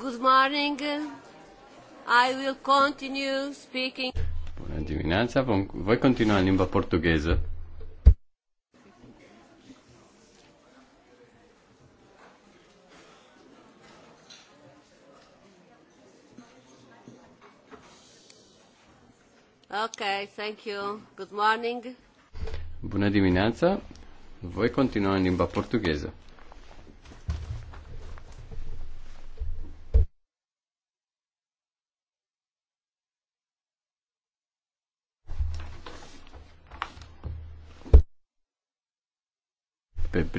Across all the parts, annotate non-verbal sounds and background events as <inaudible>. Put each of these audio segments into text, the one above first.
Good morning. I will continue speaking. Bună dimineața, vom, voi continua în limba portugheză. Ok, thank you. Good morning. Bună dimineața, voi continua în limba portugheză.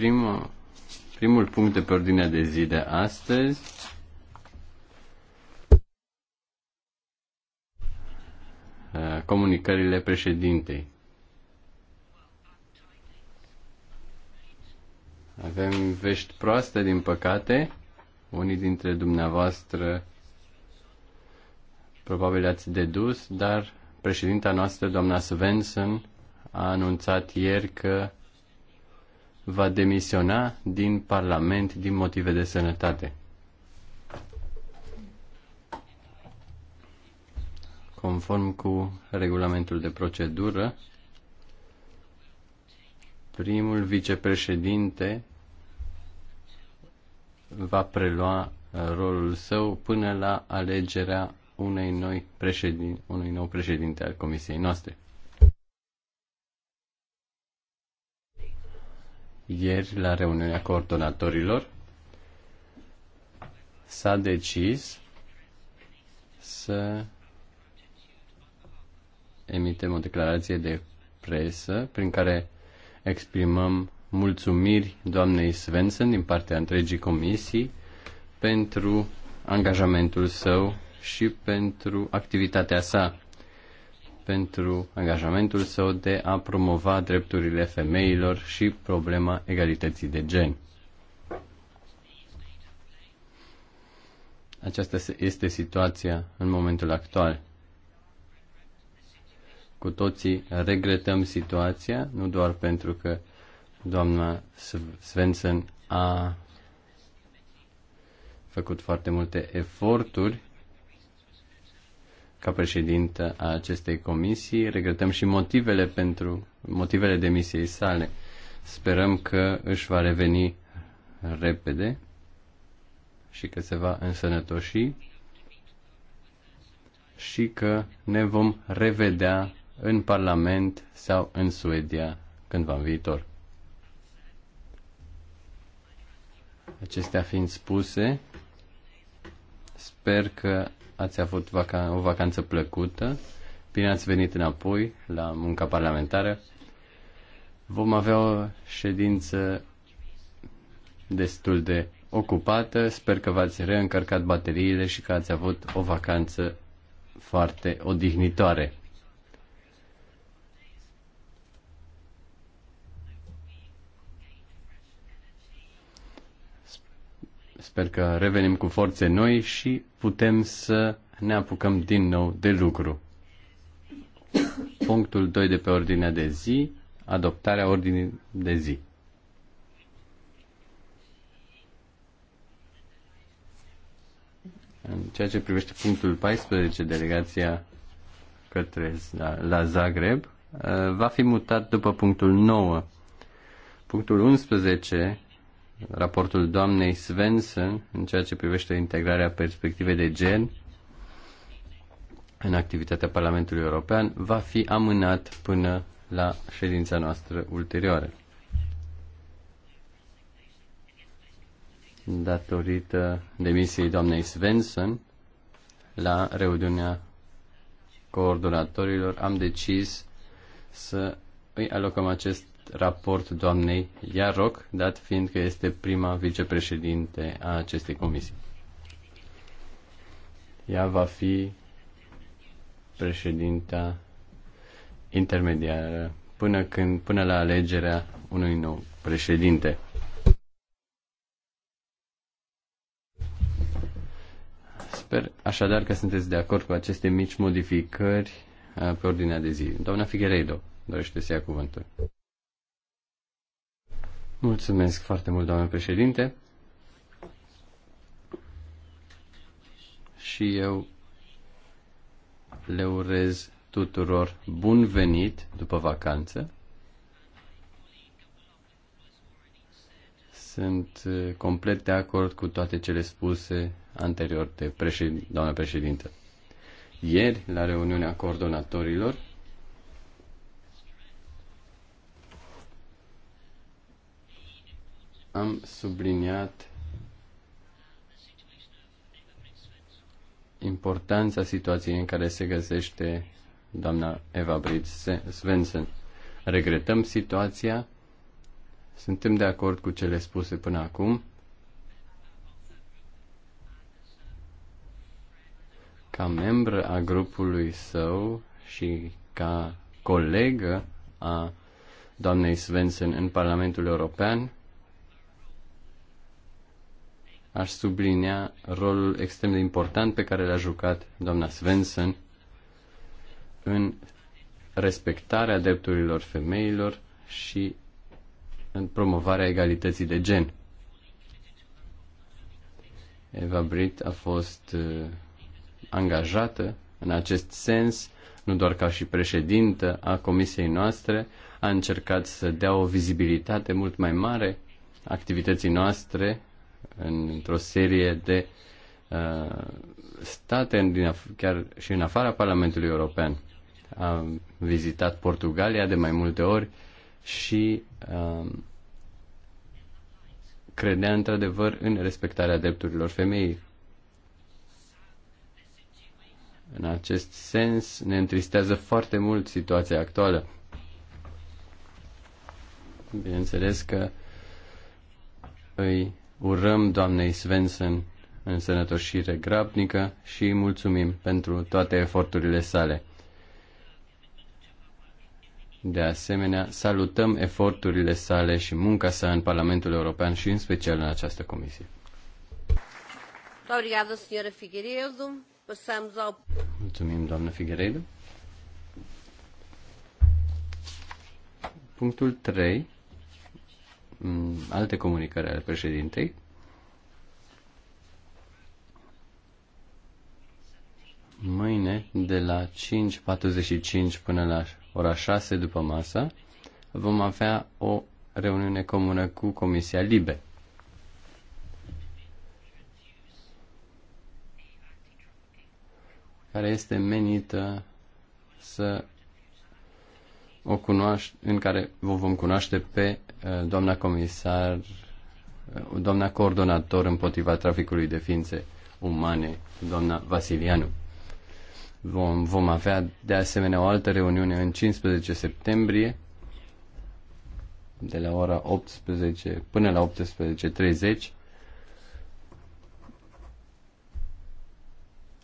Primul, primul punct de pe ordinea de zi de astăzi uh, comunicările președintei. Avem vești proaste, din păcate. Unii dintre dumneavoastră probabil ați dedus, dar președinta noastră, doamna Svensson, a anunțat ieri că va demisiona din Parlament din motive de sănătate. Conform cu regulamentul de procedură, primul vicepreședinte va prelua uh, rolul său până la alegerea unei noi președin, unui nou președinte al comisiei noastre. ieri la reuniunea coordonatorilor s-a decis să emitem o declarație de presă prin care exprimăm mulțumiri doamnei Svensson din partea întregii comisii pentru angajamentul său și pentru activitatea sa pentru angajamentul său de a promova drepturile femeilor și problema egalității de gen. Aceasta este situația în momentul actual. Cu toții regretăm situația, nu doar pentru că doamna Svensson a făcut foarte multe eforturi ca președinte a acestei comisii. Regretăm și motivele pentru motivele demisiei sale. Sperăm că își va reveni repede și că se va însănătoși și că ne vom revedea în Parlament sau în Suedia cândva în viitor. Acestea fiind spuse, sper că ați avut vaca- o vacanță plăcută, bine ați venit înapoi la munca parlamentară. Vom avea o ședință destul de ocupată. Sper că v-ați reîncărcat bateriile și că ați avut o vacanță foarte odihnitoare. Sper că revenim cu forțe noi și putem să ne apucăm din nou de lucru. Punctul 2 de pe ordinea de zi, adoptarea ordinii de zi. În ceea ce privește punctul 14, delegația către la, la Zagreb, uh, va fi mutat după punctul 9. Punctul 11 raportul doamnei Svensson în ceea ce privește integrarea perspectivei de gen în activitatea Parlamentului European va fi amânat până la ședința noastră ulterioară. Datorită demisiei doamnei Svensson, la reuniunea coordonatorilor am decis să îi alocăm acest raport doamnei Iaroc, dat fiind că este prima vicepreședinte a acestei comisii. Ea va fi președinta intermediară până, când, până la alegerea unui nou președinte. Sper așadar că sunteți de acord cu aceste mici modificări uh, pe ordinea de zi. Doamna Figueiredo dorește să ia cuvântul. Mulțumesc foarte mult, doamnă președinte. Și eu le urez tuturor bun venit după vacanță. Sunt uh, complet de acord cu toate cele spuse anterior de președ... doamnă președintă. Ieri, la reuniunea coordonatorilor, am subliniat importanța situației în care se găsește doamna Eva Brit Svensson. Regretăm situația, suntem de acord cu cele spuse până acum. Ca membru a grupului său și ca colegă a doamnei Svensson în Parlamentul European, aș sublinia rolul extrem de important pe care l-a jucat doamna Svensson în respectarea drepturilor femeilor și în promovarea egalității de gen. Eva Brit a fost uh, angajată în acest sens, nu doar ca și președintă a comisiei noastre, a încercat să dea o vizibilitate mult mai mare activității noastre în, într-o serie de uh, state, din af- chiar și în afara Parlamentului European. Am vizitat Portugalia de mai multe ori și uh, credea într-adevăr în respectarea drepturilor femeii. În acest sens, ne întristează foarte mult situația actuală. Bineînțeles că îi urăm doamnei Svensson în sănătoșire grabnică și îi mulțumim pentru toate eforturile sale. De asemenea, salutăm eforturile sale și munca sa în Parlamentul European și în special în această comisie. Mulțumim, doamnă Figueiredo. Punctul 3 Mm, alte comunicări ale președintei. Mâine, de la 5.45 până la ora 6 după masă, vom avea o reuniune comună cu Comisia Libe. care este menită să o cunoaște, în care vă vom cunoaște pe Eh, doamna comisar, eh, doamna coordonator împotriva traficului de ființe umane, doamna Vasilianu. Vom, vom avea de asemenea o altă reuniune în 15 septembrie de la ora 18 până la 18.30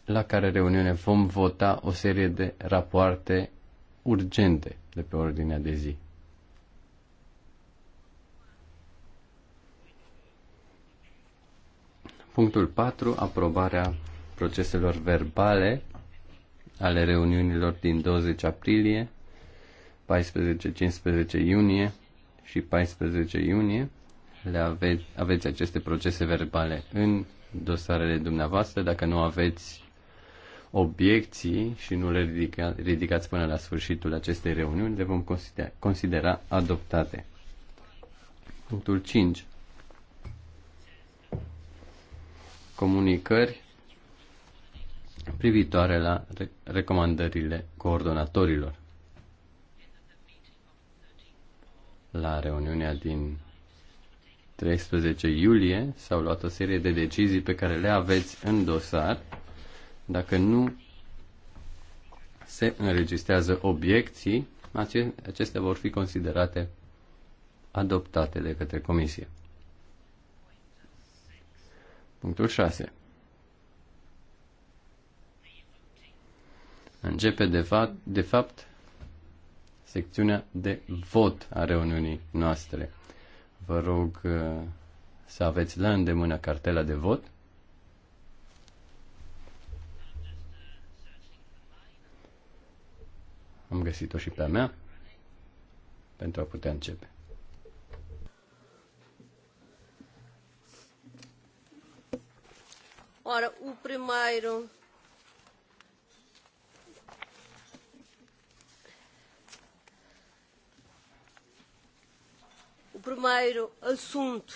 la care reuniune vom vota o serie de rapoarte urgente de pe ordinea de zi. Punctul 4. Aprobarea proceselor verbale ale reuniunilor din 20 aprilie, 14-15 iunie și 14 iunie. Le aveți, aveți aceste procese verbale în dosarele dumneavoastră. Dacă nu aveți obiecții și nu le ridica, ridicați până la sfârșitul acestei reuniuni, le vom considera, considera adoptate. Punctul 5. comunicări privitoare la recomandările coordonatorilor. La reuniunea din 13 iulie s-au luat o serie de decizii pe care le aveți în dosar. Dacă nu se înregistrează obiecții, acestea vor fi considerate adoptate de către Comisie. Punctul 6. Începe de, fa- de fapt secțiunea de vot a reuniunii noastre. Vă rog uh, să aveți la îndemână cartela de vot. Am găsit-o și pe a mea pentru a putea începe. Ora, o primeiro. O primeiro assunto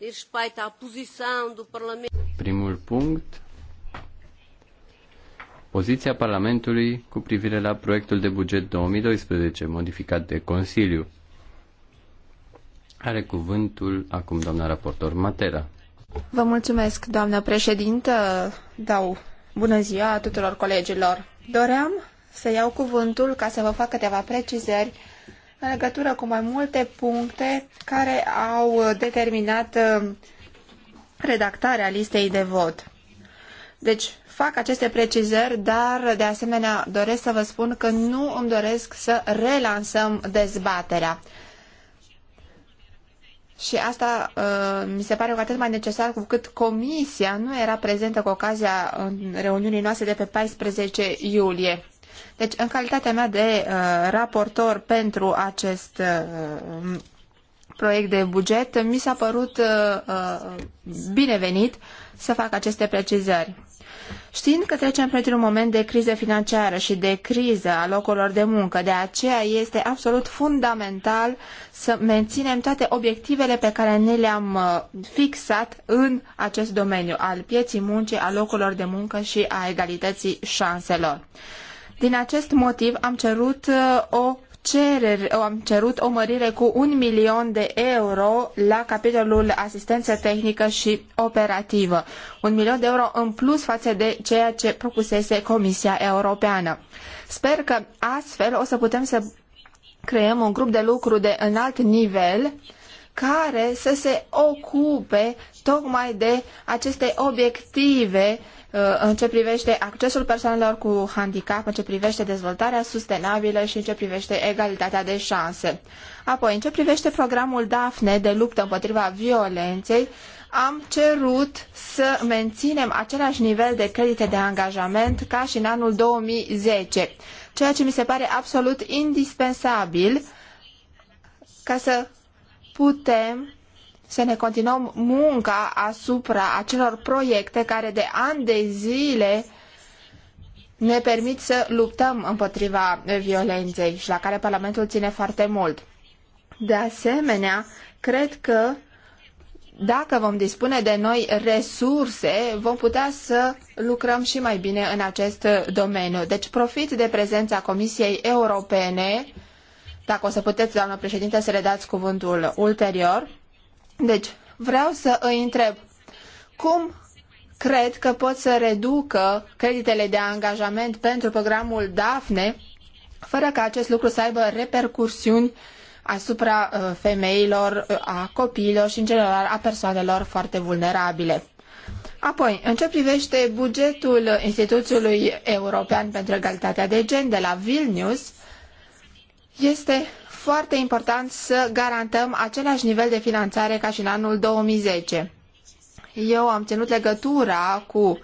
diz respeito à posição do Parlamento. Primul punct. Poziția Parlamentului cu privire la proiectul de buget 2012, modificat de Consiliu. Are cuvântul acum doamna raportor Matera. Vă mulțumesc, doamnă președintă. Dau bună ziua tuturor colegilor. Doream să iau cuvântul ca să vă fac câteva precizări în legătură cu mai multe puncte care au determinat uh, redactarea listei de vot. Deci, fac aceste precizări, dar de asemenea doresc să vă spun că nu îmi doresc să relansăm dezbaterea. Și asta uh, mi se pare cu atât mai necesar cu cât comisia nu era prezentă cu ocazia în reuniunii noastre de pe 14 iulie. Deci, în calitatea mea de uh, raportor pentru acest uh, proiect de buget, mi s-a părut uh, uh, binevenit să fac aceste precizări. Știind că trecem printr-un moment de criză financiară și de criză a locurilor de muncă, de aceea este absolut fundamental să menținem toate obiectivele pe care ne le-am uh, fixat în acest domeniu al pieții muncii, a locurilor de muncă și a egalității șanselor. Din acest motiv am cerut uh, o cereri, am cerut o mărire cu un milion de euro la capitolul asistență tehnică și operativă. Un milion de euro în plus față de ceea ce propusese Comisia Europeană. Sper că astfel o să putem să creăm un grup de lucru de înalt nivel uh, care să se ocupe tocmai de aceste obiective uh, în ce privește accesul persoanelor cu handicap, în ce privește dezvoltarea sustenabilă și în ce privește egalitatea de șanse. Apoi, în ce privește programul DAFNE de luptă împotriva violenței, am cerut să menținem același nivel de credite de angajament ca și în anul 2010, ceea ce mi se pare absolut indispensabil ca să putem să ne continuăm munca asupra acelor proiecte care de ani de zile ne permit să luptăm împotriva violenței și la care Parlamentul ține foarte mult. De asemenea, cred că dacă vom dispune de noi resurse, vom putea să lucrăm și mai bine în acest domeniu. Deci profit de prezența Comisiei Europene dacă o să puteți, doamnă președinte, să le dați cuvântul ulterior. Deci, vreau să îi întreb cum cred că pot să reducă creditele de angajament pentru programul DAFNE fără ca acest lucru să aibă repercursiuni asupra uh, femeilor, uh, a copiilor și, în general, a persoanelor foarte vulnerabile. Apoi, în ce privește bugetul Institutului European pentru Egalitatea de Gen de la Vilnius, este foarte important să garantăm același nivel de finanțare ca și în anul 2010. Eu am ținut legătura cu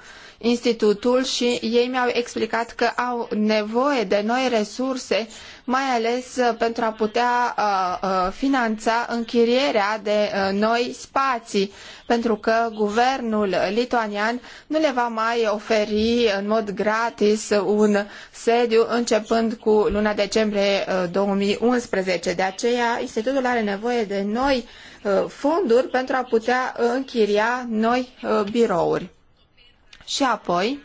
institutul și ei mi-au explicat că au nevoie de noi resurse, mai ales uh, pentru a putea uh, uh finanța închirierea de uh, noi spații, pentru că guvernul lituanian nu le va mai oferi în mod gratis un sediu începând cu luna decembrie 2011. De aceea, institutul are nevoie de noi fonduri pentru a putea închiria noi birouri. Și apoi,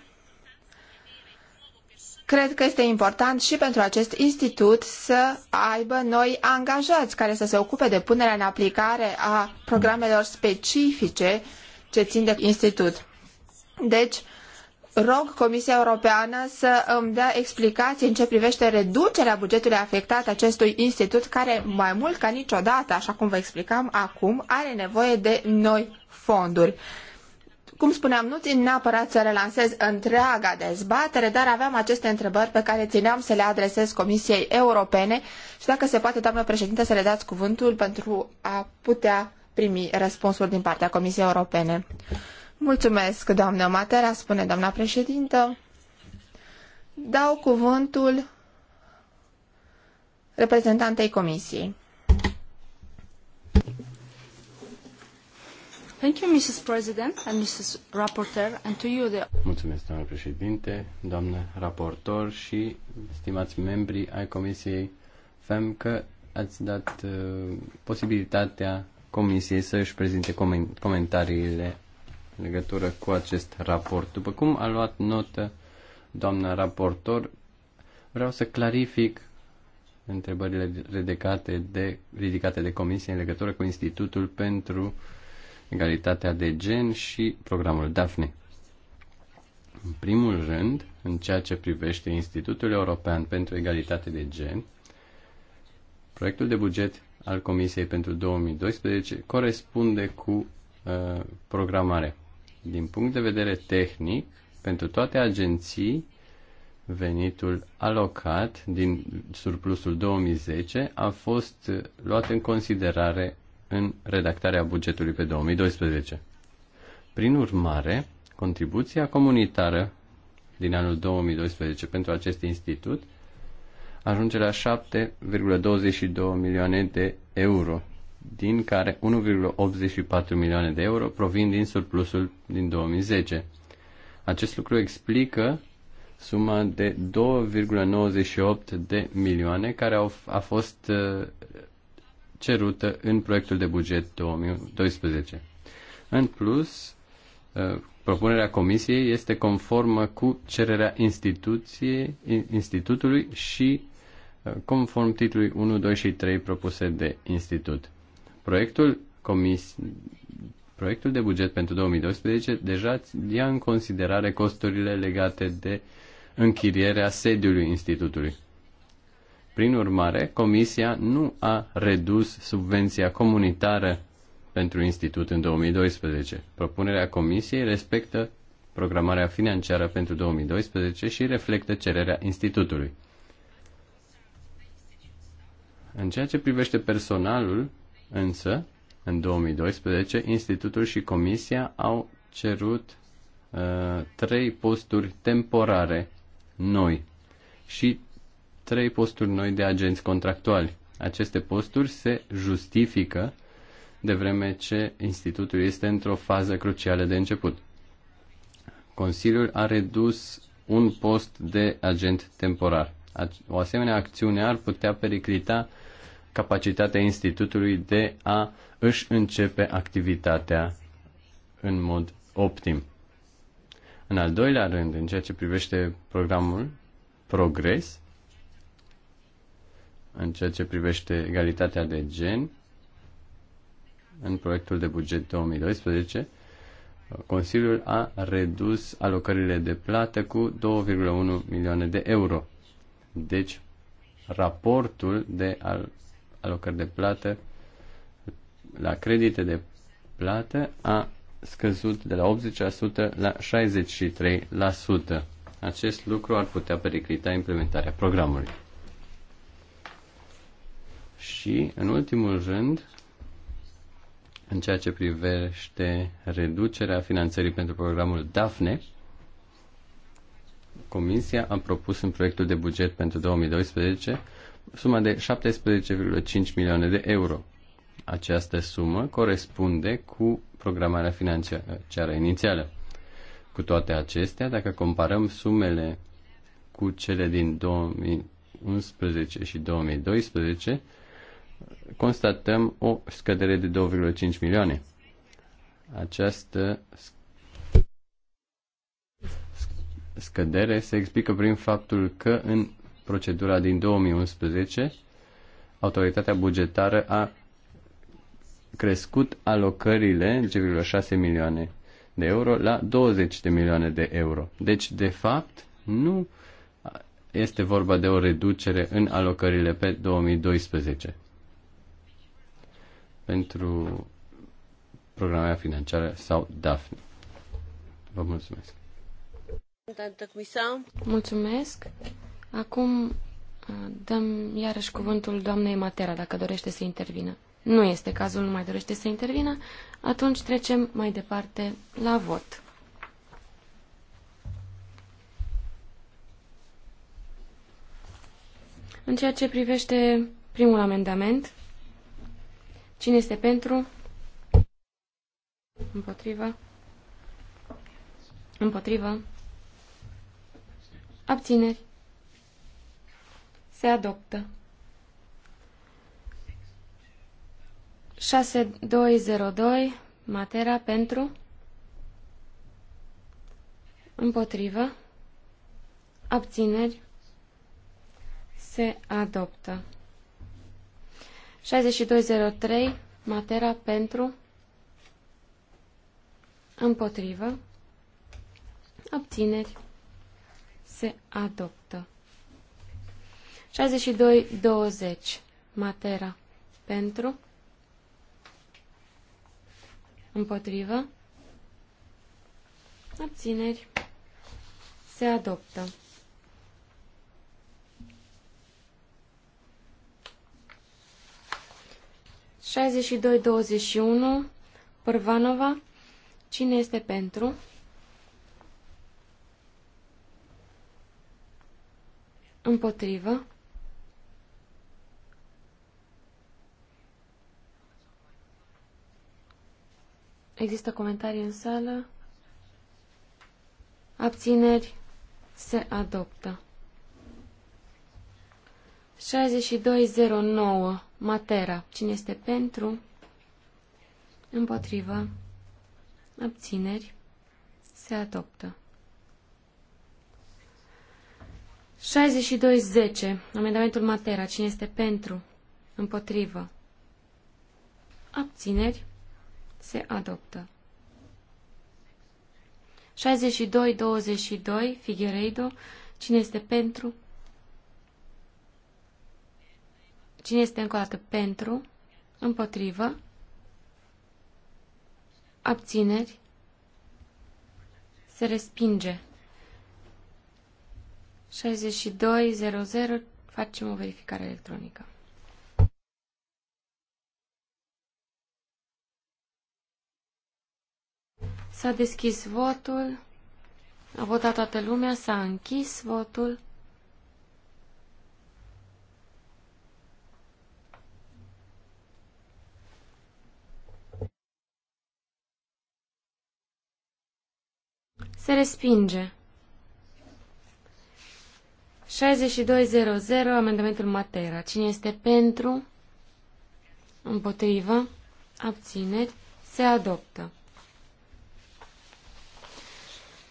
cred că este important și pentru acest institut să aibă noi angajați care să se ocupe de punerea în aplicare a programelor specifice ce țin de institut. Deci, rog Comisia Europeană să îmi dea explicații în ce privește reducerea bugetului afectat acestui institut care mai mult ca niciodată, așa cum vă explicam acum, are nevoie de noi fonduri. Cum spuneam, nu țin neapărat să relansez întreaga dezbatere, dar aveam aceste întrebări pe care țineam să le adresez Comisiei Europene și dacă se poate, doamnă președinte, să le dați cuvântul pentru a putea primi răspunsuri din partea Comisiei Europene. Mulțumesc, doamnă Matera, spune doamna președintă. Dau cuvântul reprezentantei Comisiei. Thank you, Mrs. President and Mrs. Rapporteur, and to you the... Mulțumesc, doamnă președinte, doamnă raportor și stimați membri ai Comisiei FEM că ați dat uh, posibilitatea Comisiei să își prezinte comentariile în legătură cu acest raport. După cum a luat notă doamna raportor, vreau să clarific întrebările ridicate de, ridicate de Comisie în legătură cu Institutul pentru egalitatea de gen și programul DAFNE. În primul rând, în ceea ce privește Institutul European pentru Egalitate de Gen, proiectul de buget al Comisiei pentru 2012 corespunde cu uh, programarea. Din punct de vedere tehnic, pentru toate agenții, venitul alocat din surplusul 2010 a fost uh, luat în considerare în redactarea bugetului pe 2012. Prin urmare, contribuția comunitară din anul 2012 pentru acest institut ajunge la 7,22 milioane de euro, din care 1,84 milioane de euro provin din surplusul din 2010. Acest lucru explică suma de 2,98 de milioane care au, a fost uh, cerută în proiectul de buget 2012. În plus, ă, propunerea comisiei este conformă cu cererea instituției, institutului și ă, conform titlului 1, 2 și 3 propuse de institut. Proiectul, comis, proiectul de buget pentru 2012 deja ia în considerare costurile legate de închirierea sediului institutului. Prin urmare, Comisia nu a redus subvenția comunitară pentru institut în 2012. Propunerea Comisiei respectă programarea financiară pentru 2012 și reflectă cererea institutului. În ceea ce privește personalul, însă, în 2012, institutul și comisia au cerut uh, trei posturi temporare noi și trei posturi noi de agenți contractuali. Aceste posturi se justifică de vreme ce institutul este într-o fază crucială de început. Consiliul a redus un post de agent temporar. O asemenea acțiune ar putea periclita capacitatea institutului de a își începe activitatea în mod optim. În al doilea rând, în ceea ce privește programul Progres, în ceea ce privește egalitatea de gen în proiectul de buget 2012, Consiliul a redus alocările de plată cu 2,1 milioane de euro. Deci, raportul de al- alocări de plată la credite de plată a scăzut de la 80% la 63%. Acest lucru ar putea periclita implementarea programului. Și, în ultimul rând, în ceea ce privește reducerea finanțării pentru programul DAFNE, Comisia a propus în proiectul de buget pentru 2012 suma de 17,5 milioane de euro. Această sumă corespunde cu programarea financiară inițială. Cu toate acestea, dacă comparăm sumele cu cele din 2011 și 2012, constatăm o scădere de 2,5 milioane. Această scădere se explică prin faptul că în procedura din 2011 autoritatea bugetară a crescut alocările 10,6 milioane de euro la 20 de milioane de euro. Deci, de fapt, nu este vorba de o reducere în alocările pe 2012 pentru programarea financiară sau DAFNE. Vă mulțumesc. Mulțumesc. Acum uh, dăm iarăși cuvântul doamnei Matera, dacă dorește să intervină. Nu este cazul, nu mai dorește să intervină. Atunci trecem mai departe la vot. În ceea ce privește primul amendament, Cine este pentru? Împotrivă. Împotrivă. Abțineri. Se adoptă. 6202 Matera pentru Împotrivă Abțineri Se adoptă 6203 Matera pentru împotrivă obțineri se adoptă 6220 Matera pentru împotrivă obțineri se adoptă 62-21, Pârvanova. Cine este pentru? Împotrivă. Există comentarii în sală. Abțineri se adoptă. 6209 Matera. Cine este pentru? Împotrivă. Abțineri. Se adoptă. 6210. Amendamentul Matera. Cine este pentru? Împotrivă. Abțineri. Se adoptă. 6222 Figueiredo. Cine este pentru? Cine este încă o dată pentru? Împotrivă? Abțineri? Se respinge. 6200 facem o verificare electronică. S-a deschis votul, a votat toată lumea, s-a închis votul. Se respinge. 6200, amendamentul Matera. Cine este pentru? Împotrivă? Abțineri? Se adoptă.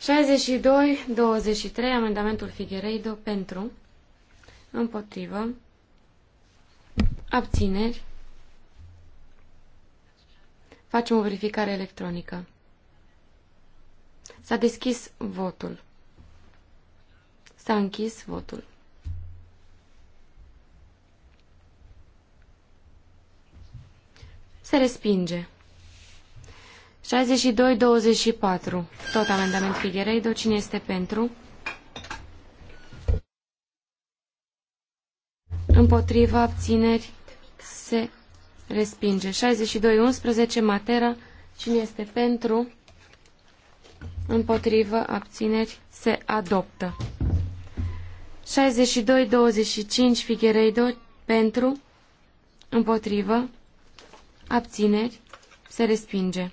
62-23, amendamentul Figueiredo pentru, împotrivă, abțineri, facem o verificare electronică. S-a deschis votul. S-a închis votul. Se respinge. 62-24. Tot amendament Figueiredo. Cine este pentru? Împotriva abțineri se respinge. 62-11. Matera. Cine este pentru? împotrivă, abțineri, se adoptă. 62-25 Figueiredo pentru, împotrivă, abțineri, se respinge.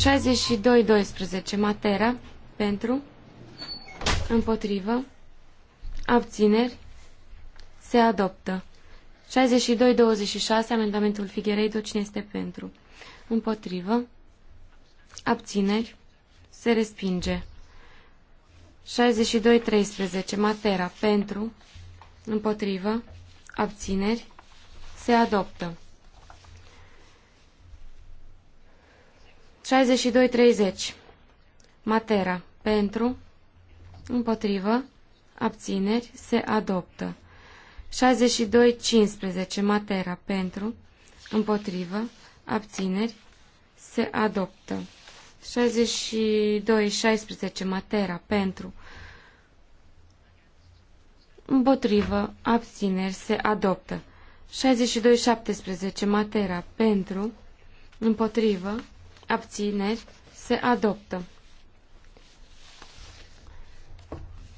62-12 Matera pentru, împotrivă, abțineri, se adoptă. 62-26 amendamentul Figueiredo, cine este pentru? Împotrivă, abțineri, se respinge. 62.13. Matera, pentru, împotrivă, abțineri, se adoptă. 62.30. Matera, pentru, împotrivă, abțineri, se adoptă. 62.15. Matera, pentru, împotrivă, abțineri, se adoptă. 62-16 Matera pentru împotrivă abțineri se adoptă 62-17 Matera pentru împotrivă abțineri se adoptă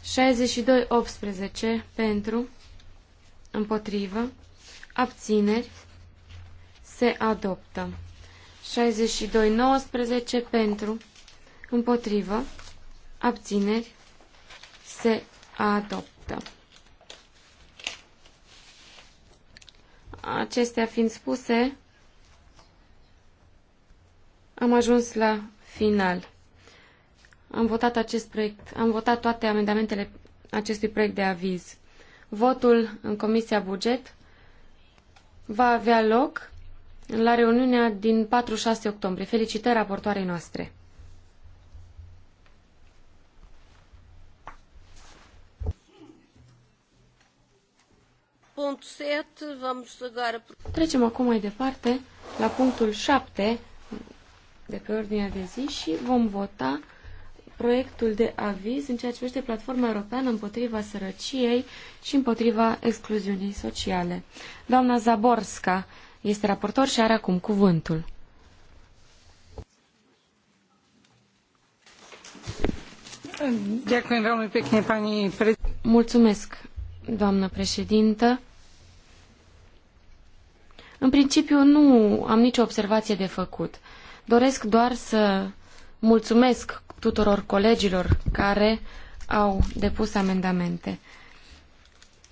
62-18 pentru împotrivă abțineri se adoptă 62, 19 pentru, împotrivă, abțineri, se adoptă. Acestea fiind spuse, am ajuns la final. Am votat acest proiect, am votat toate amendamentele acestui proiect de aviz. Votul în Comisia Buget va avea loc la reuniunea din 4-6 octombrie. Felicitări raportoarei noastre! Punctul 7, vom agora... Trecem acum mai departe la punctul 7 de pe ordinea de zi și vom vota proiectul de aviz în ceea ce privește platforma europeană împotriva sărăciei și împotriva excluziunii sociale. Doamna Zaborska este raportor și are acum cuvântul. Mulțumesc, doamnă președintă. În principiu nu am nicio observație de făcut. Doresc doar să mulțumesc tuturor colegilor care au depus amendamente.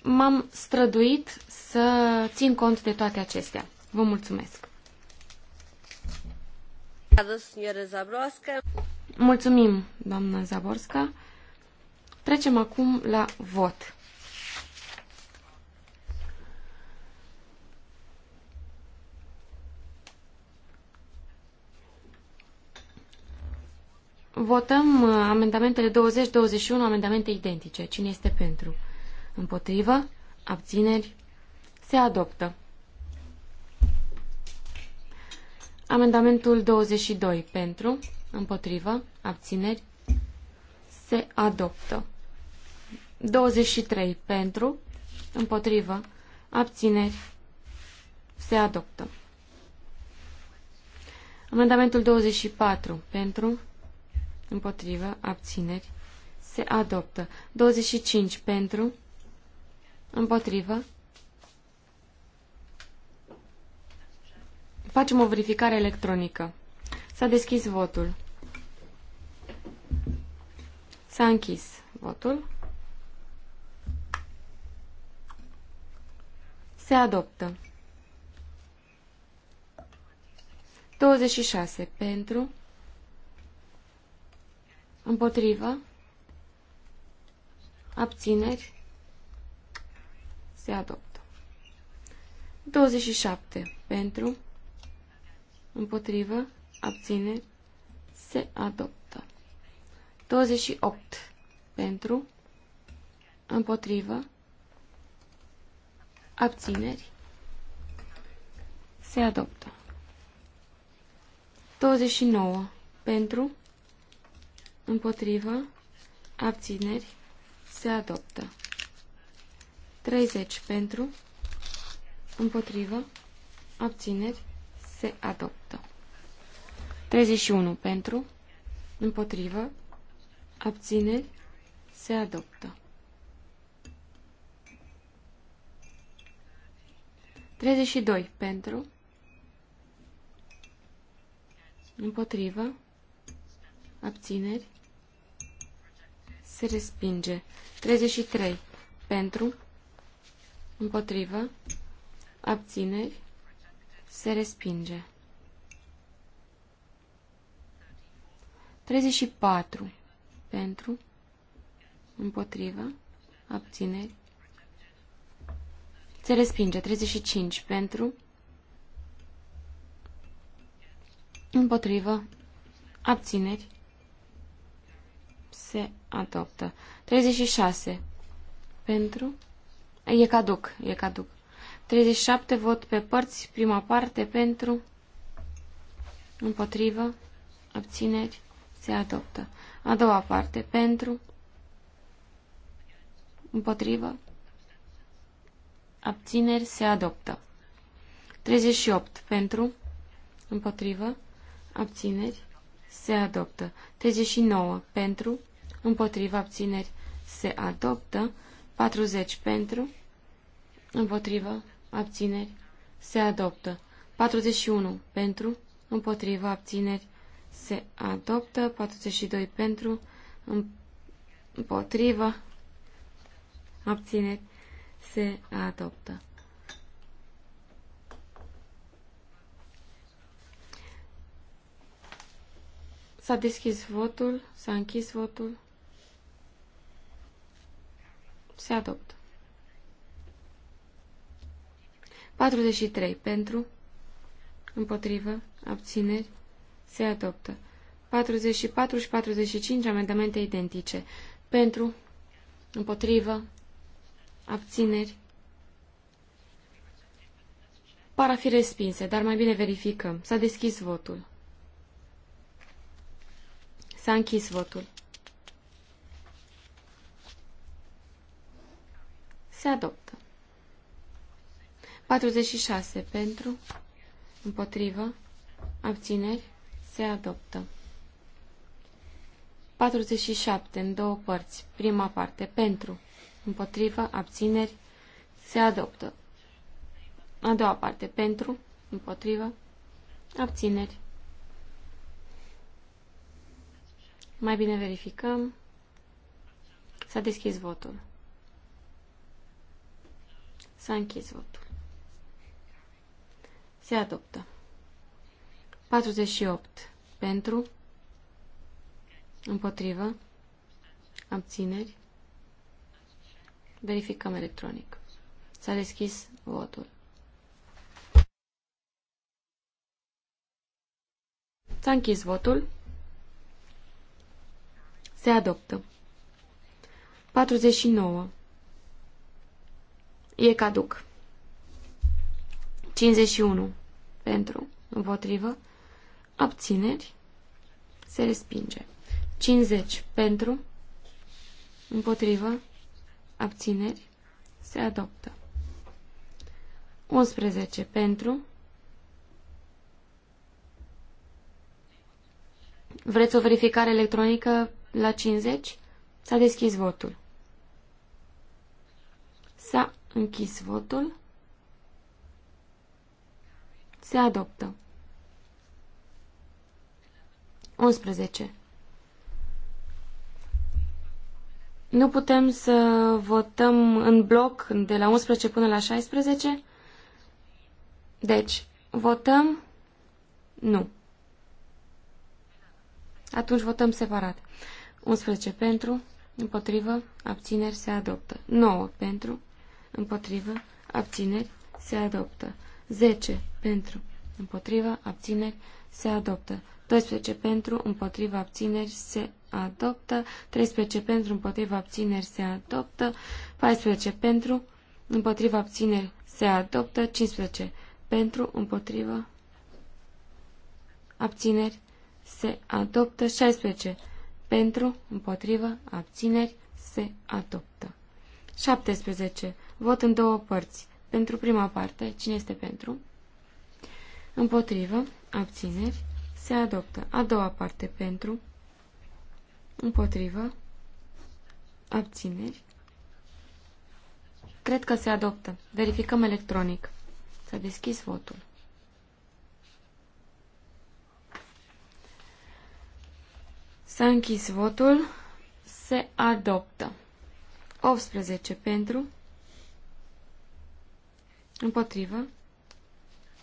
M-am străduit să țin cont de toate acestea. Vă mulțumesc! Mulțumim, doamna Zaborska. Trecem acum la vot. Votăm uh, amendamentele 20-21, amendamente identice. Cine este pentru? Împotrivă? Abțineri? Se adoptă. Amendamentul 22 pentru, împotrivă, abțineri, se adoptă. 23 pentru, împotrivă, abțineri, se adoptă. Amendamentul 24 pentru, împotrivă, abțineri, se adoptă. 25 pentru, împotrivă, Facem o verificare electronică. S-a deschis votul. S-a închis votul. Se adoptă. 26 pentru, împotrivă, abțineri, se adoptă. 27 pentru, împotrivă, abțineri, se adoptă. 28 pentru, împotrivă, abțineri, se adoptă. 29 pentru, împotrivă, abțineri, se adoptă. 30 pentru, împotrivă, abțineri, se adoptă. 31 pentru, împotrivă, abțineri, se adoptă. 32 pentru, împotrivă, abțineri, se respinge. 33 pentru, împotrivă, abțineri, se respinge. 34. Pentru. Împotrivă. Abțineri. Se respinge. 35. Pentru. Împotrivă. Abțineri. Se adoptă. 36. Pentru. E caduc. E caduc. 37 vot pe părți, prima parte pentru, împotrivă, abțineri, se adoptă. A doua parte pentru, împotrivă, abțineri, se adoptă. 38 pentru, împotrivă, abțineri, se adoptă. 39 pentru, împotrivă, abțineri, se adoptă. 40 pentru, împotrivă, abțineri, se adoptă. 41 pentru, Împotrivă. abțineri, se adoptă. 42 pentru, Împotrivă. abțineri, se adoptă. S-a deschis votul, s-a închis votul, se adoptă. 43. Pentru, împotrivă, abțineri, se adoptă. 44 și 45 amendamente identice. Pentru, împotrivă, abțineri, par a fi respinse, dar mai bine verificăm. S-a deschis votul. S-a închis votul. Se adoptă. 46 pentru, împotrivă, abțineri, se adoptă. 47 în două părți, prima parte, pentru, împotrivă, abțineri, se adoptă. A doua parte, pentru, împotrivă, abțineri. Mai bine verificăm. S-a deschis votul. S-a închis votul. Se adoptă. 48. Pentru. Împotrivă. Abțineri. Verificăm electronic. S-a deschis votul. S-a închis votul. Se adoptă. 49. E caduc. 51 pentru, împotrivă, abțineri, se respinge. 50 pentru, împotrivă, abțineri, se adoptă. 11 pentru, Vreți o verificare electronică la 50? S-a deschis votul. S-a închis votul. Se adoptă. 11. Nu putem să votăm în bloc de la 11 până la 16? Deci, votăm? Nu. Atunci votăm separat. 11 pentru, împotrivă, abțineri, se adoptă. 9 pentru, împotrivă, abțineri, se adoptă. 10 pentru, împotriva, abțineri, se adoptă. 12 pentru, împotriva, abțineri, se adoptă. 13 pentru, împotriva, abțineri, se adoptă. 14 pentru, împotriva, abțineri, se adoptă. 15 pentru, împotriva, abțineri, se adoptă. 16 pentru, împotriva, abțineri, se adoptă. 17. Vot în două părți. Pentru prima parte, cine este pentru? Împotrivă, abțineri, se adoptă. A doua parte, pentru, împotrivă, abțineri. Cred că se adoptă. Verificăm electronic. S-a deschis votul. S-a închis votul. Se adoptă. 18 pentru, Împotrivă.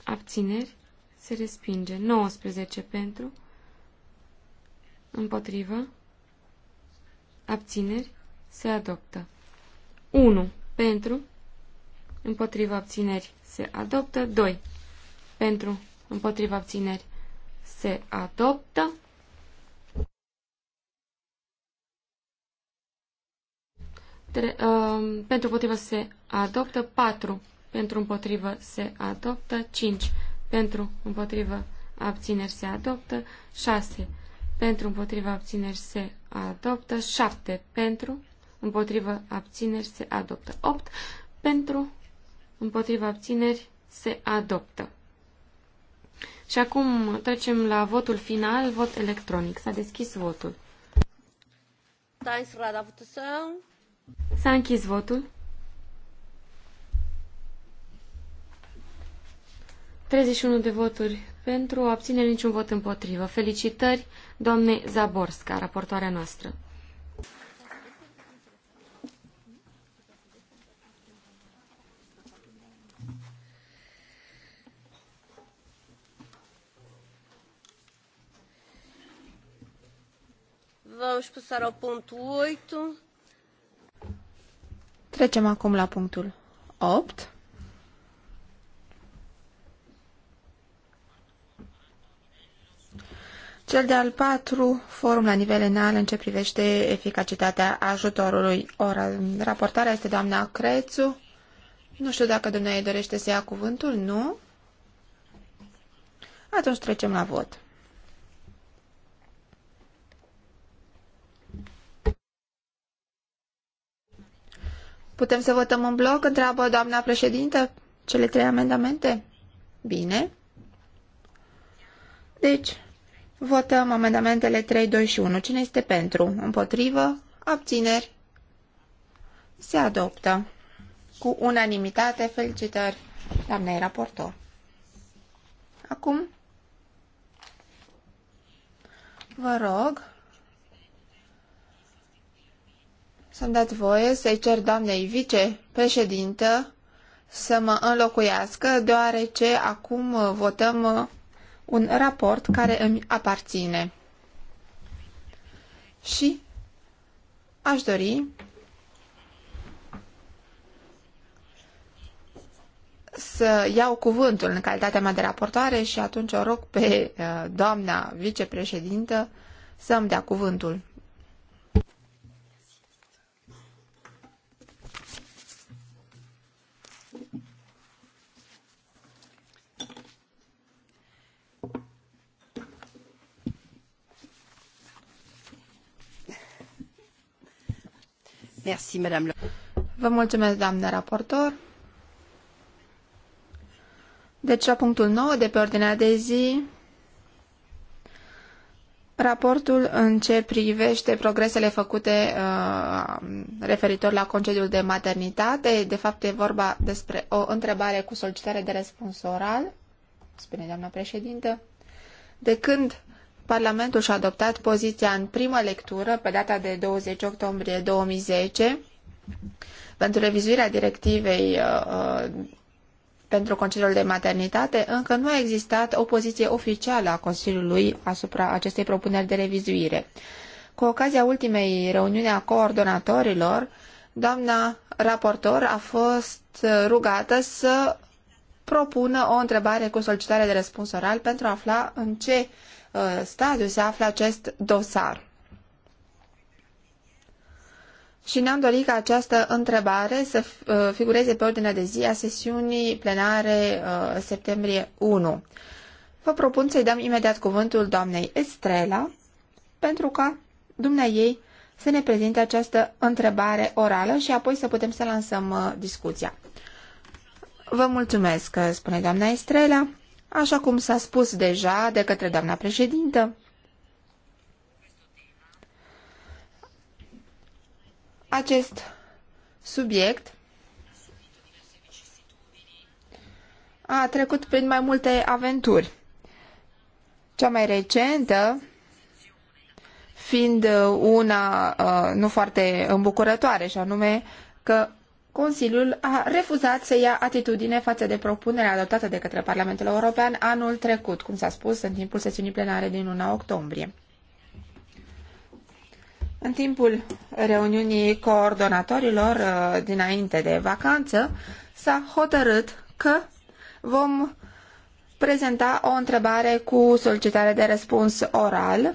Abțineri. Se respinge. 19 pentru. Împotrivă. Abțineri. Se adoptă. 1 pentru. Împotrivă abțineri. Se adoptă. 2 pentru. Împotrivă abțineri. Se adoptă. Tre, uh, pentru potrivă se adoptă 4 pentru împotrivă se adoptă, 5 pentru împotrivă abțineri se adoptă, 6 pentru împotrivă abțineri se adoptă, 7 pentru împotrivă abțineri se adoptă, 8 pentru împotrivă abțineri se adoptă. Și acum trecem la votul final, vot electronic. S-a deschis votul. S-a închis votul. 31 de voturi pentru, abține niciun vot împotrivă. Felicitări doamne Zaborska, raportoarea noastră. Vamos passar ao ponto 8. Trecem acum la punctul 8. Cel de-al patru forum la nivel înalt în ce privește eficacitatea ajutorului. O, raportarea este doamna Crețu. Nu știu dacă dumneavoastră dorește să ia cuvântul, nu? Atunci trecem la vot. Putem să votăm în bloc? Întreabă doamna președintă cele trei amendamente? Bine. Deci, Votăm amendamentele 3, 2 și 1. Cine este pentru? Împotrivă? Abțineri? Se adoptă. Cu unanimitate, felicitări, doamnei raportor. Acum, vă rog să-mi dați voie să-i cer doamnei vicepreședintă să mă înlocuiască, deoarece acum votăm un raport care îmi aparține. Și aș dori să iau cuvântul în calitatea mea de raportoare și atunci o rog pe uh, doamna vicepreședintă să îmi dea cuvântul. Merci, madame. Vă mulțumesc, doamnă raportor. Deci, la punctul 9 de pe ordinea de zi, Raportul în ce privește progresele făcute uh, referitor la concediul de maternitate, de fapt e vorba despre o întrebare cu solicitare de răspuns oral, spune doamna președintă, de când Parlamentul și-a adoptat poziția în primă lectură pe data de 20 octombrie 2010 pentru revizuirea directivei uh, uh, pentru concediul de maternitate, încă nu a existat o poziție oficială a Consiliului asupra acestei propuneri de revizuire. Cu ocazia ultimei reuniuni a coordonatorilor, doamna raportor a fost uh, rugată să propună o întrebare cu solicitare de răspuns oral pentru a afla în ce Uh, stadiu se află acest dosar. Și ne-am dorit ca această întrebare să uh, figureze pe ordinea de zi a sesiunii plenare uh, septembrie 1. Vă propun să-i dăm imediat cuvântul doamnei Estrela pentru ca dumnea ei să ne prezinte această întrebare orală și apoi să putem să lansăm discuția. Vă mulțumesc, spune doamna Estrela așa cum s-a spus deja de către doamna președintă. Acest subiect a trecut prin mai multe aventuri. Cea mai recentă fiind una uh, nu foarte îmbucurătoare, și anume că Consiliul a refuzat să ia atitudine față de propunerea adoptată de către Parlamentul European anul trecut, cum s-a spus în timpul sesiunii plenare din 1 octombrie. În timpul reuniunii coordonatorilor uh, dinainte de vacanță s-a hotărât că vom prezenta o întrebare cu solicitare de răspuns oral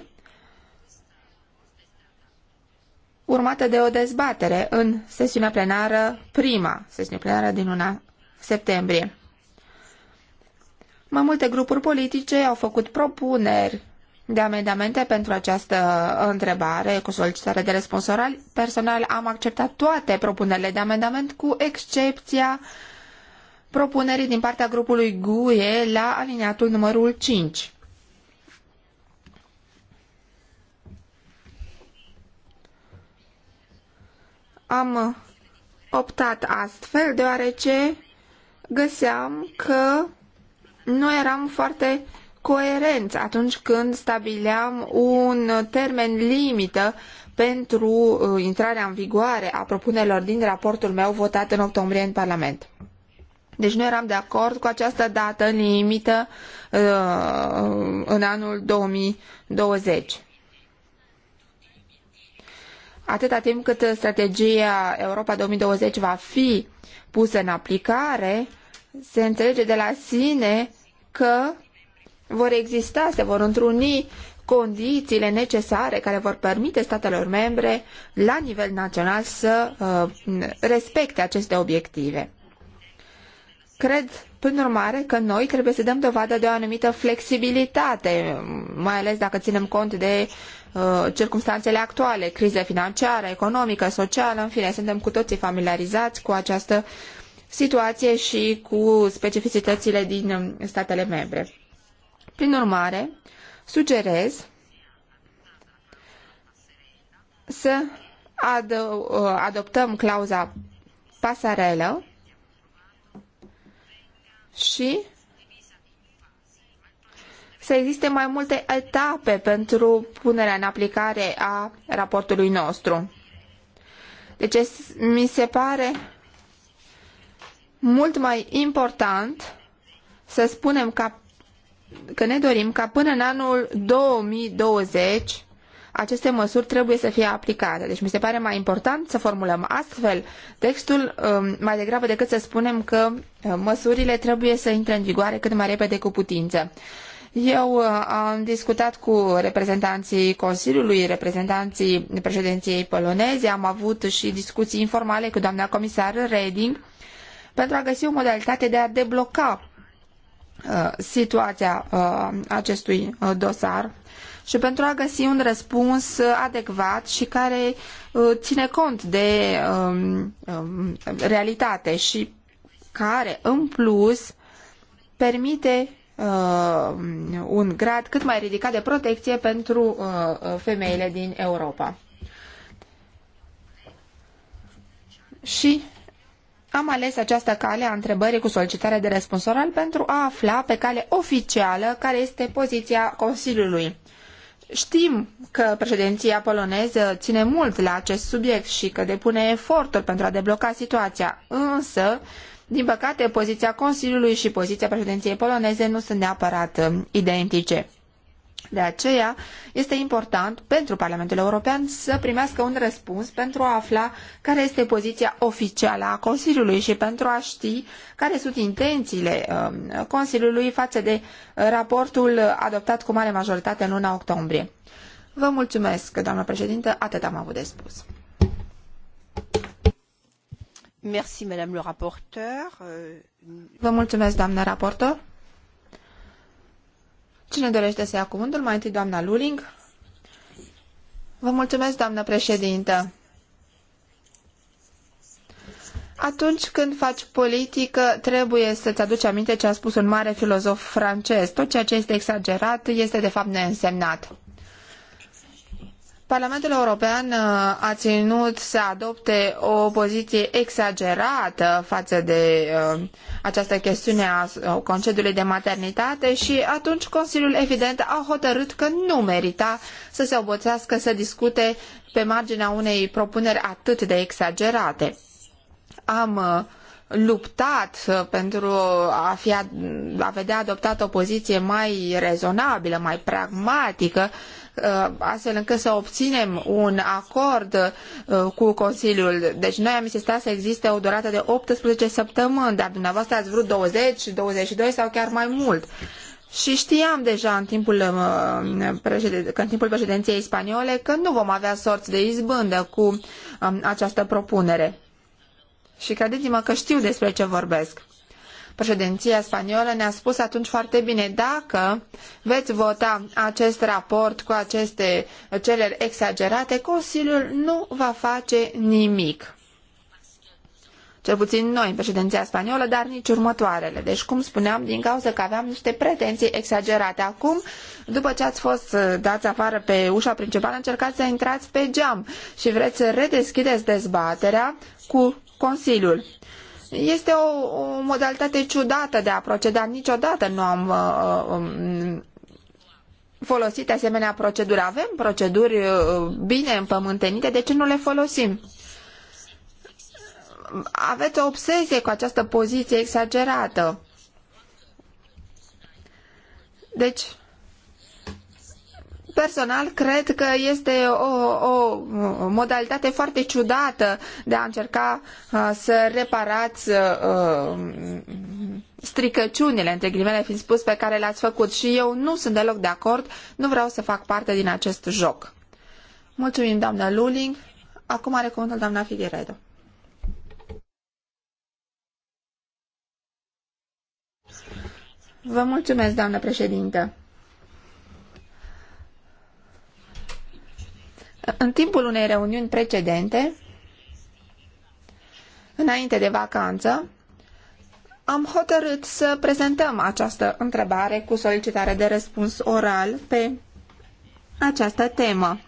urmată de o dezbatere în sesiunea plenară, prima sesiune plenară din luna septembrie. Mai multe grupuri politice au făcut propuneri de amendamente pentru această întrebare cu solicitare de răspuns oral. Personal am acceptat toate propunerile de amendament cu excepția propunerii din partea grupului GUE la aliniatul numărul 5. Am optat astfel deoarece găseam că nu eram foarte coerenți atunci când stabileam un termen limită pentru uh, intrarea în vigoare a propunerilor din raportul meu votat în octombrie în Parlament. Deci nu eram de acord cu această dată limită uh, în anul 2020 atâta timp cât strategia Europa 2020 va fi pusă în aplicare, se înțelege de la sine că vor exista, se vor întruni condițiile necesare care vor permite statelor membre la nivel național să uh, respecte aceste obiective. Cred, prin urmare, că noi trebuie să dăm dovadă de o anumită flexibilitate, mai ales dacă ținem cont de Uh, circumstanțele actuale, criza financiară, economică, socială, în fine, suntem cu toții familiarizați cu această situație și cu specificitățile din um, statele membre. Prin urmare, sugerez să ad uh, adoptăm clauza pasarelă și să existe mai multe etape pentru punerea în aplicare a raportului nostru. Deci mi se pare mult mai important să spunem ca, că ne dorim ca până în anul 2020 aceste măsuri trebuie să fie aplicate. Deci mi se pare mai important să formulăm astfel textul um, mai degrabă decât să spunem că uh, măsurile trebuie să intre în vigoare cât mai repede cu putință. Eu uh, am discutat cu reprezentanții Consiliului, reprezentanții președinției poloneze, am avut și discuții informale cu doamna comisar Reding pentru a găsi o modalitate de a debloca uh, situația uh, acestui uh, dosar și pentru a găsi un răspuns uh, adecvat și care uh, ține cont de um, um, realitate și care, în plus, permite uh, un grad cât mai ridicat de protecție pentru uh, femeile din Europa. Și am ales această cale a întrebării cu solicitare de răspuns oral pentru a afla pe cale oficială care este poziția Consiliului. Știm că președinția poloneză ține mult la acest subiect și că depune eforturi pentru a debloca situația, însă din păcate, poziția Consiliului și poziția președinției poloneze nu sunt neapărat um, identice. De aceea, este important pentru Parlamentul European să primească un răspuns pentru a afla care este poziția oficială a Consiliului și pentru a ști care sunt intențiile um, Consiliului față de uh, raportul adoptat cu mare majoritate în luna octombrie. Vă mulțumesc, doamnă președintă, atât am avut de spus. Euh, Vă mulțumesc, doamnă raportor. Cine dorește să ia cuvântul? Mai întâi doamna Luling. Vă mulțumesc, doamnă președintă. Atunci când faci politică, trebuie să-ți aduci aminte ce a spus un mare filozof francez. Tot ceea ce este exagerat este de fapt neînsemnat. Parlamentul European uh, a ținut să adopte o poziție exagerată față de uh, această chestiune a concediului de maternitate și atunci Consiliul evident a hotărât că nu merita să se oboțească să discute pe marginea unei propuneri atât de exagerate. Am uh, luptat pentru a, fi, a vedea adoptată o poziție mai rezonabilă, mai pragmatică Uh, astfel încât să obținem un acord uh, cu Consiliul. Deci noi am insistat să existe o durată de 18 săptămâni, dar dumneavoastră ați vrut 20, 22 sau chiar mai mult. Și știam deja în timpul, uh, că în timpul președinției spaniole că nu vom avea sorți de izbândă cu um, această propunere. Și credeți-mă că știu despre ce vorbesc președinția spaniolă ne-a spus atunci foarte bine dacă veți vota acest raport cu aceste cereri exagerate, Consiliul nu va face nimic. Cel puțin noi, președinția spaniolă, dar nici următoarele. Deci, cum spuneam, din cauza că aveam niște pretenții exagerate. Acum, după ce ați fost uh, dați afară pe ușa principală, încercați să intrați pe geam și vreți să redeschideți dezbaterea cu Consiliul este o, o modalitate ciudată de a proceda. Niciodată nu am uh, uh um, folosit asemenea proceduri. Avem proceduri uh, bine împământenite, de ce nu le folosim? Aveți o obsesie cu această poziție exagerată. Deci, Personal, cred că este o, o modalitate foarte ciudată de a încerca uh, să reparați uh, stricăciunile, între ghilimele fiind spus, pe care le-ați făcut și eu nu sunt deloc de acord, nu vreau să fac parte din acest joc. Mulțumim, doamna Luling. Acum are cuvântul doamna Figueredo. Vă mulțumesc, doamnă președintă. În timpul unei reuniuni precedente, înainte de vacanță, am hotărât să prezentăm această întrebare cu solicitare de răspuns oral pe această temă.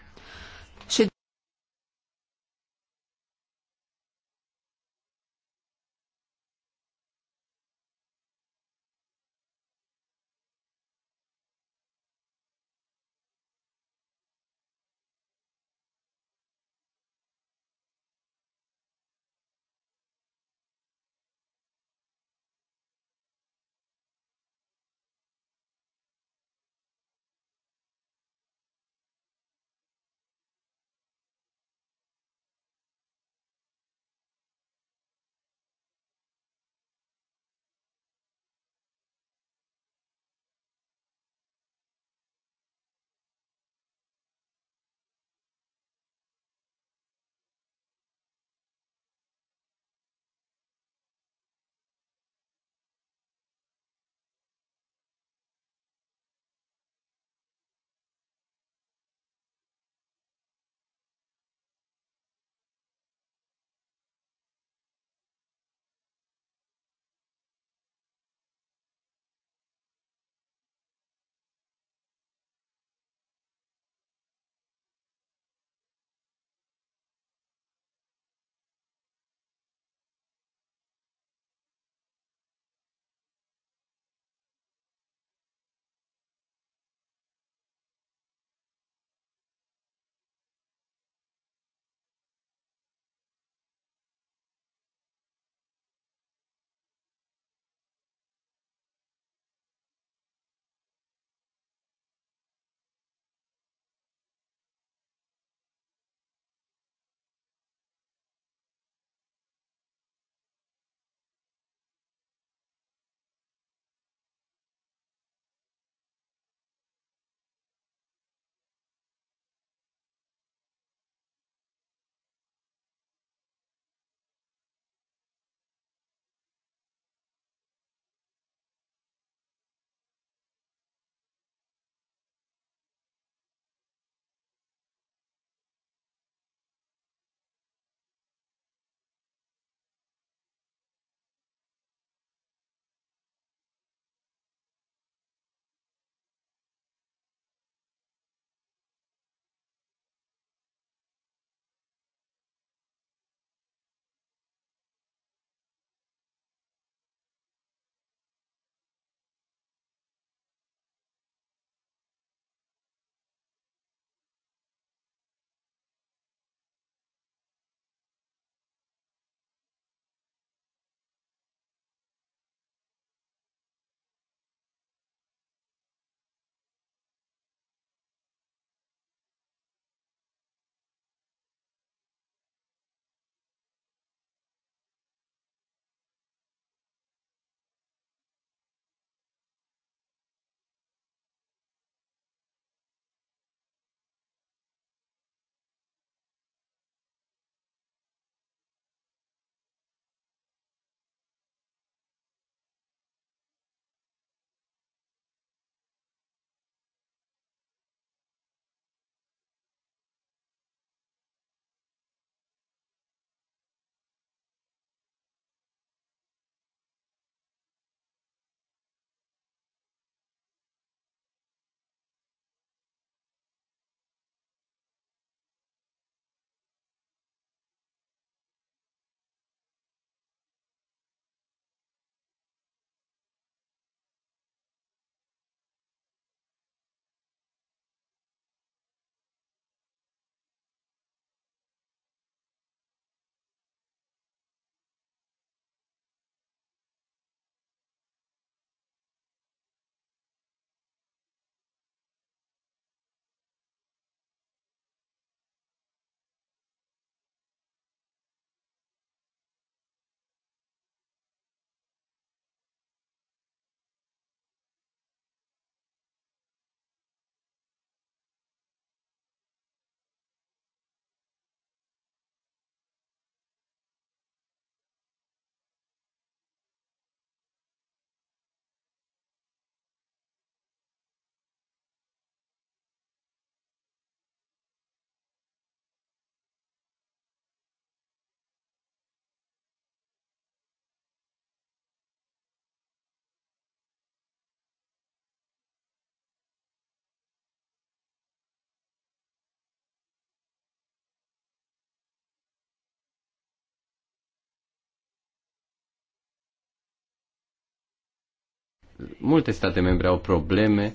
multe state membre au probleme.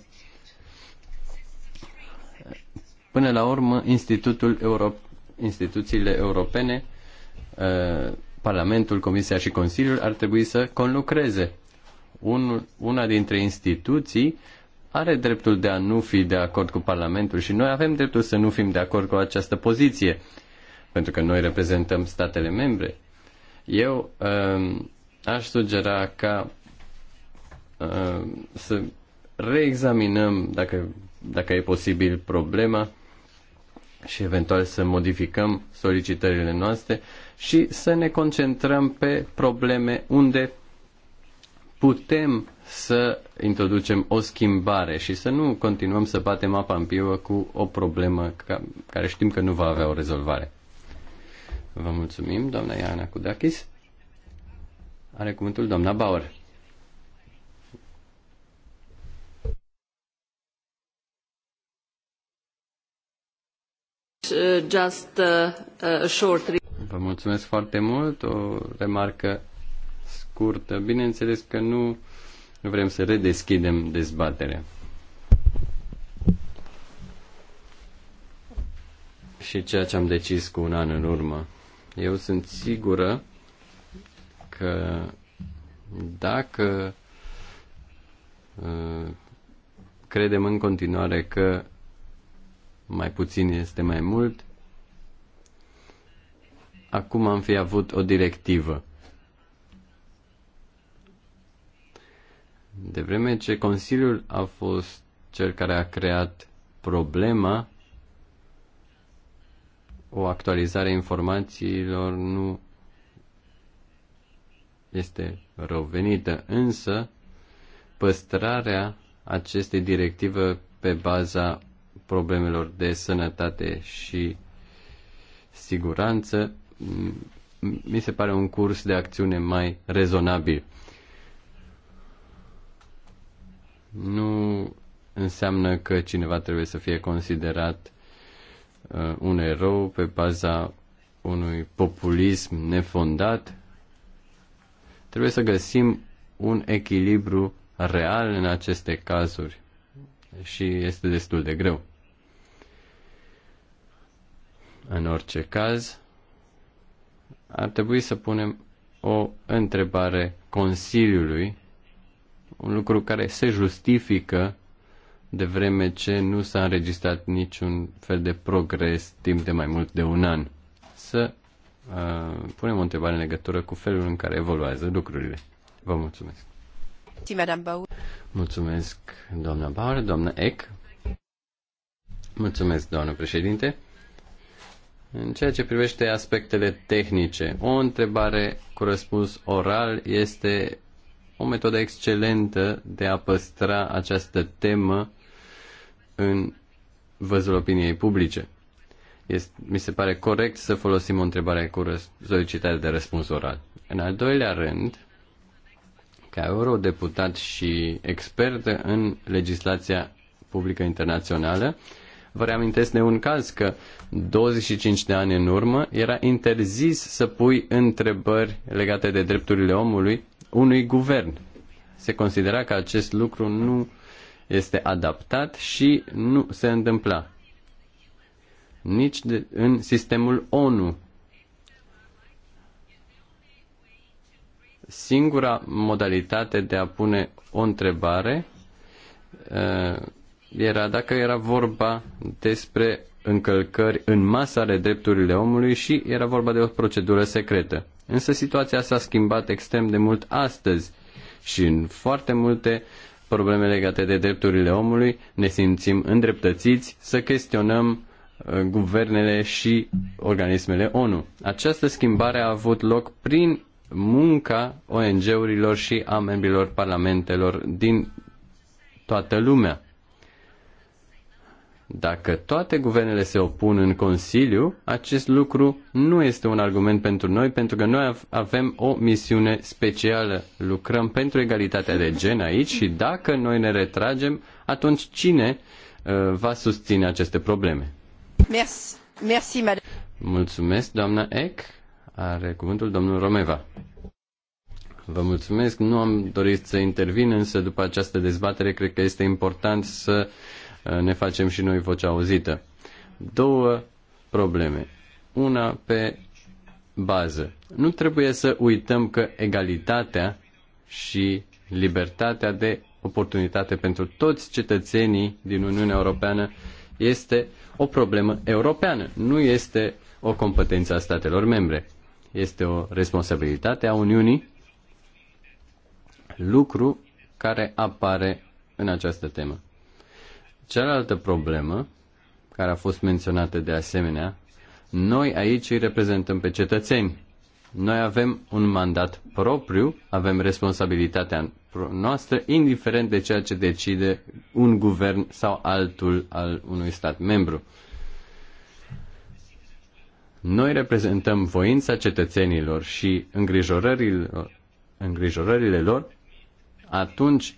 Până la urmă, Institutul Euro- instituțiile europene, eh, Parlamentul, Comisia și Consiliul ar trebui să conlucreze. Unul, una dintre instituții are dreptul de a nu fi de acord cu Parlamentul și noi avem dreptul să nu fim de acord cu această poziție, pentru că noi reprezentăm statele membre. Eu uh, aș sugera ca Uh, să reexaminăm dacă, dacă e posibil problema și eventual să modificăm solicitările noastre și să ne concentrăm pe probleme unde putem să introducem o schimbare și să nu continuăm să batem apa în piuă cu o problemă ca, care știm că nu va avea o rezolvare. Vă mulțumim, doamna Iana Kudakis. Are cuvântul doamna Bauer. Uh, uh, uh, Vă mulțumesc foarte mult. O remarcă scurtă. Bineînțeles că nu vrem să redeschidem dezbaterea. Și ceea ce am decis cu un an în urmă. Eu sunt sigură că dacă credem în continuare că mai puțin este mai mult, acum am fi avut o directivă. De vreme ce Consiliul a fost cel care a creat problema, o actualizare a informațiilor nu este revenită, însă păstrarea acestei directive pe baza problemelor de sănătate și siguranță, mi se pare un curs de acțiune mai rezonabil. Nu înseamnă că cineva trebuie să fie considerat uh, un erou pe baza unui populism nefondat. Trebuie să găsim un echilibru real în aceste cazuri și este destul de greu. În orice caz, ar trebui să punem o întrebare Consiliului, un lucru care se justifică de vreme ce nu s-a înregistrat niciun fel de progres timp de mai mult de un an. Să uh, punem o întrebare în legătură cu felul în care evoluează lucrurile. Vă mulțumesc. Mulțumesc, doamna Bauer, doamna Eck. Mulțumesc, doamnă președinte. În ceea ce privește aspectele tehnice, o întrebare cu răspuns oral este o metodă excelentă de a păstra această temă în văzul opiniei publice. Este, mi se pare corect să folosim o întrebare cu răs, solicitare de răspuns oral. În al doilea rând, ca eurodeputat și expert în legislația publică internațională, Vă reamintesc de un caz că 25 de ani în urmă era interzis să pui întrebări legate de drepturile omului unui guvern. Se considera că acest lucru nu este adaptat și nu se întâmpla. Nici de, în sistemul ONU singura modalitate de a pune o întrebare uh, era dacă era vorba despre încălcări în masă ale drepturile omului și era vorba de o procedură secretă. Însă situația s-a schimbat extrem de mult astăzi și în foarte multe probleme legate de drepturile omului ne simțim îndreptățiți să chestionăm uh, guvernele și organismele ONU. Această schimbare a avut loc prin munca ONG-urilor și a membrilor parlamentelor din toată lumea. Dacă toate guvernele se opun în Consiliu, acest lucru nu este un argument pentru noi, pentru că noi avem o misiune specială. Lucrăm pentru egalitatea de gen aici și dacă noi ne retragem, atunci cine uh, va susține aceste probleme? Merci. Merci, Mulțumesc, doamna Eck. Are cuvântul domnul Romeva. Vă mulțumesc. Nu am dorit să intervin, însă după această dezbatere cred că este important să uh, ne facem și noi vocea auzită. Două probleme. Una pe bază. Nu trebuie să uităm că egalitatea și libertatea de oportunitate pentru toți cetățenii din Uniunea Europeană este o problemă europeană, nu este o competență a statelor membre. Este o responsabilitate a Uniunii, lucru care apare în această temă. Cealaltă problemă, care a fost menționată de asemenea, noi aici îi reprezentăm pe cetățeni. Noi avem un mandat propriu, avem responsabilitatea noastră, indiferent de ceea ce decide un guvern sau altul al unui stat membru. Noi reprezentăm voința cetățenilor și îngrijorările, îngrijorările lor, atunci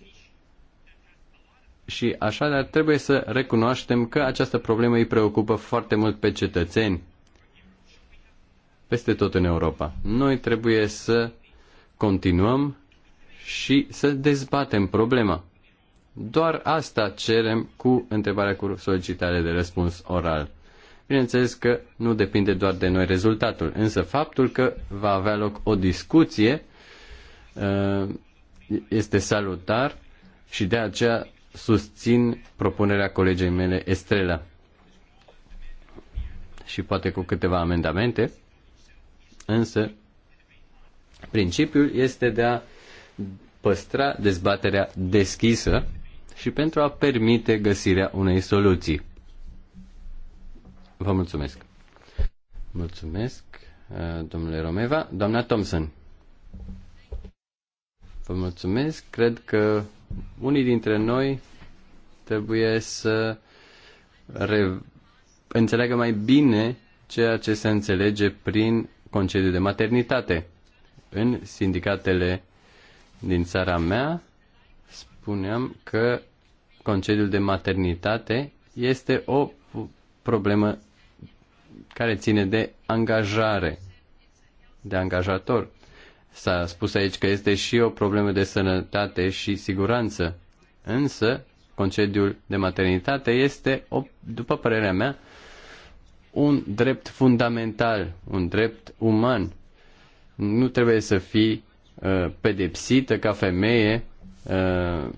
și așa dar trebuie să recunoaștem că această problemă îi preocupă foarte mult pe cetățeni peste tot în Europa. Noi trebuie să continuăm și să dezbatem problema. Doar asta cerem cu întrebarea cu solicitare de răspuns oral. Bineînțeles că nu depinde doar de noi rezultatul, însă faptul că va avea loc o discuție uh, este salutar și de aceea susțin propunerea colegei mele Estrela și poate cu câteva amendamente, însă principiul este de a păstra dezbaterea deschisă și pentru a permite găsirea unei soluții. Vă mulțumesc. Mulțumesc, uh, domnule Romeva. Doamna Thompson. Vă mulțumesc. Cred că unii dintre noi trebuie să re- înțeleagă mai bine ceea ce se înțelege prin concediu de maternitate. În sindicatele din țara mea spuneam că concediul de maternitate este o problemă care ține de angajare, de angajator. S-a spus aici că este și o problemă de sănătate și siguranță, însă concediul de maternitate este, după părerea mea, un drept fundamental, un drept uman. Nu trebuie să fii uh, pedepsită ca femeie uh,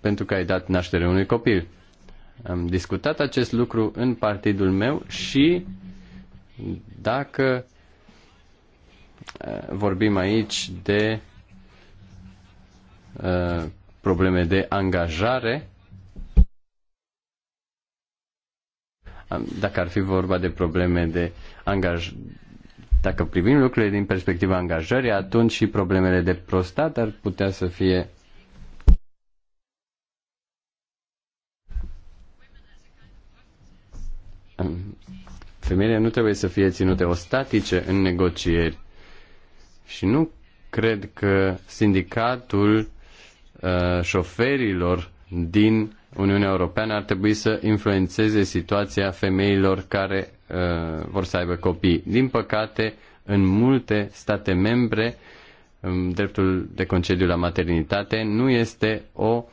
pentru că ai dat naștere unui copil. Am discutat acest lucru în partidul meu și dacă Eh, vorbim aici de eh, probleme de angajare. Dacă ar fi vorba de probleme de angaj dacă privim lucrurile din perspectiva angajării, atunci și problemele de prostat ar putea să fie Femeile nu trebuie să fie ținute ostatice în negocieri. Și nu cred că sindicatul uh, șoferilor din Uniunea Europeană ar trebui să influențeze situația femeilor care uh, vor să aibă copii. Din păcate, în multe state membre, um, dreptul de concediu la maternitate nu este o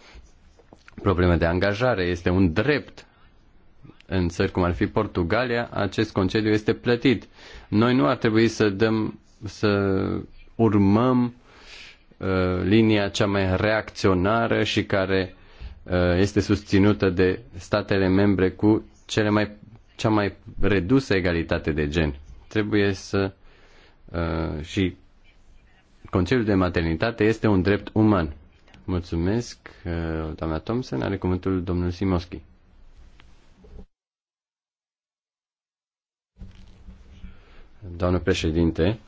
problemă de angajare, este un drept. În țări cum ar fi Portugalia, acest concediu este plătit. Noi nu ar trebui să dăm să urmăm uh, linia cea mai reacționară și care uh, este susținută de statele membre cu cele mai, cea mai redusă egalitate de gen. Trebuie să uh, și Consiliul de maternitate este un drept uman. Mulțumesc, doamna Thompson. Are cuvântul domnul Simoschi. Doamnă președinte,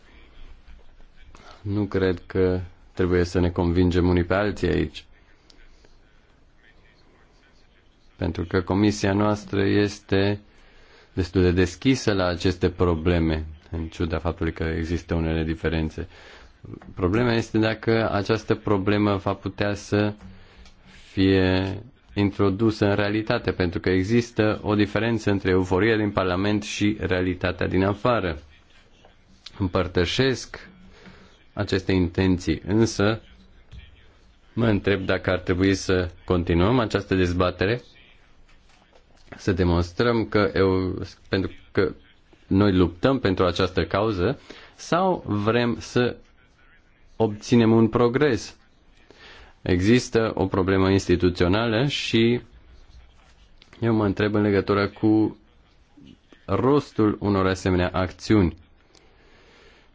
nu cred că trebuie să ne convingem unii pe alții aici. Pentru că comisia noastră este destul de deschisă la aceste probleme, în ciuda faptului că există unele diferențe. Problema este dacă această problemă va putea să fie introdusă în realitate, pentru că există o diferență între euforia din Parlament și realitatea din afară. Împărtășesc aceste intenții, însă mă întreb dacă ar trebui să continuăm această dezbatere, să demonstrăm că, eu, pentru că noi luptăm pentru această cauză sau vrem să obținem un progres. Există o problemă instituțională și eu mă întreb în legătură cu rostul unor asemenea acțiuni.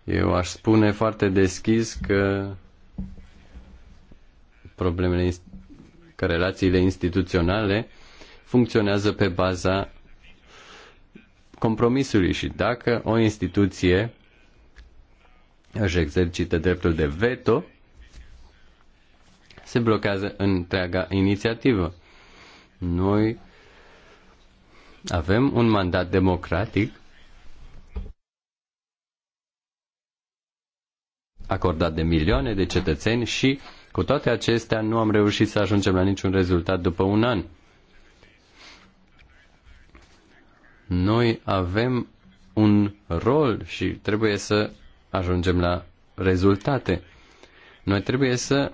Eu aș spune foarte deschis că problemele, că relațiile instituționale funcționează pe baza compromisului și dacă o instituție își exercită dreptul de veto, se blochează întreaga inițiativă. Noi avem un mandat democratic acordat de milioane de cetățeni și cu toate acestea nu am reușit să ajungem la niciun rezultat după un an. Noi avem un rol și trebuie să ajungem la rezultate. Noi trebuie să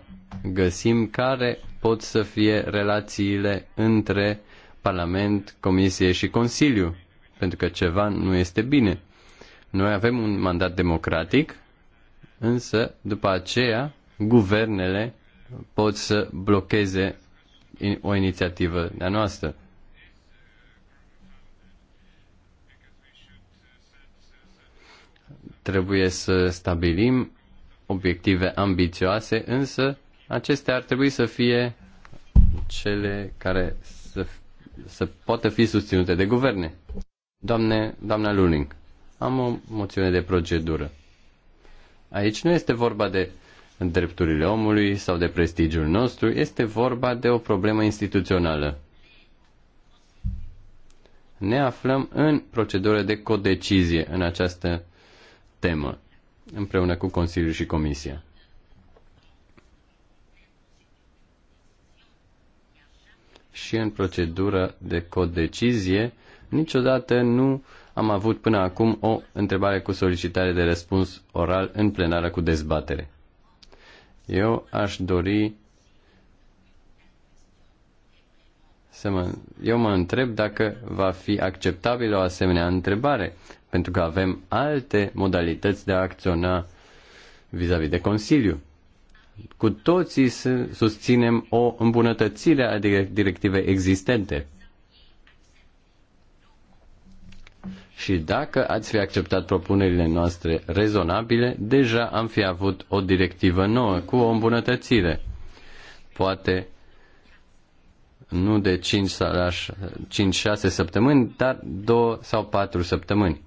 găsim care pot să fie relațiile între Parlament, Comisie și Consiliu, pentru că ceva nu este bine. Noi avem un mandat democratic însă după aceea guvernele pot să blocheze o inițiativă de-a noastră. Trebuie să stabilim obiective ambițioase, însă acestea ar trebui să fie cele care să, să poată fi susținute de guverne. Doamne, doamna Luling, am o moțiune de procedură. Aici nu este vorba de drepturile omului sau de prestigiul nostru, este vorba de o problemă instituțională. Ne aflăm în procedură de codecizie în această temă, împreună cu Consiliul și Comisia. Și în procedură de codecizie, niciodată nu uh, am avut până acum o întrebare cu solicitare de răspuns oral în plenară cu dezbatere. Eu aș dori să mă, eu mă întreb dacă va fi acceptabilă o asemenea întrebare, pentru că avem alte modalități de a acționa vis-a-vis -vis de Consiliu. Cu toții susținem o îmbunătățire a directivei existente. și dacă ați fi acceptat propunerile noastre rezonabile, deja am fi avut o directivă nouă cu o îmbunătățire. Poate nu de 5-6 săptămâni, dar 2 sau 4 săptămâni.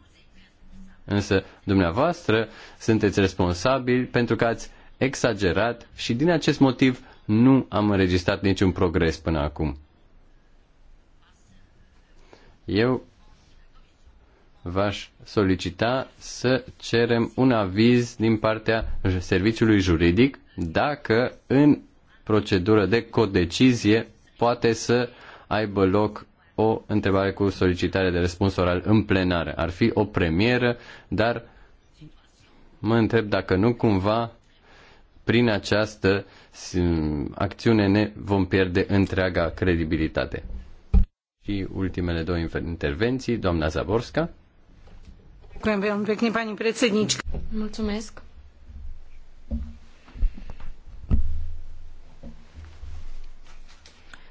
Însă, dumneavoastră, sunteți responsabili pentru că ați exagerat și din acest motiv nu am înregistrat niciun progres până acum. Eu v-aș solicita să cerem un aviz din partea serviciului juridic dacă în procedură de codecizie poate să aibă loc o întrebare cu solicitare de răspuns oral în plenară. Ar fi o premieră, dar mă întreb dacă nu cumva prin această acțiune ne vom pierde întreaga credibilitate. Și ultimele două intervenții, doamna Zaborska. Mulțumesc.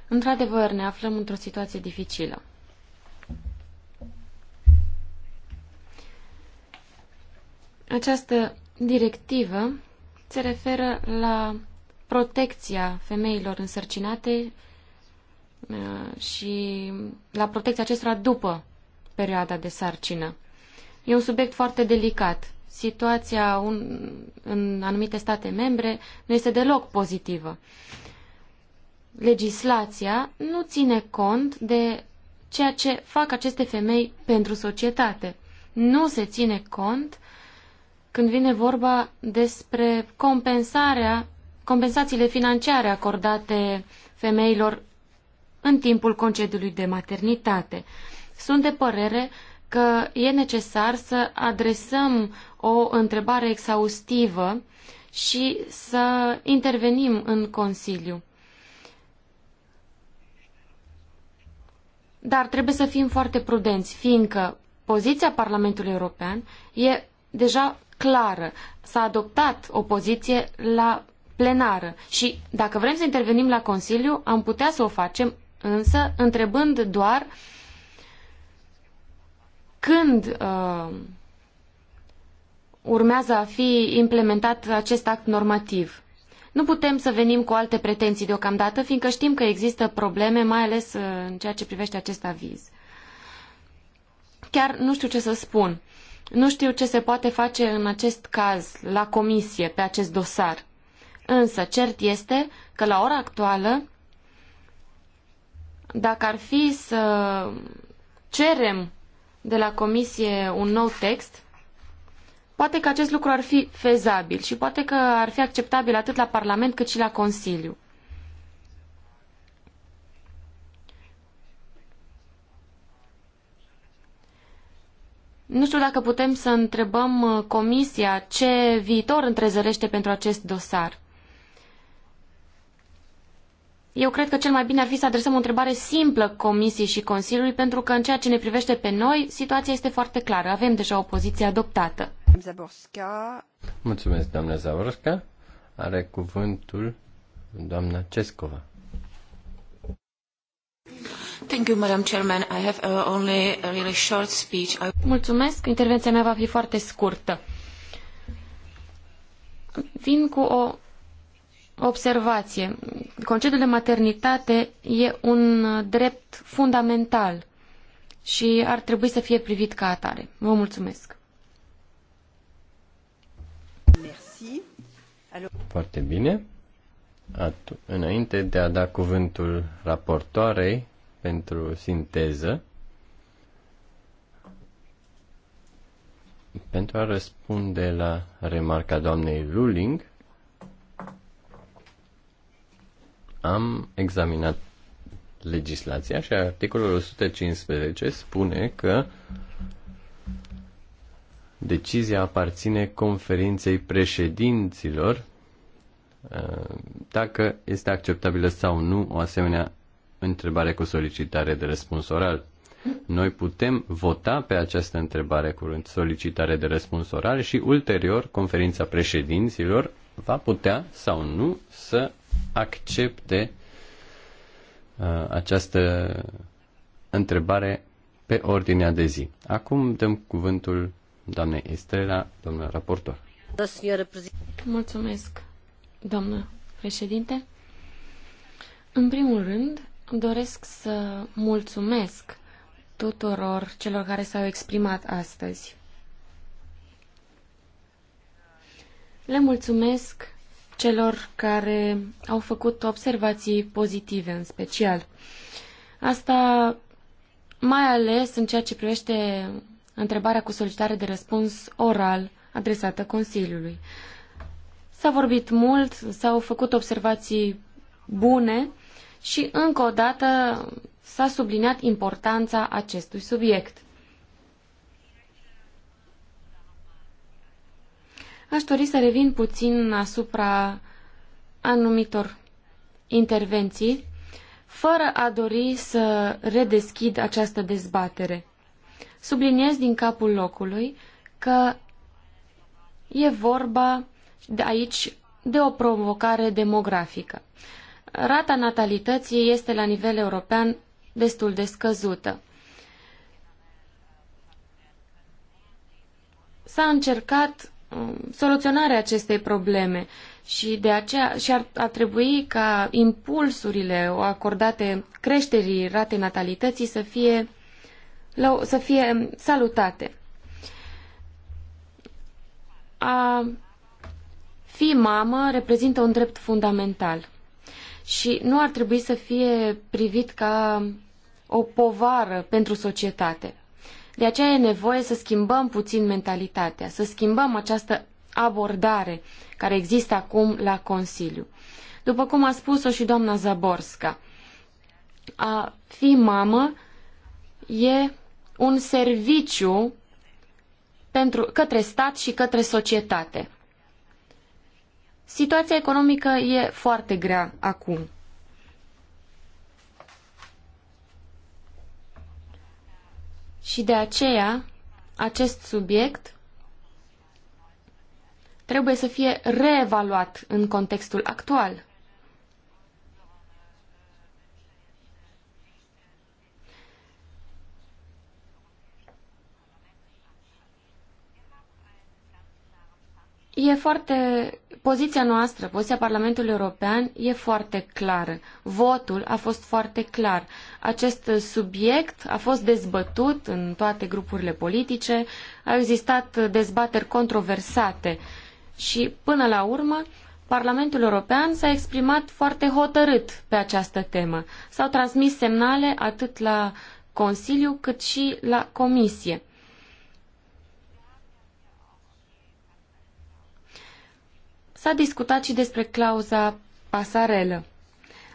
Într-adevăr, ne aflăm într-o situație dificilă. Această directivă se referă la protecția femeilor însărcinate uh, și la protecția acestora după perioada de sarcină. E un subiect foarte delicat. Situația un, în anumite state membre nu este deloc pozitivă. Legislația nu ține cont de ceea ce fac aceste femei pentru societate. Nu se ține cont când vine vorba despre compensarea, compensațiile financiare acordate femeilor în timpul concediului de maternitate. Sunt de părere că e necesar să adresăm o întrebare exhaustivă și să intervenim în Consiliu. Dar trebuie să fim foarte prudenți, fiindcă poziția Parlamentului European e deja clară. S-a adoptat o poziție la plenară și dacă vrem să intervenim la Consiliu, am putea să o facem, însă întrebând doar uh, când uh, urmează a fi implementat acest act normativ. Nu putem să venim cu alte pretenții deocamdată, fiindcă știm că există probleme, mai ales uh, în ceea ce privește acest aviz. Chiar nu știu ce să spun. Nu știu ce se poate face în acest caz, la comisie, pe acest dosar. Însă, cert este că la ora actuală, dacă ar fi să cerem de la comisie un nou text, poate că acest lucru ar fi fezabil și poate că ar fi acceptabil atât la Parlament cât și la Consiliu. Nu știu dacă putem să întrebăm uh, Comisia ce viitor întrezărește pentru acest dosar. Eu cred că cel mai bine ar fi să adresăm o întrebare simplă Comisiei și Consiliului, pentru că în ceea ce ne privește pe noi, situația este foarte clară. Avem deja o poziție adoptată. Zaborska. Mulțumesc, doamna Zaborska. Are cuvântul doamna Cescova. Thank you, Madam Chairman. I have uh, only a really short speech. I... Mulțumesc. Intervenția mea va fi foarte scurtă. Vin cu o observație. Concediul de maternitate e un drept fundamental și ar trebui să fie privit ca atare. Vă mulțumesc. Foarte bine. Atu- înainte de a da cuvântul raportoarei pentru sinteză, pentru a răspunde la remarca doamnei Luling, am examinat legislația și articolul 115 spune că decizia aparține conferinței președinților uh, dacă este acceptabilă sau nu o asemenea întrebare cu solicitare de răspuns oral. Noi putem vota pe această întrebare cu solicitare de răspuns oral și ulterior conferința președinților va putea sau nu să accepte uh, această întrebare pe ordinea de zi. Acum dăm cuvântul doamnei Estrela, domnul raportor. Mulțumesc, doamnă președinte. În primul rând, doresc să mulțumesc tuturor celor care s-au exprimat astăzi. Le mulțumesc celor care au făcut observații pozitive în special. Asta mai ales în ceea ce privește întrebarea cu solicitare de răspuns oral adresată Consiliului. S-a vorbit mult, s-au făcut observații bune și încă o dată s-a subliniat importanța acestui subiect. Aș dori să revin puțin asupra anumitor intervenții, fără a dori să redeschid această dezbatere. Subliniez din capul locului că e vorba de aici de o provocare demografică. Rata natalității este la nivel european destul de scăzută. S-a încercat soluționarea acestei probleme și de aceea și ar, ar trebui ca impulsurile acordate creșterii ratei natalității să fie, să fie salutate. A fi mamă reprezintă un drept fundamental și nu ar trebui să fie privit ca o povară pentru societate. De aceea e nevoie să schimbăm puțin mentalitatea, să schimbăm această abordare care există acum la Consiliu. După cum a spus-o și doamna Zaborska, a fi mamă e un serviciu pentru, către stat și către societate. Situația economică e foarte grea acum. Și de aceea, acest subiect trebuie să fie reevaluat în contextul actual. E foarte Poziția noastră, poziția Parlamentului European e foarte clară. Votul a fost foarte clar. Acest subiect a fost dezbătut în toate grupurile politice, au existat dezbateri controversate și, până la urmă, Parlamentul European s-a exprimat foarte hotărât pe această temă. S-au transmis semnale atât la Consiliu cât și la Comisie. S-a discutat și despre clauza pasarelă.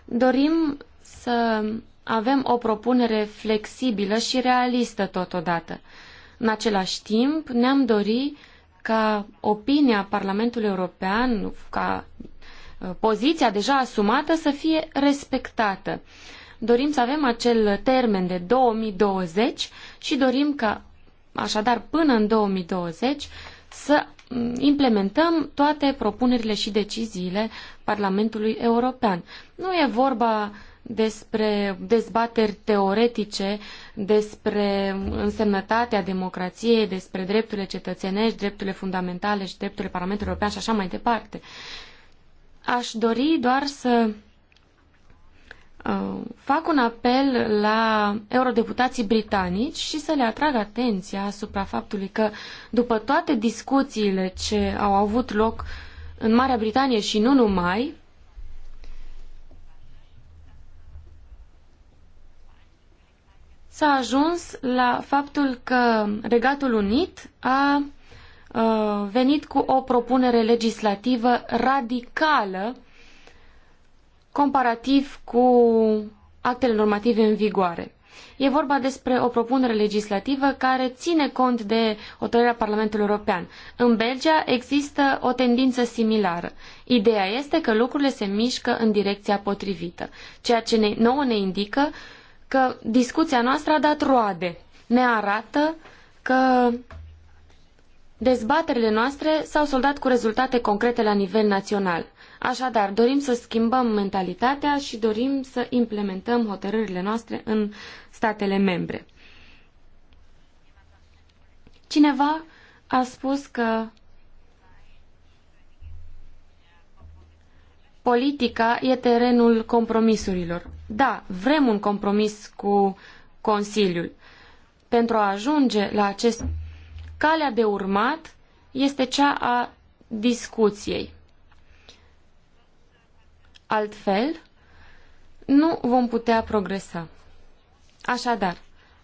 Dorim să avem o propunere flexibilă și realistă totodată. În același timp, ne-am dori ca opinia Parlamentului European, ca ă, poziția deja asumată să fie respectată. Dorim să avem acel termen de 2020 și dorim ca, așadar, până în 2020 să implementăm toate propunerile și deciziile Parlamentului European. Nu e vorba despre dezbateri teoretice, despre însemnătatea democrației, despre drepturile cetățenești, drepturile fundamentale și drepturile Parlamentului European și așa mai departe. Aș dori doar să Uh, fac un apel la eurodeputații britanici și să le atrag atenția asupra faptului că după toate discuțiile ce au avut loc în Marea Britanie și nu numai, s-a ajuns la faptul că Regatul Unit a uh, venit cu o propunere legislativă radicală comparativ cu actele normative în vigoare. E vorba despre o propunere legislativă care ține cont de hotărârea Parlamentului European. În Belgia există o tendință similară. Ideea este că lucrurile se mișcă în direcția potrivită, ceea ce ne, nouă ne indică că discuția noastră a dat roade. Ne arată că dezbaterile noastre s-au soldat cu rezultate concrete la nivel național. Așadar, dorim să schimbăm mentalitatea și dorim să implementăm hotărârile noastre în statele membre. Cineva a spus că politica e terenul compromisurilor. Da, vrem un compromis cu Consiliul. Pentru a ajunge la acest calea de urmat este cea a discuției. Altfel, nu vom putea progresa. Așadar,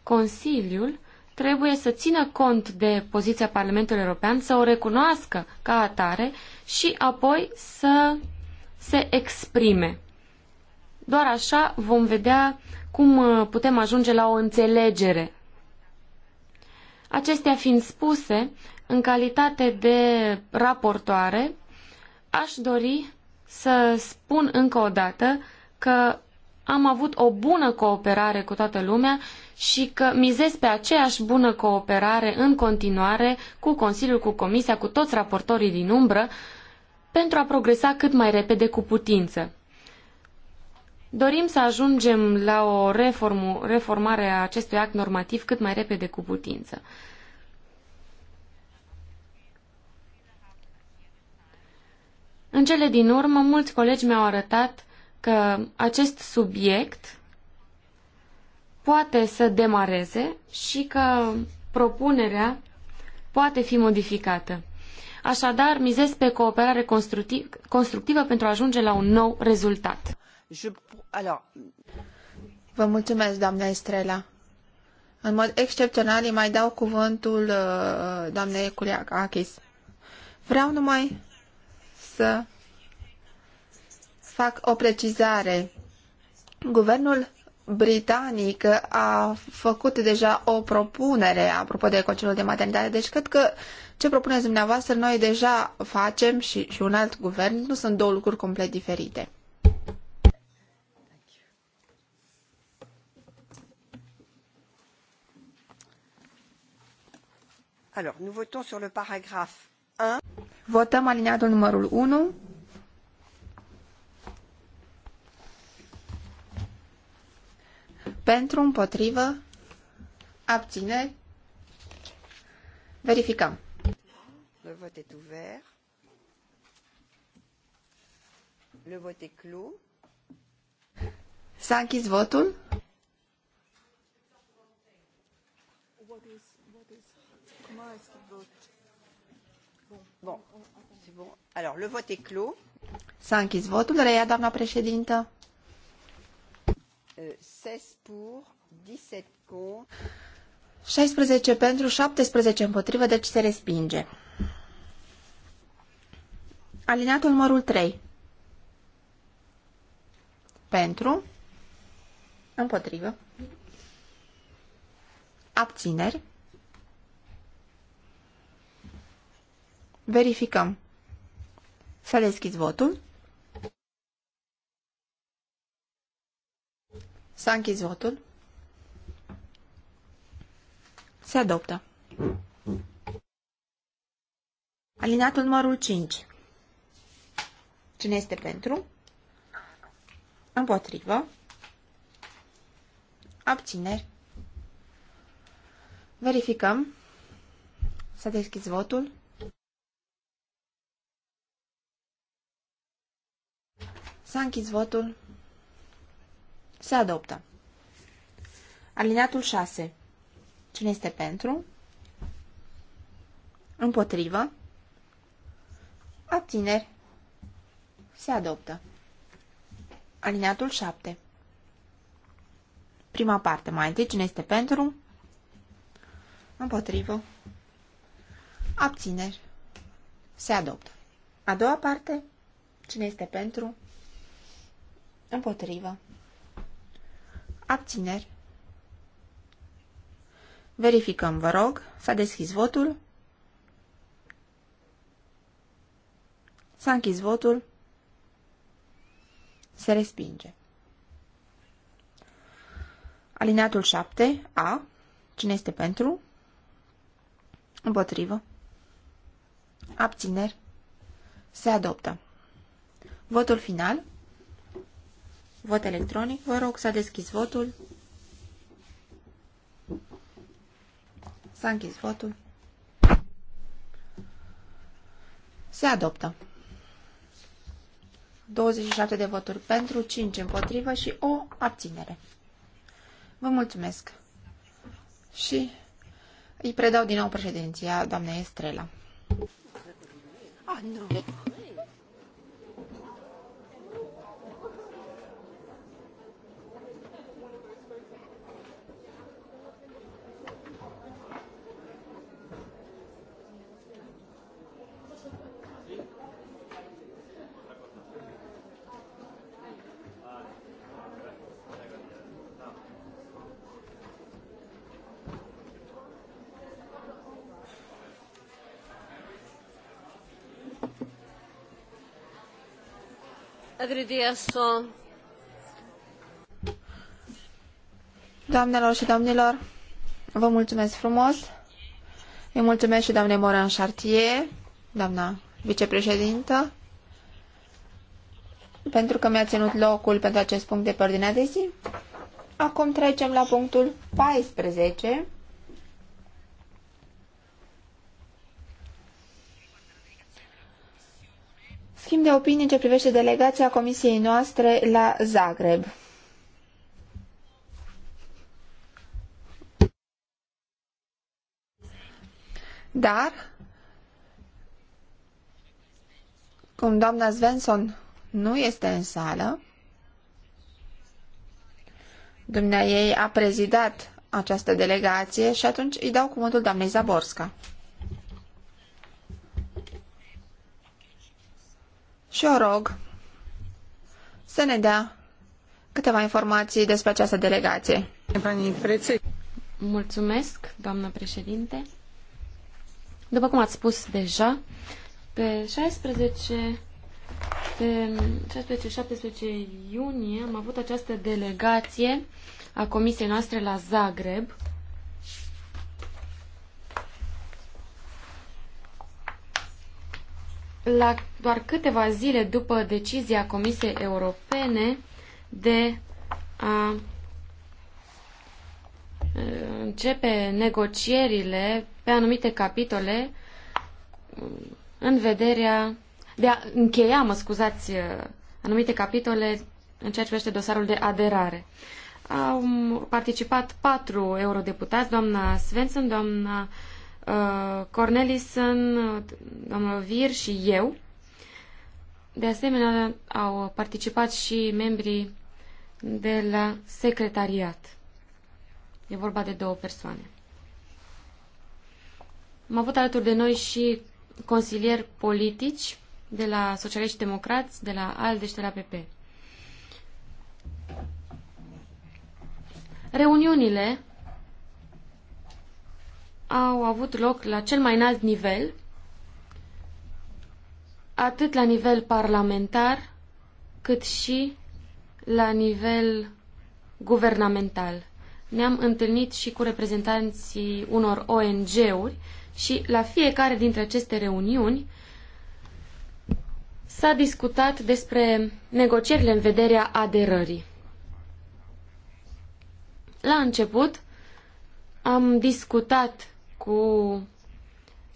Consiliul trebuie să țină cont de poziția Parlamentului European, să o recunoască ca atare și apoi să se exprime. Doar așa vom vedea cum uh, putem ajunge la o înțelegere. Acestea fiind spuse, în calitate de raportoare, aș dori să spun încă o dată că am avut o bună cooperare cu toată lumea și că mizez pe aceeași bună cooperare în continuare cu Consiliul, cu Comisia, cu toți raportorii din umbră pentru a progresa cât mai repede cu putință. Dorim să ajungem la o reformu, reformare a acestui act normativ cât mai repede cu putință. În cele din urmă, mulți colegi mi-au arătat că acest subiect poate să demareze și că propunerea poate fi modificată. Așadar, mizez pe cooperare constructiv, constructivă pentru a ajunge la un nou rezultat. Je... Alors... Vă mulțumesc, doamna Estrela. În mod excepțional îi mai dau cuvântul uh, doamnei Culiac Achis. Vreau numai să fac o precizare. Guvernul britanic a făcut deja o propunere apropo de concediul de maternitate, deci cred că ce propuneți dumneavoastră noi deja facem și, și un alt guvern, nu sunt două lucruri complet diferite. Alors, nous votons sur le paragraphe Votăm alineatul numărul 1. Pentru, împotrivă, abține. Verificăm. Le vot est ouvert. Le vot est clos. S-a închis votul. What is, what is Bon, c'est bon. Alors, le vote est clos. S-a închis votul, reia doamna președintă. 16 euh, 17 contre. 16 pentru, 17 împotrivă, deci se respinge. Alineatul numărul 3. Pentru. Împotrivă. Abțineri. Verificăm. Să deschid votul. S-a închis votul. Se adoptă. Alinatul numărul 5. Cine este pentru? Împotrivă. Abțineri. Verificăm. Să deschizi votul. S-a închis votul. Se adoptă. Alineatul 6. Cine este pentru? Împotrivă. Abțineri. Se adoptă. Alineatul 7. Prima parte. Mai întâi, cine este pentru? Împotrivă. Abțineri. Se adoptă. A doua parte. Cine este pentru? Împotrivă. Abțineri. Verificăm, vă rog. S-a deschis votul. S-a închis votul. Se respinge. Alineatul 7, A. Cine este pentru? Împotrivă. Abțineri. Se adoptă. Votul final. Vot electronic. Vă rog, să deschis votul. S-a închis votul. Se adoptă. 27 de voturi pentru, 5 împotrivă și o abținere. Vă mulțumesc. Și îi predau din nou președinția doamnei Estrela. Ah, oh, nu. No. Doamnelor și domnilor, vă mulțumesc frumos. Îi mulțumesc și doamnei Moran Chartier, doamna vicepreședintă, pentru că mi-a ținut locul pentru acest punct de pe ordinea de zi. Acum trecem la punctul 14, Schimb de opinii în ce privește delegația comisiei noastre la Zagreb. Dar, cum doamna Svensson nu este în sală, dumnea ei a prezidat această delegație și atunci îi dau cuvântul doamnei Zaborska. și o rog să ne dea câteva informații despre această delegație. Mulțumesc, doamnă președinte. După cum ați spus deja, pe 16 pe 16-17 iunie am avut această delegație a comisiei noastre la Zagreb la doar câteva zile după decizia Comisiei Europene de a începe negocierile pe anumite capitole în vederea de a încheia, mă scuzați, anumite capitole în ceea ce privește dosarul de aderare. Au participat patru eurodeputați, doamna Svensson, doamna uh, Uh, Cornelison, uh, domnul Vir și eu. De asemenea, au participat și membrii de la secretariat. E vorba de două persoane. Am avut alături de noi și consilieri politici de la Socialiști Democrați, de la ALDE și de la PP. Reuniunile au avut loc la cel mai înalt nivel, atât la nivel parlamentar, cât și la nivel guvernamental. Ne-am întâlnit și cu reprezentanții unor ONG-uri și la fiecare dintre aceste reuniuni s-a discutat despre negocierile în vederea aderării. La început am discutat cu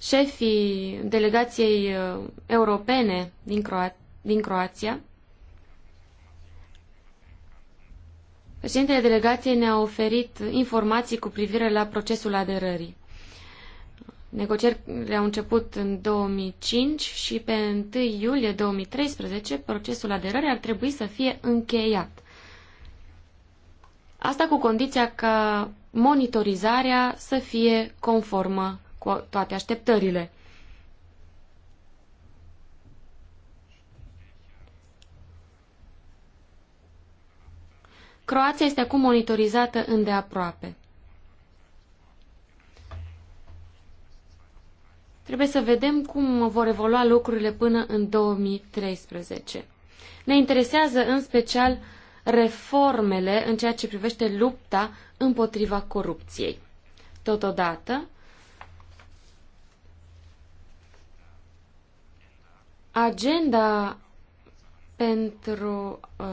șefii delegației uh, europene din, Croa- din Croația. Președintele delegației ne-a oferit informații cu privire la procesul aderării. Negocierile au început în 2005 și pe 1 iulie 2013 procesul aderării ar trebui să fie încheiat. Asta cu condiția ca monitorizarea să fie conformă cu toate așteptările. Croația este acum monitorizată îndeaproape. Trebuie să vedem cum vor evolua lucrurile până în 2013. Ne interesează în special reformele în ceea ce privește lupta împotriva corupției. Totodată, agenda pentru uh,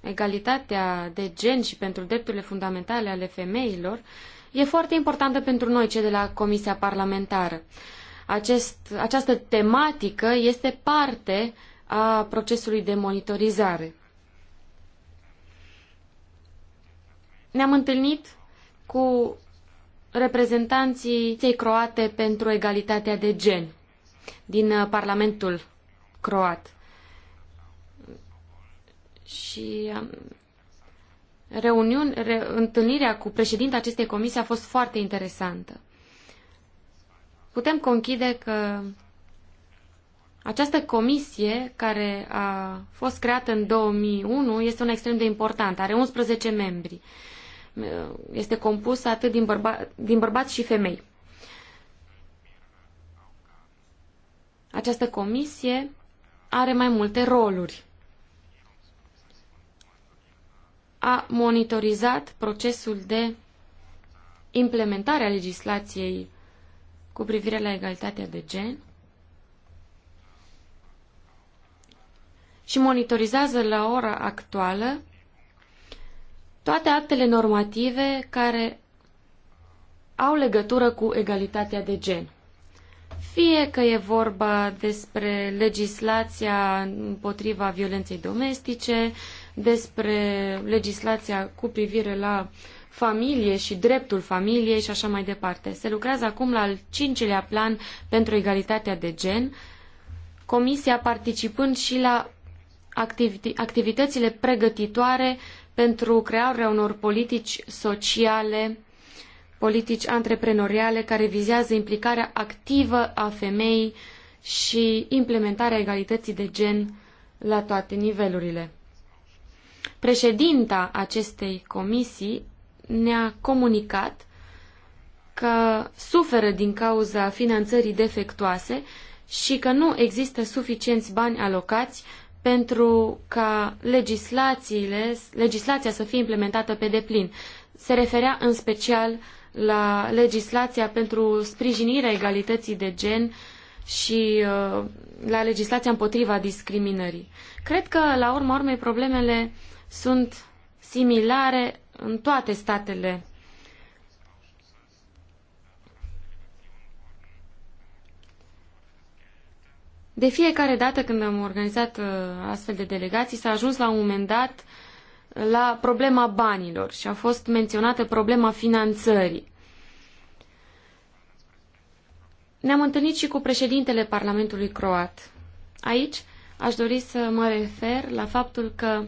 egalitatea de gen și pentru drepturile fundamentale ale femeilor e foarte importantă pentru noi, cei de la Comisia Parlamentară. Acest, această tematică este parte a procesului de monitorizare. Ne-am întâlnit cu reprezentanții ței croate pentru egalitatea de gen din uh, Parlamentul croat. Și um, reuniun, re, întâlnirea cu președinta acestei comisii a fost foarte interesantă. Putem conchide că această comisie, care a fost creată în 2001, este una extrem de importantă. Are 11 membri. Uh, este compus atât din, bărba, din bărbați și femei. Această comisie are mai multe roluri. A monitorizat procesul de implementare a legislației cu privire la egalitatea de gen și monitorizează la ora actuală toate actele normative care au legătură cu egalitatea de gen. Fie că e vorba despre legislația împotriva violenței domestice, despre legislația cu privire la familie și dreptul familiei și așa mai departe. Se lucrează acum la al cincilea plan pentru egalitatea de gen, comisia participând și la activitățile pregătitoare pentru crearea unor politici sociale, politici antreprenoriale care vizează implicarea activă a femeii și implementarea egalității de gen la toate nivelurile. Președinta acestei comisii ne-a comunicat că suferă din cauza finanțării defectuoase și că nu există suficienți bani alocați pentru ca legislațiile, legislația să fie implementată pe deplin. Se referea în special la legislația pentru sprijinirea egalității de gen și uh, la legislația împotriva discriminării. Cred că, la urma urmei, problemele sunt similare în toate statele De fiecare dată când am organizat uh, astfel de delegații, s-a ajuns la un moment dat uh, la problema banilor și a fost menționată problema finanțării. Ne-am întâlnit și cu președintele Parlamentului Croat. Aici aș dori să mă refer la faptul că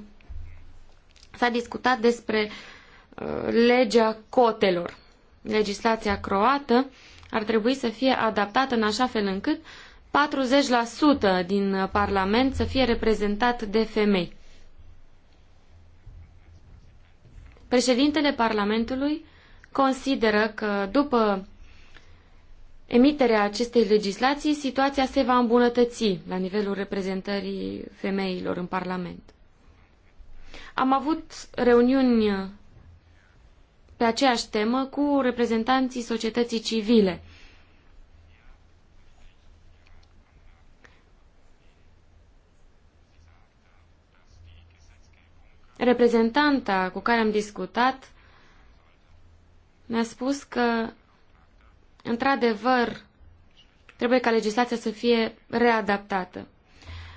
s-a discutat despre uh, legea cotelor. Legislația croată ar trebui să fie adaptată în așa fel încât 40% din Parlament să fie reprezentat de femei. Președintele Parlamentului consideră că după emiterea acestei legislații, situația se va îmbunătăți la nivelul reprezentării femeilor în Parlament. Am avut reuniuni pe aceeași temă cu reprezentanții societății civile. reprezentanta cu care am discutat ne-a spus că, într-adevăr, trebuie ca legislația să fie readaptată.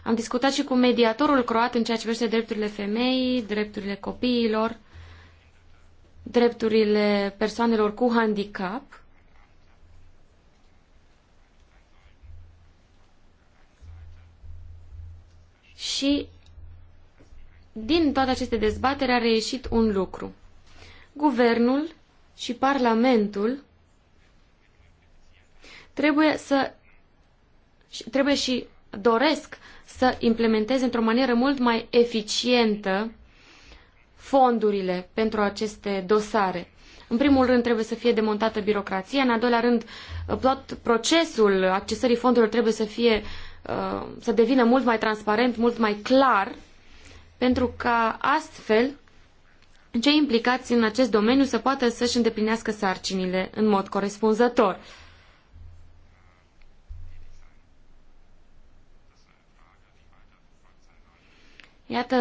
Am discutat și cu mediatorul croat în ceea ce privește drepturile femeii, drepturile copiilor, drepturile persoanelor cu handicap. Și din toate aceste dezbateri a reieșit un lucru. Guvernul și Parlamentul trebuie să trebuie și doresc să implementeze într-o manieră mult mai eficientă fondurile pentru aceste dosare. În primul rând trebuie să fie demontată birocrația, în al doilea rând tot procesul accesării fondurilor trebuie să fie uh, să devină mult mai transparent, mult mai clar pentru ca astfel cei implicați în acest domeniu să poată să-și îndeplinească sarcinile în mod corespunzător. Iată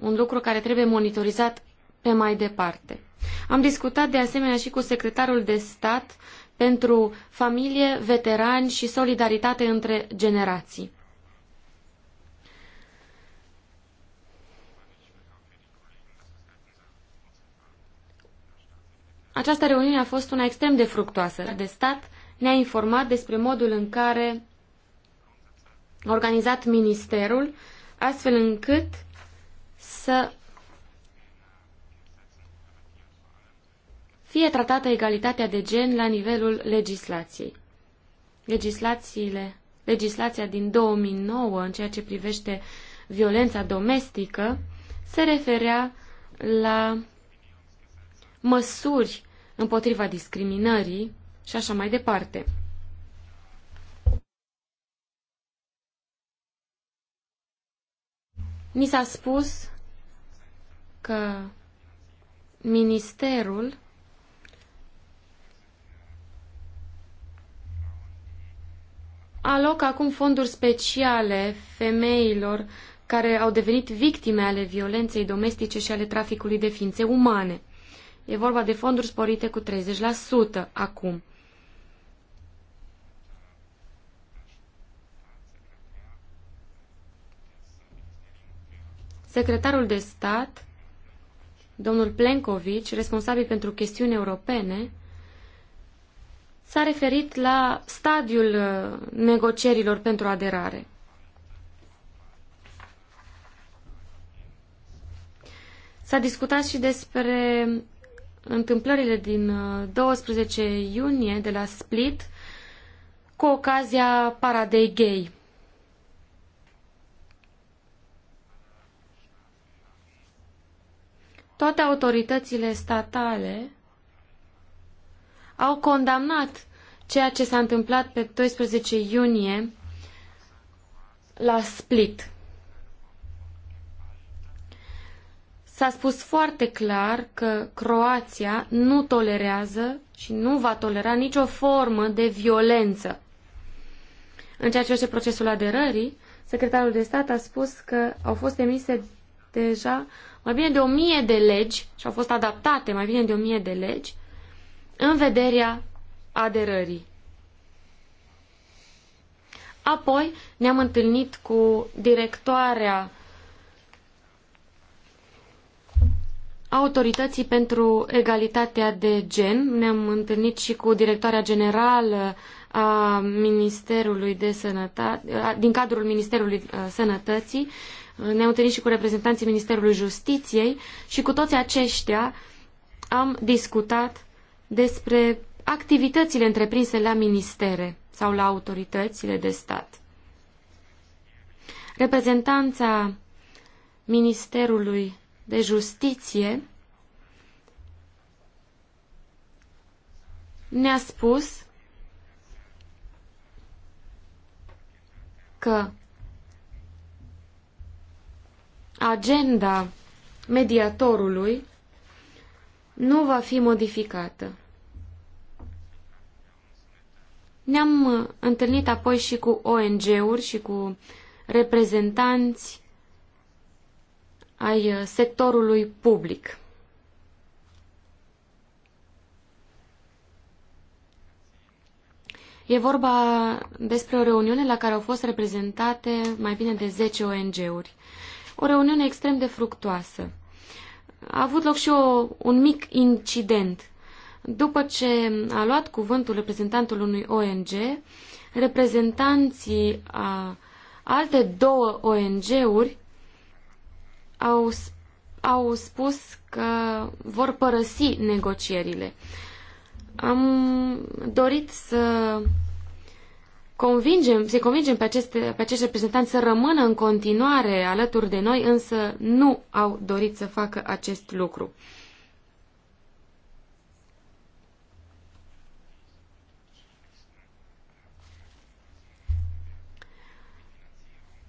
un lucru care trebuie monitorizat pe mai departe. Am discutat de asemenea și cu secretarul de stat pentru familie, veterani și solidaritate între generații. Această reuniune a fost una extrem de fructoasă. De stat ne-a informat despre modul în care a organizat ministerul, astfel încât să fie tratată egalitatea de gen la nivelul legislației. Legislațiile, legislația din 2009 în ceea ce privește violența domestică se referea la măsuri împotriva discriminării și așa mai departe. Ni s-a spus că ministerul alocă acum fonduri speciale femeilor care au devenit victime ale violenței domestice și ale traficului de ființe umane. E vorba de fonduri sporite cu 30% acum. Secretarul de stat, domnul Plenković, responsabil pentru chestiuni europene, s-a referit la stadiul uh, negocierilor pentru aderare. S-a discutat și despre întâmplările din 12 uh, iunie de la Split cu ocazia Paradei Gay. Toate autoritățile statale au condamnat ceea ce s-a întâmplat pe 12 iunie la Split. S-a spus foarte clar că Croația nu tolerează și nu va tolera nicio formă de violență. În ceea ce este procesul aderării, secretarul de stat a spus că au fost emise deja mai bine de o mie de legi și au fost adaptate mai bine de o mie de legi în vederea aderării. Apoi ne-am întâlnit cu directoarea Autorității pentru Egalitatea de Gen. Ne-am întâlnit și cu directoarea generală a Ministerului de Sănătate, din cadrul Ministerului uh, Sănătății. Ne-am întâlnit și cu reprezentanții Ministerului Justiției și cu toți aceștia am discutat despre activitățile întreprinse la ministere sau la autoritățile de stat. Reprezentanța Ministerului de Justiție ne-a spus că agenda mediatorului nu va fi modificată. Ne-am întâlnit apoi și cu ONG-uri și cu reprezentanți ai uh, sectorului public. E vorba despre o reuniune la care au fost reprezentate mai bine de 10 ONG-uri. O reuniune extrem de fructoasă. A avut loc și o, un mic incident. După ce a luat cuvântul reprezentantul unui ONG, reprezentanții a alte două ONG-uri au, au spus că vor părăsi negocierile. Am dorit să convingem, să convingem pe, aceste, pe acești reprezentanți să rămână în continuare alături de noi, însă nu au dorit să facă acest lucru.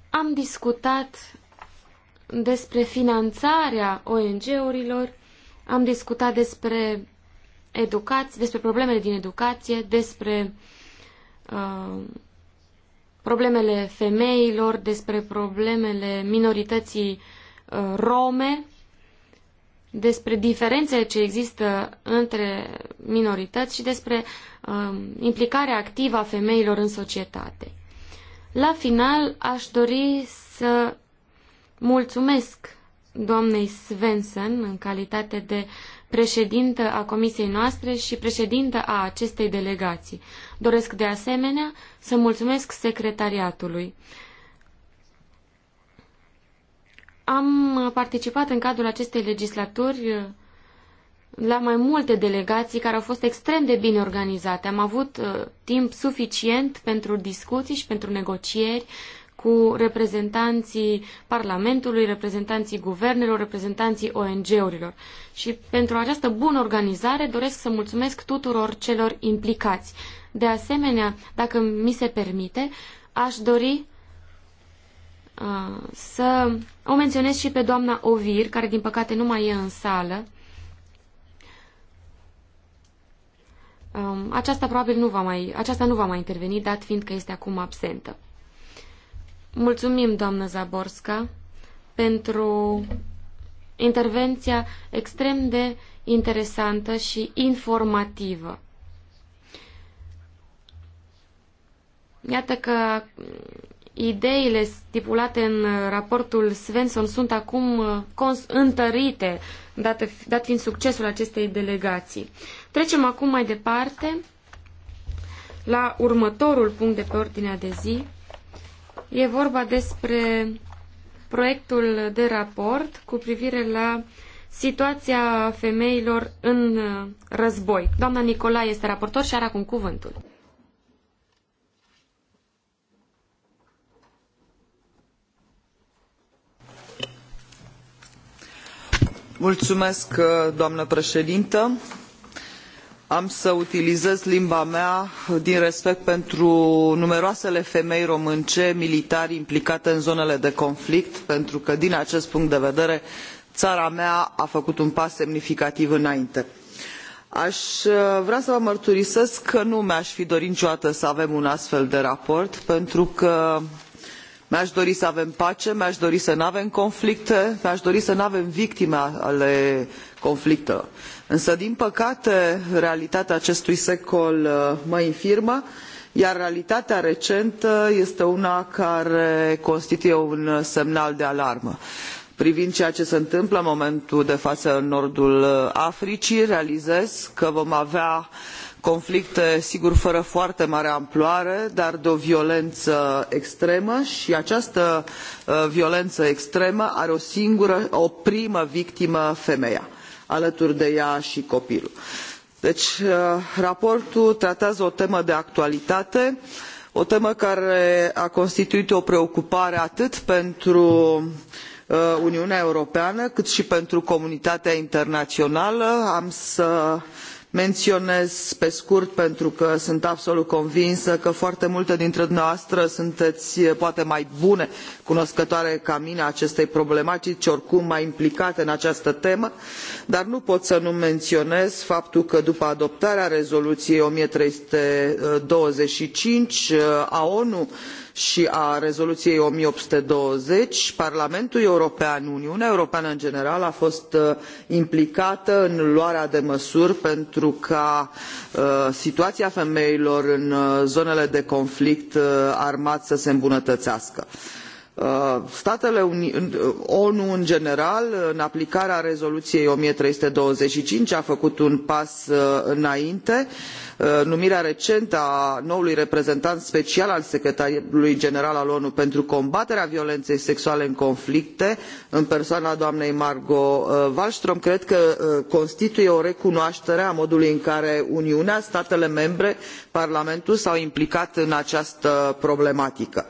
Am discutat despre finanțarea ONG-urilor, am discutat despre educație, despre problemele din educație, despre uh, problemele femeilor, despre problemele minorității uh, rome, despre diferențele ce există între minorități și despre uh, implicarea activă a femeilor în societate. La final, aș dori să Mulțumesc doamnei Svensson în calitate de președintă a comisiei noastre și președintă a acestei delegații. Doresc de asemenea să mulțumesc secretariatului. Am participat în cadrul acestei legislaturi la mai multe delegații care au fost extrem de bine organizate. Am avut uh, timp suficient pentru discuții și pentru negocieri cu reprezentanții Parlamentului, reprezentanții guvernelor, reprezentanții ONG-urilor. Și pentru această bună organizare doresc să mulțumesc tuturor celor implicați. De asemenea, dacă mi se permite, aș dori uh, să o menționez și pe doamna Ovir, care din păcate nu mai e în sală. Um, aceasta probabil nu va mai, aceasta nu va mai interveni, dat fiind că este acum absentă. Mulțumim, doamnă Zaborska, pentru intervenția extrem de interesantă și informativă. Iată că ideile stipulate în raportul Svensson sunt acum uh, întărite, dat, dat fiind succesul acestei delegații. Trecem acum mai departe la următorul punct de pe ordinea de zi, E vorba despre proiectul de raport cu privire la situația femeilor în uh, război. Doamna Nicolae este raportor și are acum cuvântul. Mulțumesc, uh, doamnă președintă am să utilizez limba mea din respect pentru numeroasele femei românce militari implicate în zonele de conflict pentru că din acest punct de vedere ara mea a făcut un pas semnificativ înainte. a uh, vrea să vă mărturisesc că nu mi a fi dorit niciodată să avem un astfel de raport pentru că mi a dori să avem pace mi a dori să nu avem conflicte mi a dori să nu avem victime ale conflictelor însă din păcate realitatea acestui secol uh, mă infirmă iar realitatea recentă este una care constituie un semnal de alarmă privind ceea ce se întâmplă în momentul de faă în nordul uh, africii realizez că vom avea conflicte sigur fără foarte mare amploare dar de o violenă extremă i această uh, violenă extremă are o singură o primă victimă femeia alături de ea și copilul. deci uh, raportul tratează o temă de actualitate o temă care a constituit o preocupare atât pentru uh, uniunea europeană cât și pentru comunitatea internațională. am să menionez pe scurt pentru că sunt absolut convinsă că foarte multe dintre dumneavoastră sunteți eh, poate mai bune cunoscătoare ca mine a acestei problematici oricum mai implicate în această temă dar nu pot să nu menionez faptul că după adoptarea rezoluiei o mie trei sute douăzeci și cinci eh, a onu și a rezoluiei o mie opt sute douăzeci parlamentul european uniunea europeană în general a fost uh, implicată în luarea de măsuri pentru ca uh, situația femeilor în uh, zonele de conflict armat să se îmbunătățească. Uh, statele uh, onu în general în aplicarea rezoluiei o mie trei sute douăzeci și cinci a făcut un pas uh, înainte numirea recentă a noului reprezentant special al secretarului general al onu pentru combaterea violenei sexuale în conflicte în persoana doamnei margot wallström cred că constituie o recunoatere a modului în care uniunea statele membre parlamentul s au implicat în această problematică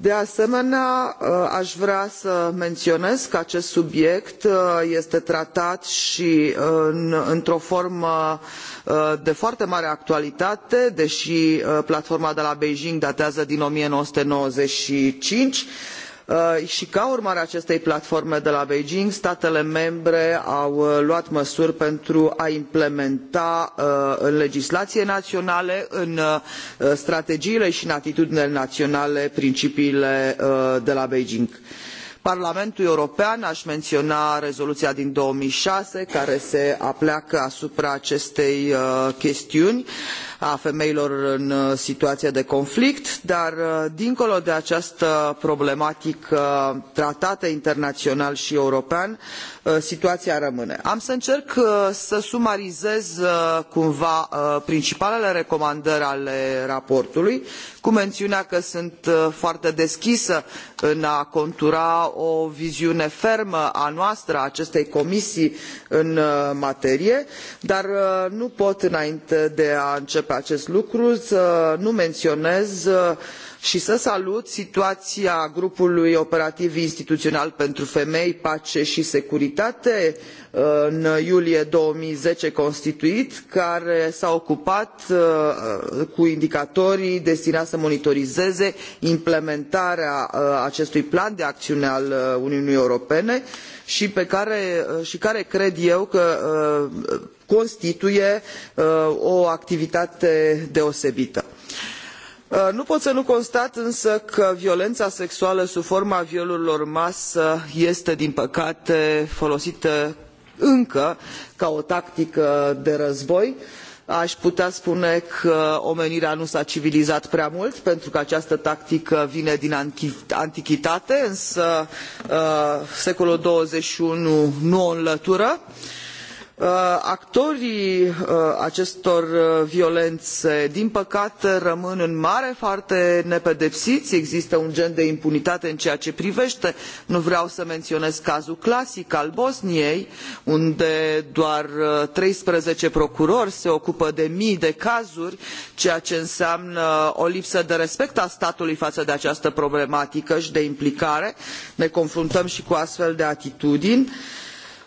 de asemenea uh, a vrea să menionez că acest subiect uh, este tratat i uh, într o formă de foarte mare actualitate dei platforma de la beijing datează din o mie nouă sute nouăzeci și cinci i Uh, i ca urmare a acestei platforme de la beijing statele membre au uh, luat măsuri pentru a implementa uh, în legislaiile naionale în strategiile i în atitudinile naionale principiile de la beijing parlamentul european a menționa rezoluia din două mii șase care se apleacă asupra acestei chestiuni i a femeilor în uh, situaie de conflict dar uh, dincolo de această problematică uh, tratată internaional i european situaia rămâne. am să încerc să sumarizez cumva principalele recomandări ale raportului cu meniunea că sunt foarte deschisă în a contura o viziune fermă a noastră a acestei comisii în materie dar nu pot înainte de a începe pe acest lucru să nu menionez uh, i să salut situaia grupului operativ instituional pentru femei pace i securitate uh, în iulie două mii zece constituit care s a ocupat uh, cu indicatorii destinai să monitorizeze implementarea acestui plan de aciune al uniunii europene i care cred eu că constituie uh, o activitate deosebită. Uh, nu pot să nu constat însă că violena sexuală sub forma violurilor în masă este din păcate folosită încă ca o tactică de război a putea spune că omenirea nu s a civilizat prea mult pentru că această tactică vine din antichitate însă uh, secolul xxi nu o înlătură i Uh, actorii uh, acestor uh, violene din păcate rămân în mare parte nepedepsii există un gen de impunitate în ceea ce privete nu vreau să menionez cazul clasic al bosniei unde doar treisprezece procurori se ocupă de mii de cazuri ceea ce înseamnă o lipsă de respect a statului faă de această problematică i de implicare ne confruntăm i cu astfel de atitudini i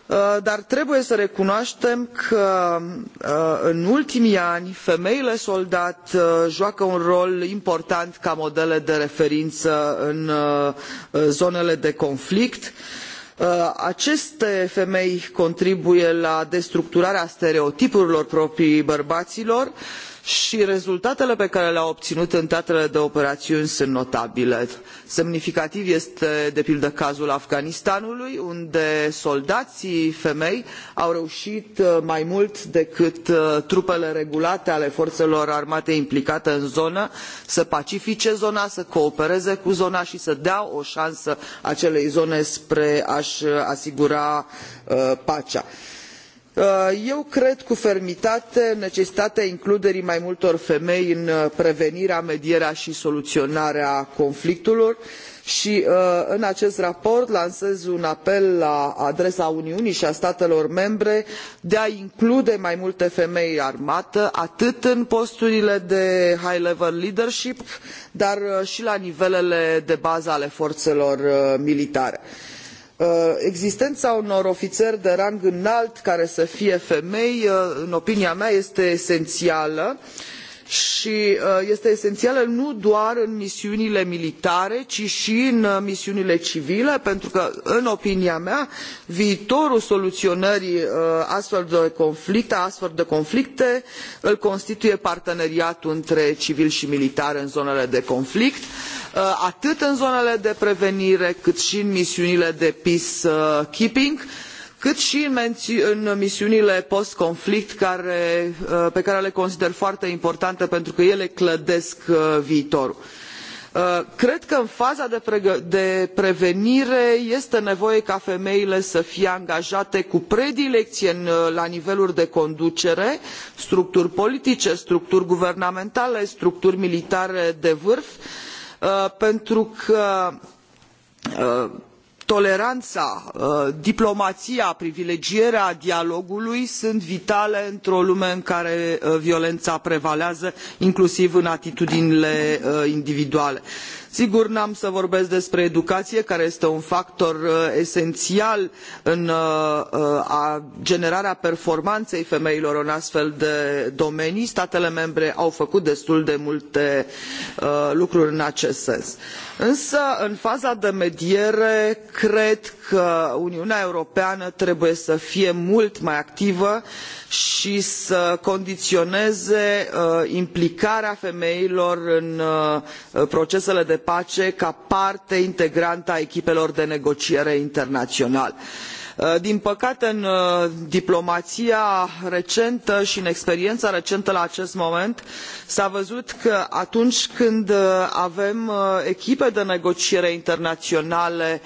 Uh, dar trebuie să recunoatem că uh, în ultimii ani femeile soldat uh, joacă un rol important ca modele de referină în zonele de conflict aceste femei contribuie la destructurarea stereotipurilor proprii bărbailor i i rezultatele pe care le au obinut în teatrele de operaiuni sunt notabile. semnificativ este de pildă cazul afganistanului unde soldaii femei au reuit uh, mai mult decât uh, trupele regulate ale forelor armate implicate în zonă să pacifice zona să coopereze cu zona i să dea o ansă acelei zone spre a i asigura uh, pacea. Uh, eu cred cu fermitate necesitatea includerii mai multor femei în uh, prevenirea medierea i soluionarea conflictelor i uh, în acest raport lansez un apel la adresa uniunii i a statelor membre de a include mai multe femei în armată atât în posturile de high level leadership dar i la nivelele de bază ale forelor militare. Uh, existena unor ofieri de rang înalt care să fie femei uh, în opinia mea este esenială i uh, este esenială nu doar în misiunile militare ci i în misiunile civile pentru că în opinia mea viitorul soluionării astfel de conflicte îl constituie parteneriatul între civil i militar în zonele de conflict Uh, atât în zonele de prevenire cât i în misiunile de peacekeeping cât i în misiunile post conflict uh, pe care le consider foarte importante pentru că ele clădesc uh, viitorul cred că în faza de prevenire este nevoie ca femeile să fie angajate cu predilecie la niveluri de conducere structuri politice structuri guvernamentale structuri militare de vârf i Uh, pentru că uh, tolerana uh, diplomaia privilegierea dialogului sunt vitale într o lume în care violena prevalează inclusiv în atitudinile individuale sigur n am să vorbesc despre educaie care este un factor uh, esenial în uh, uh, generarea performanei femeilor în astfel de domenii statele membre au făcut destul de multe lucruri în acest sens însă în faza de mediere cred că uniunea europeană trebuie să fie mult mai activă i să condiioneze implicarea femeilor în procesele de pace ca parte integrantă a echipelor de negociere internaionale. Uh, din păcate în uh, diplomaia recentă i în experiena recentă la acest moment s a văzut că atunci când uh, avem echipe de negociere internaionale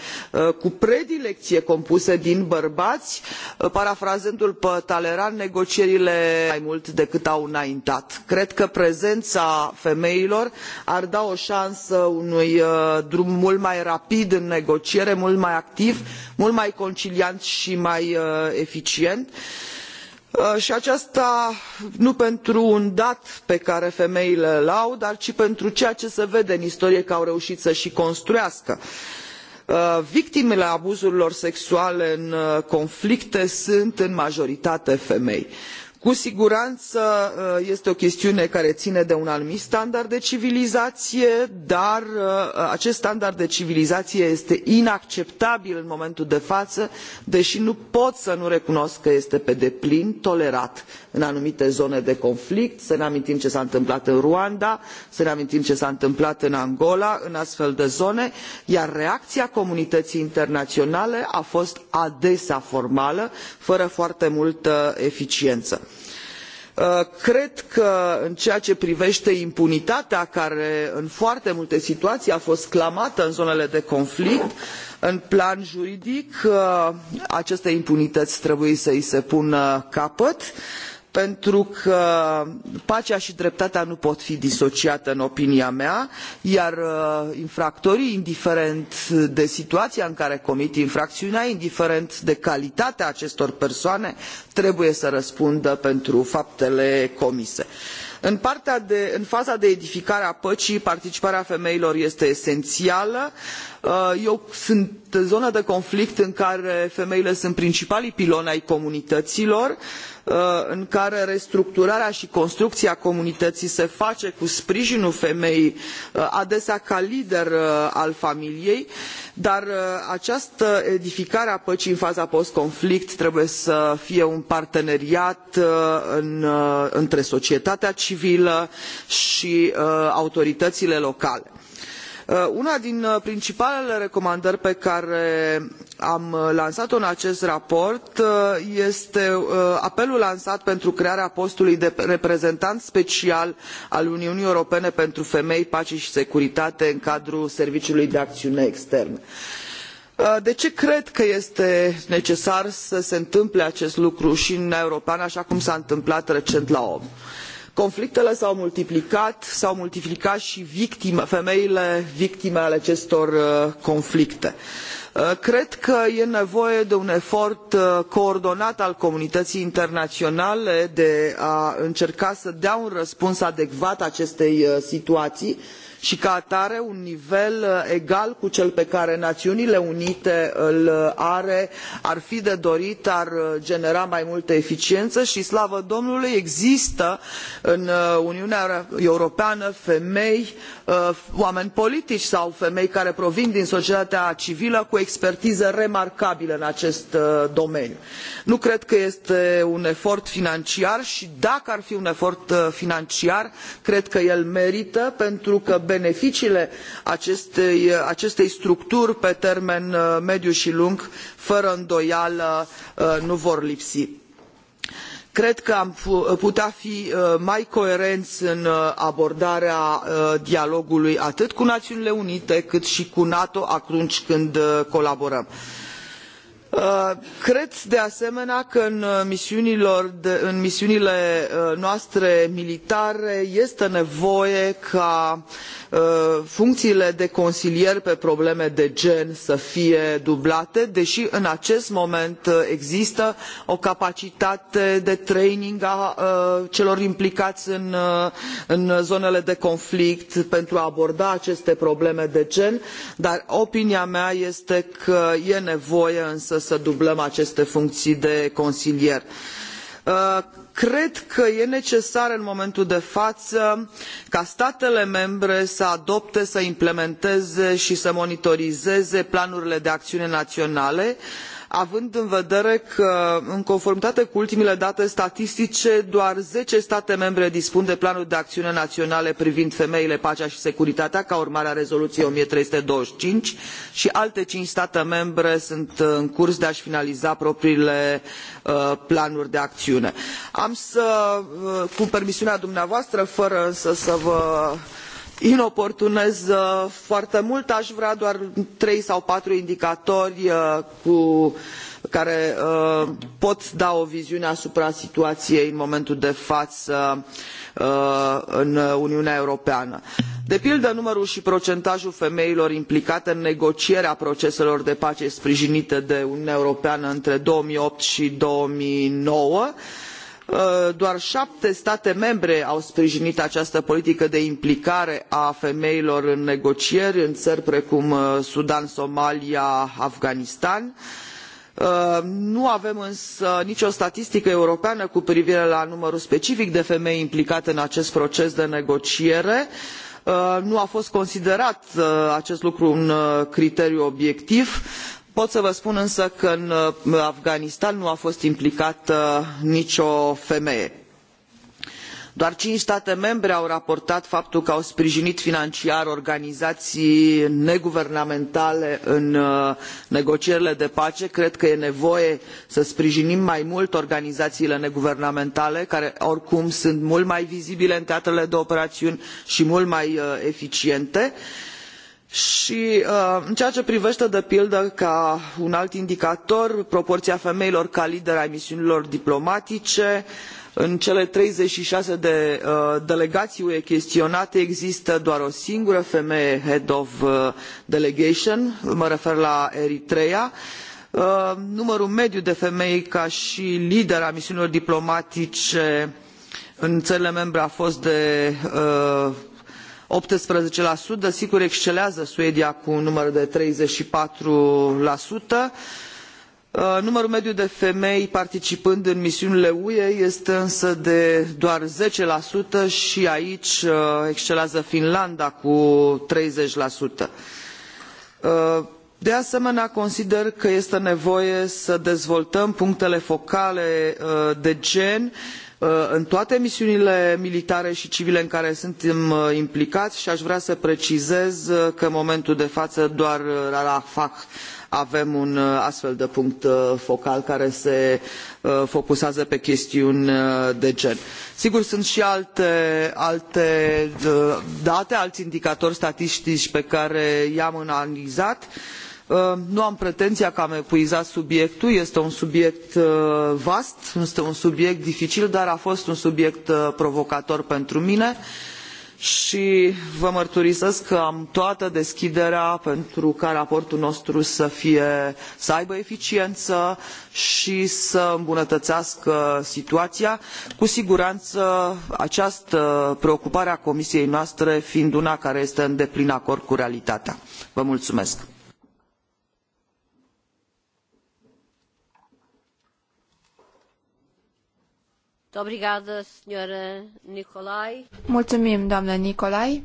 cu predilecie compuse din bărbai parafrazându l pe talleyrand negocierile mai mult decât au înaintat. cred că prezena femeilor ar da o ansă unui drum mult mai rapid în negociere mult mai activ mult mai conciliant eficient i mai uh, eficient uh, i aceasta nu pentru un dat pe care femeile îl au dar ci pentru ceea ce se vede în istorie că au reuit să i construiască. Uh, victimele abuzurilor sexuale în conflicte sunt în majoritate femei cu sigurană uh, este o chestiune care ine de un anumit standard de civilizaie dar uh, acest standard de civilizaie este inacceptabil în momentul de faă dei nu pot să nu recunosc că este pe deplin tolerat în anumite zone de conflict să ne amintim ce s a întâmplat în rwanda să ne amintim ce s a întâmplat în angola în astfel de zone iar reacia comunităii internaionale a fost adesea formală fără foarte multă eficienă Uh, cred că în ceea ce privete impunitatea care în foarte multe situaii a fost clamată în zonele de conflict în plan juridic uh, acestei impunităi trebuie să i se pună capăt i pentru că pacea i dreptatea nu pot fi disociate în opinia mea iar uh, infractorii indiferent de situaia în care comit infraciunea indiferent de calitatea acestor persoane trebuie să răspundă pentru faptele comise. În, de, în faza de edificare a păcii participarea femeilor este esenială i Uh, eu sunt în zonă de conflict în care femeile sunt principalii piloni ai comunităilor uh, în care restructurarea i construcia comunităii se face cu sprijinul femeii uh, adesea ca lider al familiei dar această edificare a păcii în faza post conflict trebuie să fie un parteneriat în, între societatea civilă i autorităile locale Uh, una din uh, principalele recomandări pe care am uh, lansat o în acest raport este apelul lansat pentru crearea postului de reprezentant special al uniunii europene pentru femei pace i securitate în cadrul serviciului de aciune externă de ce cred că este necesar să se întâmple acest lucru i în uniunea europeană aa cum s a întâmplat recent la onu? conflictele s au multiplicat s au multiplicat și femeile victime ale acestor uh, conflicte. Uh, cred că e nevoie de un efort uh, coordonat al comunității internaționale de a încerca să dea un răspuns adecvat acestei situații i ca atare un nivel uh, egal cu cel pe care naiunile unite uh, îl are ar fi de dorit ar uh, genera mai multă eficienă i slavă domnului există în uniunea europeană femei oameni politici sau femei care provin din societatea civilă cu expertiză remarcabilă în acest domeniu. nu cred că este un efort financiar i dacă ar fi un efort financiar cred că el merită pentru că beneficiile acestei, structuri pe termen uh, mediu i lung fără îndoială uh, nu vor lipsi cred că am putea fi uh, mai coereni în abordarea dialogului atât cu naiunile unite cât i cu nato atunci când colaborăm. Uh, cred de asemenea că în, uh, misiunile uh, noastre militare este nevoie ca funciile de consilier pe probleme de gen să fie dublate dei în acest moment există o capacitate de training a celor implicai în, în zonele de conflict pentru a aborda aceste probleme de gen dar opinia mea este că e nevoie însă să dublăm aceste funcții de consilier uh, cred că e necesar în momentul de faă ca statele membre să adopte să implementeze i să monitorizeze planurile de aciune naionale i având în vedere că în conformitate cu ultimele date statistice doar zece state membre dispun de planuri de aciune naionale privind femeile pacea i securitatea ca urmare a rezoluiei o mie trei sute douăzeci și cinci i alte cinci state membre sunt în curs de a i finaliza propriile uh, planuri de aciune. am să uh, cu permisiunea dumneavoastră fără însă să vă inoportunez uh, foarte mult a vrea doar trei sau patru indicatori uh, cu care uh, pot da o viziune asupra situaiei în momentul de faă în uniunea europeană de pildă numărul i procentajul femeilor implicate în negocierea proceselor de pace sprijinite de uniunea europeană între două mii opt i două mii nouă i Uh, doar șapte state membre au sprijinit această politică de implicare a femeilor în negocieri în ări precum uh, sudan somalia afganistan uh, nu avem însă nicio statistică europeană cu privire la numărul specific de femei implicate în acest proces de negociere nu a fost considerat acest lucru un criteriu obiectiv i pot să vă spun însă că în uh, afganistan nu a fost implicată nicio femeie doar cinci state membre au raportat faptul că au sprijinit financiar organizaii neguvernamentale în uh, negocierile de pace cred că e nevoie să sprijinim mai mult organizaiile neguvernamentale care oricum sunt mult mai vizibile în teatrele de operaiuni i mult mai uh, eficiente i i uh, în ceea ce privete de pildă ca un alt indicator proporia femeilor ca lider ai misiunilor diplomatice în cele treizeci și șase de uh, delegaii ue chestionate există doar o singură femeie head of uh, delegation mă refer la eritreea numărul mediu de femei ca i lider a misiunilor diplomatice în ările membre a fost de optsprezece sigur excelează suedia cu un număr de treizeci și patru uh, numărul mediu de femei participând în misiunile ue este însă de doar zece i aici uh, excelează finlanda cu. treizeci uh, de asemenea consider că este nevoie să dezvoltăm punctele focale de gen i Uh, în toate misiunile militare și civile în care suntem uh, implicați și aș vrea să precizez uh, că în momentul de față doar la rafah avem un astfel de punct focal care se focusează pe chestiuni de gen. sigur sunt i alte, alte date ali indicatori statistici pe care i am analizat i Ehm, nu am pretenia că am epuizat subiectul este un subiect ehm, vast este un subiect dificil dar a fost un subiect ehm, provocator pentru mine i vă mărturisesc că am toată deschiderea pentru ca raportul nostru să, fie, aibă eficienă i să îmbunătăească situaia cu sigurană această preocupare a comisiei noastre fiind una care este în deplin acord cu realitatea. vă mulumesc. Obrigada, senhora Nicolai. Mulțumim, doamnă Nicolai.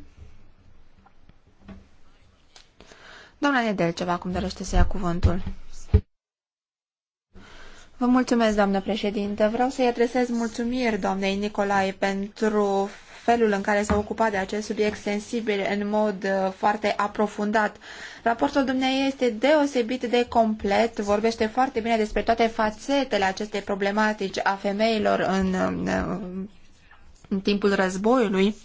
Doamna Nedelceva, acum dorește să ia cuvântul. Vă mulțumesc, doamnă președinte. Vreau să-i adresez mulțumiri doamnei Nicolai pentru felul în care s-a ocupat de acest subiect sensibil în mod uh, foarte aprofundat. Raportul dumneavoastră este deosebit de complet, vorbește foarte bine despre toate fațetele acestei problematici a femeilor în, uh, în timpul războiului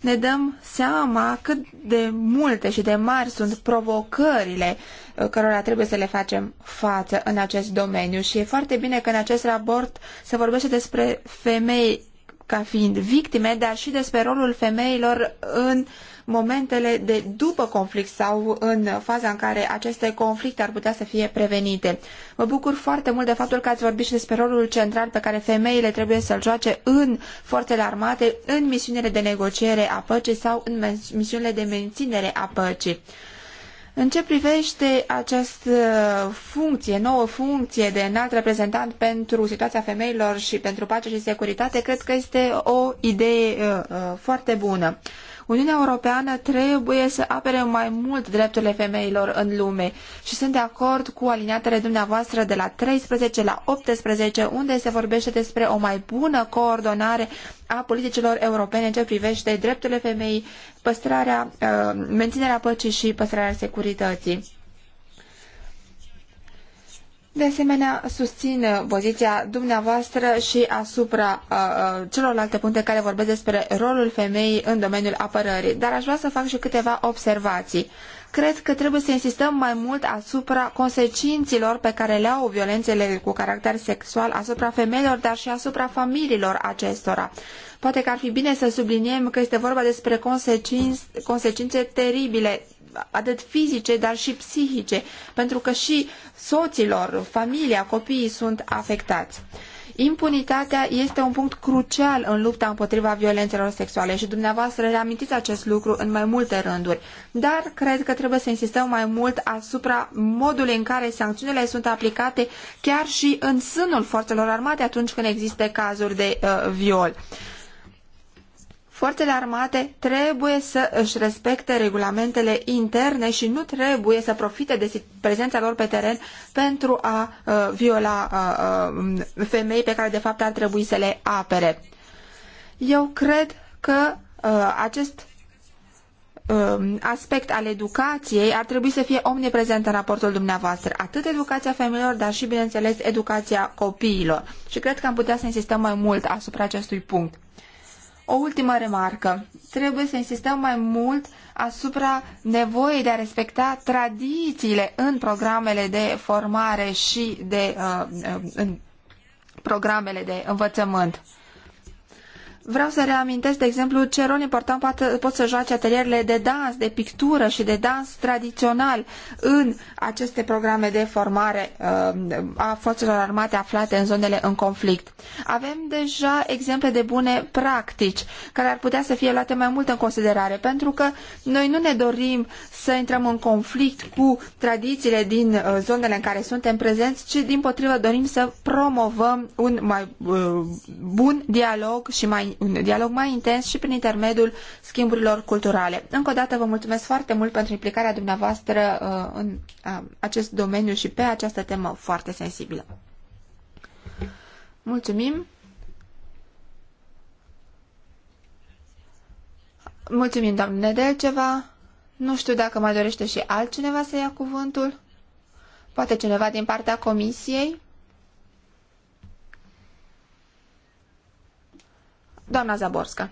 ne dăm seama cât de multe și de mari sunt provocările uh, cărora trebuie să le facem față în acest domeniu și e foarte bine că în acest raport se vorbește despre femei ca fiind victime, dar și despre rolul femeilor în momentele de după conflict sau în faza în care aceste conflicte ar putea să fie prevenite. Mă bucur foarte mult de faptul că ați vorbit și despre rolul central pe care femeile trebuie să-l joace în forțele armate, în misiunile de negociere a păcii sau în misiunile de menținere a păcii. În ce privește această funcție, nouă funcție de înalt reprezentant pentru situația femeilor și pentru pace și securitate, cred că este o idee uh, uh, foarte bună. Uniunea Europeană trebuie să apere mai mult drepturile femeilor în lume și sunt de acord cu aliniatele dumneavoastră de la 13 la 18, unde se vorbește despre o mai bună coordonare a politicilor europene în ce privește drepturile femeii, păstrarea, uh, menținerea păcii și păstrarea securității. De asemenea, susțin uh, poziția dumneavoastră și asupra uh, uh, celorlalte puncte care vorbesc despre rolul femeii în domeniul apărării, dar aș vrea să fac și câteva observații. Cred că trebuie să insistăm mai mult asupra consecințelor pe care le au violențele cu caracter sexual asupra femeilor, dar și asupra familiilor acestora. Poate că ar fi bine să subliniem că este vorba despre consecințe, consecințe teribile atât fizice, dar și psihice, pentru că și soților, familia, copiii sunt afectați. Impunitatea este un punct crucial în lupta împotriva violențelor sexuale și dumneavoastră reamintiți acest lucru în mai multe rânduri, dar cred că trebuie să insistăm mai mult asupra modului în care sancțiunile sunt aplicate chiar și în sânul forțelor armate atunci când există cazuri de uh, viol. Forțele armate trebuie să își respecte regulamentele interne și nu trebuie să profite de prezența lor pe teren pentru a uh, viola uh, uh, femei pe care de fapt ar trebui să le apere. Eu cred că uh, acest uh, aspect al educației ar trebui să fie omniprezent în raportul dumneavoastră, atât educația femeilor, dar și, bineînțeles, educația copiilor. Și cred că am putea să insistăm mai mult asupra acestui punct. O ultimă remarcă. Trebuie să insistăm mai mult asupra nevoii de a respecta tradițiile în programele de formare și de, uh, uh în programele de învățământ. Vreau să reamintesc, de exemplu, ce rol important pot să joace atelierele de dans, de pictură și de dans tradițional în aceste programe de formare uh, a forțelor armate aflate în zonele în conflict. Avem deja exemple de bune practici care ar putea să fie luate mai mult în considerare, pentru că noi nu ne dorim să intrăm în conflict cu tradițiile din uh, zonele în care suntem prezenți, ci din potrivă dorim să promovăm un mai uh, bun dialog și mai un dialog mai intens și prin intermediul schimburilor culturale. Încă o dată vă mulțumesc foarte mult pentru implicarea dumneavoastră uh, în uh, acest domeniu și pe această temă foarte sensibilă. Mulțumim! Mulțumim, doamne Nedelceva. Nu știu dacă mai dorește și altcineva să ia cuvântul. Poate cineva din partea comisiei? Doamna Zaborska.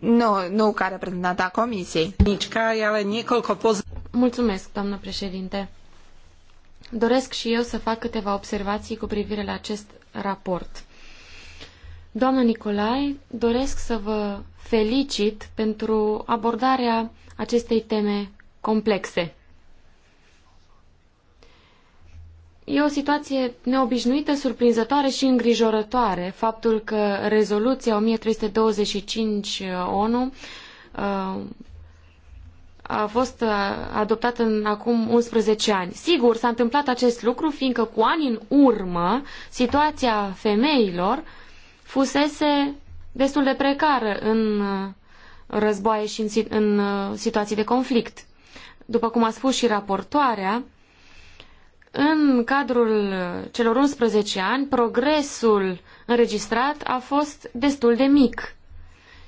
Nu, nu ca reprezentant a comisiei. Nici care, ale niecolco poz... Mulțumesc, doamnă președinte. Doresc și eu să fac câteva observații cu privire la acest raport. Doamnă Nicolai, doresc să vă felicit pentru abordarea acestei teme complexe. E o situație neobișnuită, surprinzătoare și îngrijorătoare faptul că rezoluția 1325 uh, ONU uh, a fost uh, adoptată în acum 11 ani. Sigur, s-a întâmplat acest lucru fiindcă cu ani în urmă situația femeilor fusese destul de precară în războaie și în, în situații de conflict. După cum a spus și raportoarea, în cadrul celor 11 ani, progresul înregistrat a fost destul de mic.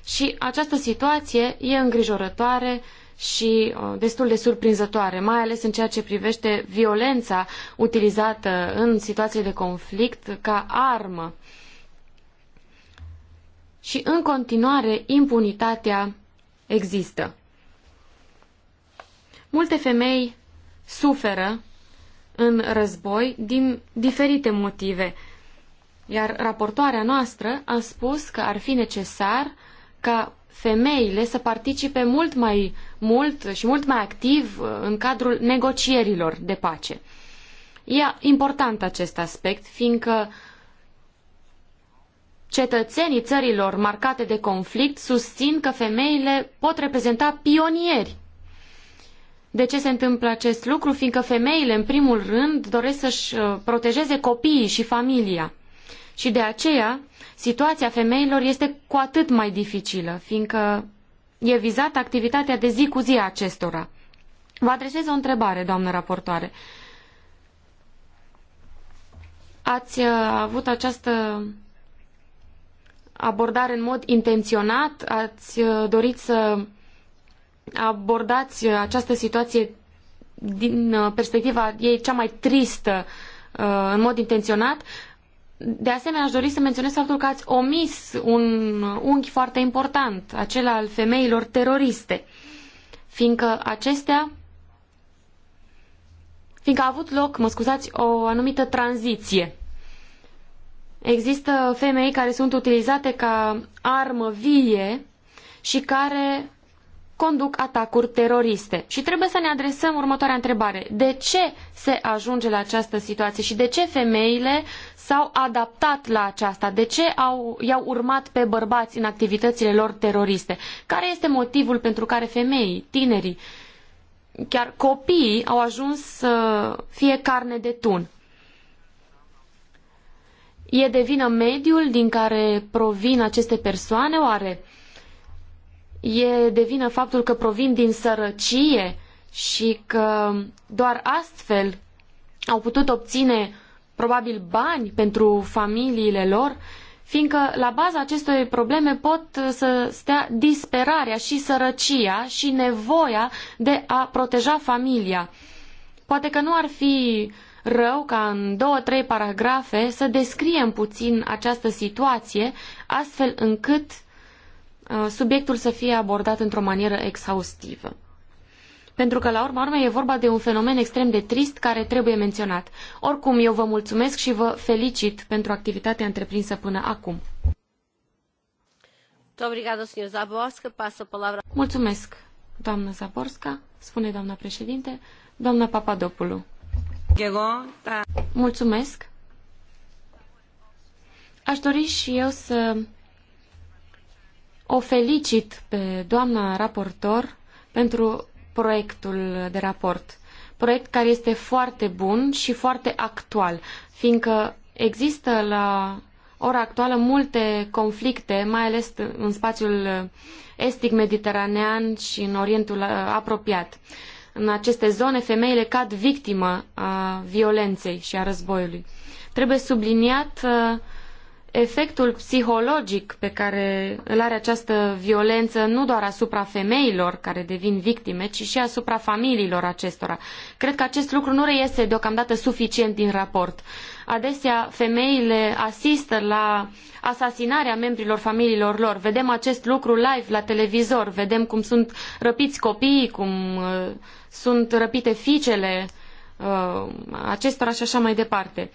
Și această situație e îngrijorătoare și uh, destul de surprinzătoare, mai ales în ceea ce privește violența utilizată în situații de conflict ca armă. Și în continuare, impunitatea există. Multe femei suferă în război din diferite motive. Iar raportoarea noastră a spus că ar fi necesar ca femeile să participe mult mai mult și mult mai activ uh, în cadrul negocierilor de pace. E important acest aspect, fiindcă cetățenii țărilor marcate de conflict susțin că femeile pot reprezenta pionieri de ce se întâmplă acest lucru? Fiindcă femeile, în primul rând, doresc să-și uh, protejeze copiii și familia. Și de aceea, situația femeilor este cu atât mai dificilă, fiindcă e vizată activitatea de zi cu zi a acestora. Vă adresez o întrebare, doamnă raportoare. Ați uh, avut această abordare în mod intenționat? Ați uh, dorit să abordați această situație din uh, perspectiva ei cea mai tristă uh, în mod intenționat. De asemenea, aș dori să menționez faptul că ați omis un unghi foarte important, acela al femeilor teroriste, fiindcă acestea fiindcă a avut loc, mă scuzați, o anumită tranziție. Există femei care sunt utilizate ca armă vie și care conduc atacuri teroriste. Și trebuie să ne adresăm următoarea întrebare. De ce se ajunge la această situație și de ce femeile s-au adaptat la aceasta? De ce au, i-au urmat pe bărbați în activitățile lor teroriste? Care este motivul pentru care femeii, tinerii, chiar copiii au ajuns să fie carne de tun? E de vină mediul din care provin aceste persoane oare? e de vină faptul că provin din sărăcie și că doar astfel au putut obține probabil bani pentru familiile lor, fiindcă la baza acestor probleme pot să stea disperarea și sărăcia și nevoia de a proteja familia. Poate că nu ar fi rău ca în două, trei paragrafe să descriem puțin această situație, astfel încât Uh, subiectul să fie abordat într-o manieră exhaustivă. Pentru că, la urma urmei, e vorba de un fenomen extrem de trist care trebuie menționat. Oricum, eu vă mulțumesc și vă felicit pentru activitatea întreprinsă până acum. Mulțumesc, doamnă Zaborska, spune doamna președinte, doamna Papadopoulou. Mulțumesc. Aș dori și eu să o felicit pe doamna raportor pentru proiectul de raport. Proiect care este foarte bun și foarte actual, fiindcă există la ora actuală multe conflicte, mai ales în spațiul estic mediteranean și în Orientul apropiat. În aceste zone, femeile cad victimă a violenței și a războiului. Trebuie subliniat uh, efectul psihologic pe care îl are această violență nu doar asupra femeilor care devin victime, ci și asupra familiilor acestora. Cred că acest lucru nu reiese deocamdată suficient din raport. Adesea femeile asistă la asasinarea membrilor familiilor lor. Vedem acest lucru live la televizor, vedem cum sunt răpiți copiii, cum uh, sunt răpite fiicele uh, acestora și așa mai departe.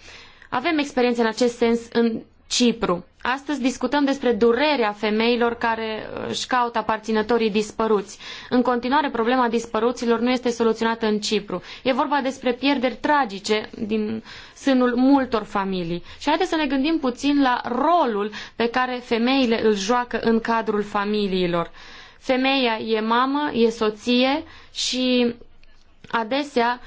Avem experiență în acest sens în Cipru. Astăzi discutăm despre durerea femeilor care uh, își caută aparținătorii dispăruți. În continuare, problema dispăruților nu este soluționată în Cipru. E vorba despre pierderi tragice din sânul multor familii. Și haideți să ne gândim puțin la rolul pe care femeile îl joacă în cadrul familiilor. Femeia e mamă, e soție și adesea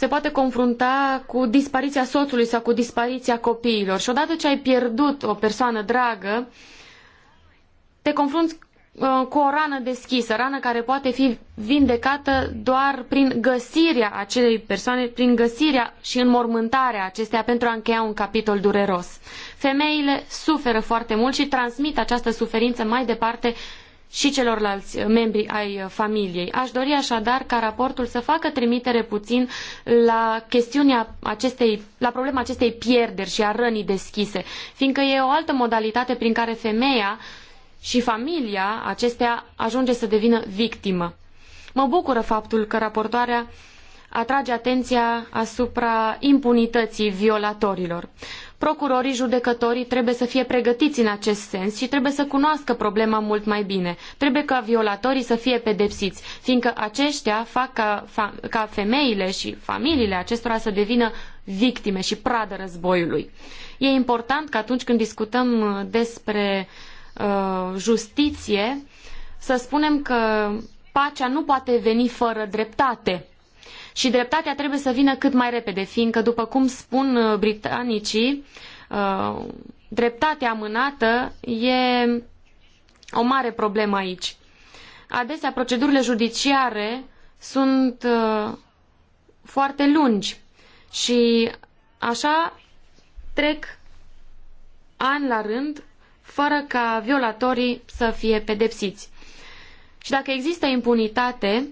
se poate confrunta cu dispariția soțului sau cu dispariția copiilor. Și odată ce ai pierdut o persoană dragă, te confrunți uh, cu o rană deschisă, rană care poate fi vindecată doar prin găsirea acelei persoane, prin găsirea și înmormântarea acesteia pentru a încheia un capitol dureros. Femeile suferă foarte mult și transmit această suferință mai departe și celorlalți uh, membri ai uh, familiei. Aș dori așadar ca raportul să facă trimitere puțin la chestiunea acestei, la problema acestei pierderi și a rănii deschise, fiindcă e o altă modalitate prin care femeia și familia acestea ajunge să devină victimă. Mă bucură faptul că raportoarea atrage atenția asupra impunității violatorilor procurorii, judecătorii trebuie să fie pregătiți în acest sens și trebuie să cunoască problema mult mai bine. Trebuie ca violatorii să fie pedepsiți, fiindcă aceștia fac ca, ca femeile și familiile acestora să devină victime și pradă războiului. E important că atunci când discutăm uh, despre uh, justiție, să spunem că pacea nu poate veni fără dreptate. Și dreptatea trebuie să vină cât mai repede, fiindcă, după cum spun uh, britanicii, uh, dreptatea amânată e o mare problemă aici. Adesea, procedurile judiciare sunt uh, foarte lungi și așa trec ani la rând fără ca violatorii să fie pedepsiți. Și dacă există impunitate,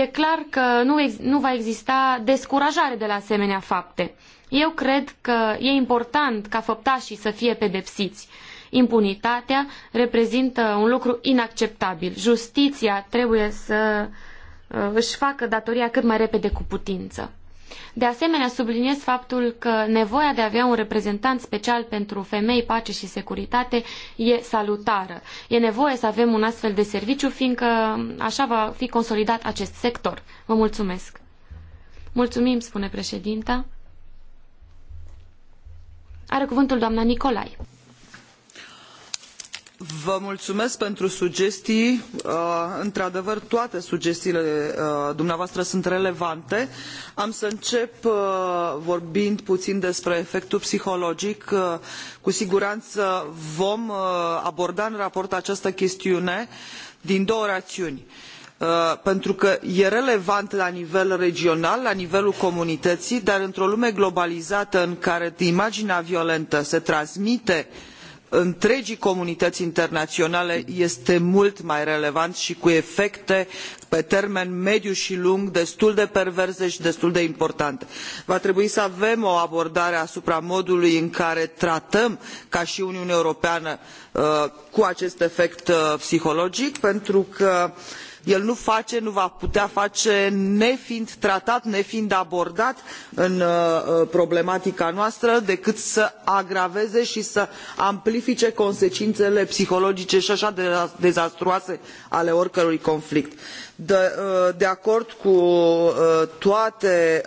e clar că nu, nu va exista descurajare de la asemenea fapte. Eu cred că e important ca făptașii să fie pedepsiți. Impunitatea reprezintă un lucru inacceptabil. Justiția trebuie să uh, își facă datoria cât mai repede cu putință. De asemenea, subliniez faptul că nevoia de a avea un reprezentant special pentru femei, pace și securitate e salutară. E nevoie să avem un astfel de serviciu, fiindcă așa va fi consolidat acest sector. Vă mulțumesc. Mulțumim, spune președinta. Are cuvântul doamna Nicolai vă mulțumesc pentru sugestii uh, într adevăr toate sugestiile uh, dumneavoastră sunt relevante. am să încep uh, vorbind puțin despre efectul psihologic cu siguranță vom aborda în raport această chestiune din două raiuni pentru că e relevant la nivel regional la nivelul comunității dar într o lume globalizată în care imaginea violentă se transmite întregii comunități internaționale este mult mai relevant și cu efecte pe termen mediu și lung destul de perverse și destul de importante. va trebui să avem o abordare asupra modului în care tratăm ca și uniune europeană uh, cu acest efect uh, psihologic pentru că el nu face nu va putea face nefiind tratat nefiind abordat în uh, uh, problematica noastră decât să agraveze i să amplifice consecinele psihologice i aa de dezastruoase ale oricărui conflict. de, uh, acord cu toate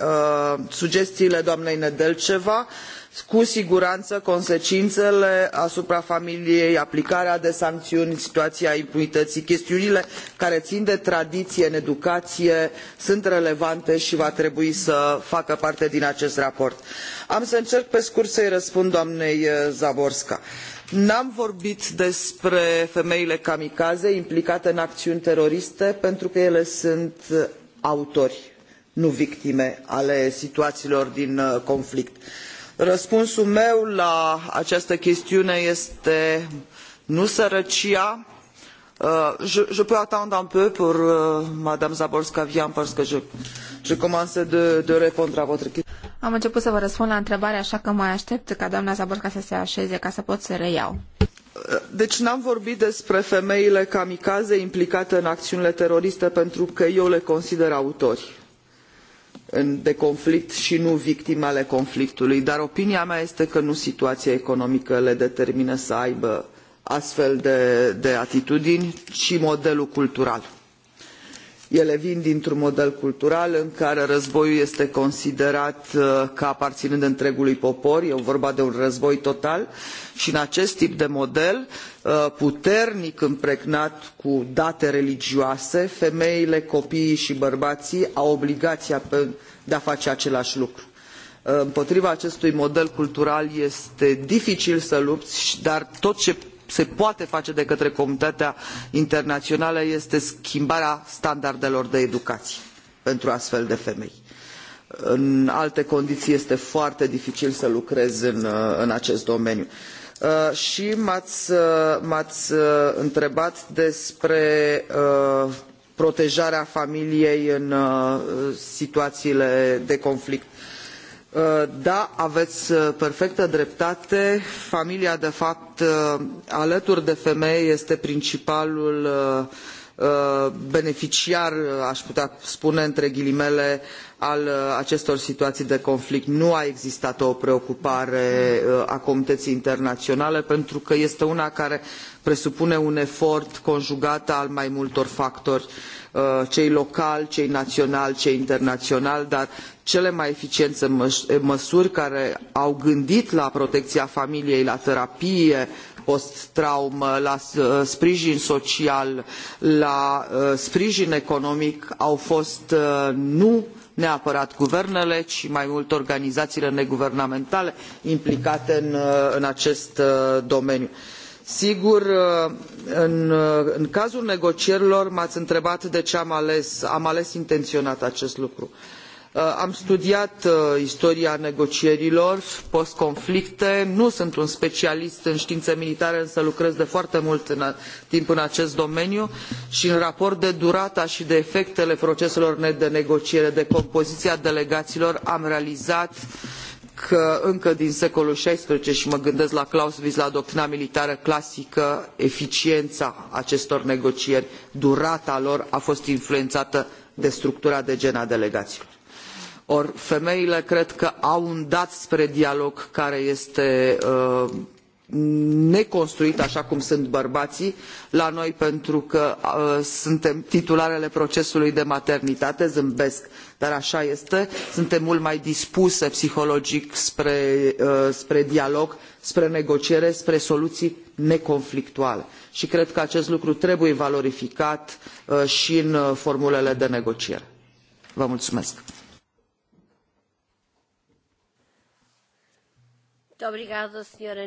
sugestiile doamnei nedelcheva i cu sigurană consecinele asupra familiei aplicarea de sanciuni situaia impunităii chestiunile care in de tradiie în educaie sunt relevante i va trebui să facă parte din acest raport. am să încerc pe scurt să îi răspund doamnei eh, zborsk n am vorbit despre femeile kamikaze implicate în aciuni teroriste pentru că ele sunt eh, autori nu victime ale situaiilor din eh, conflict răspunsul meu la această chestiune este nu sărăcia uh, je, je peux attendre un peu pour euh, Madame zaborska vient parce que je, je commence de, de répondre à votre question. Am început să vă răspund la întrebare, așa că mai aștept ca doamna Zaborska să se așeze ca să pot să reiau. Uh, deci n-am vorbit despre femeile kamikaze implicate în acțiunile teroriste pentru că eu le consider autori de conflict și nu victime ale conflictului. Dar opinia mea este că nu situația economică le determină să aibă astfel de, de atitudini, ci modelul cultural ele vin dintr un model cultural în care războiul este considerat uh, ca aparinând întregului popor e vorba de un război total i în acest tip de model uh, puternic împregnat cu date religioase femeile copiii i bărbaii au obligaia de a face acelai lucru. Uh, împotriva acestui model cultural este dificil să lupți dar tot ce se poate face de către comunitatea internaională este schimbarea standardelor de educaie pentru astfel de femei. în alte condiii este foarte dificil să lucrezi în, uh, în acest domeniu. i m ați întrebat despre uh, protejarea familiei în uh, situaiile de conflict Uh, da aveți uh, perfectă dreptate familia de fapt uh, alături de femeie este principalul beneficiar aș putea spune între ghilimele al acestor situații de conflict. Nu a existat o preocupare a comunităii internaționale pentru că este una care presupune un efort conjugat al mai multor factori Uh, cei locali cei naționali cei internaționali dar cele mai eficiente eh, măsuri care au gândit la protecția familiei la terapie post traumă la uh, sprijin social la uh, sprijin economic au fost nu neapărat guvernele ci mai mult organizaiile neguvernamentale implicate în, în acest domeniu sigur uh, în, uh, în cazul negocierilor m ați întrebat de ce am ales am ales intenționat acest lucru. Uh, am studiat istoria negocierilor post conflicte nu sunt un specialist în științe militare însă lucrez de foarte mult în, timp în acest domeniu și în raport de durata și de efectele proceselor de negociere de compoziția delegațiilor, am realizat încă din secolul XVI și mă gândesc la Clausewitz, la doctrina militară clasică, eficiența acestor negocieri, durata lor a fost influențată de structura de gen a delegațiilor. Ori femeile cred că au un dat spre dialog care este uh, neconstruit așa cum sunt bărbații la noi pentru că uh, suntem titularele procesului de maternitate zâmbesc dar așa este suntem mult mai dispuse psihologic spre, uh, spre dialog spre negociere spre soluții neconflictuale și cred că acest lucru trebuie valorificat uh, și în uh, formulele de negociere. Vă mulțumesc! Câteva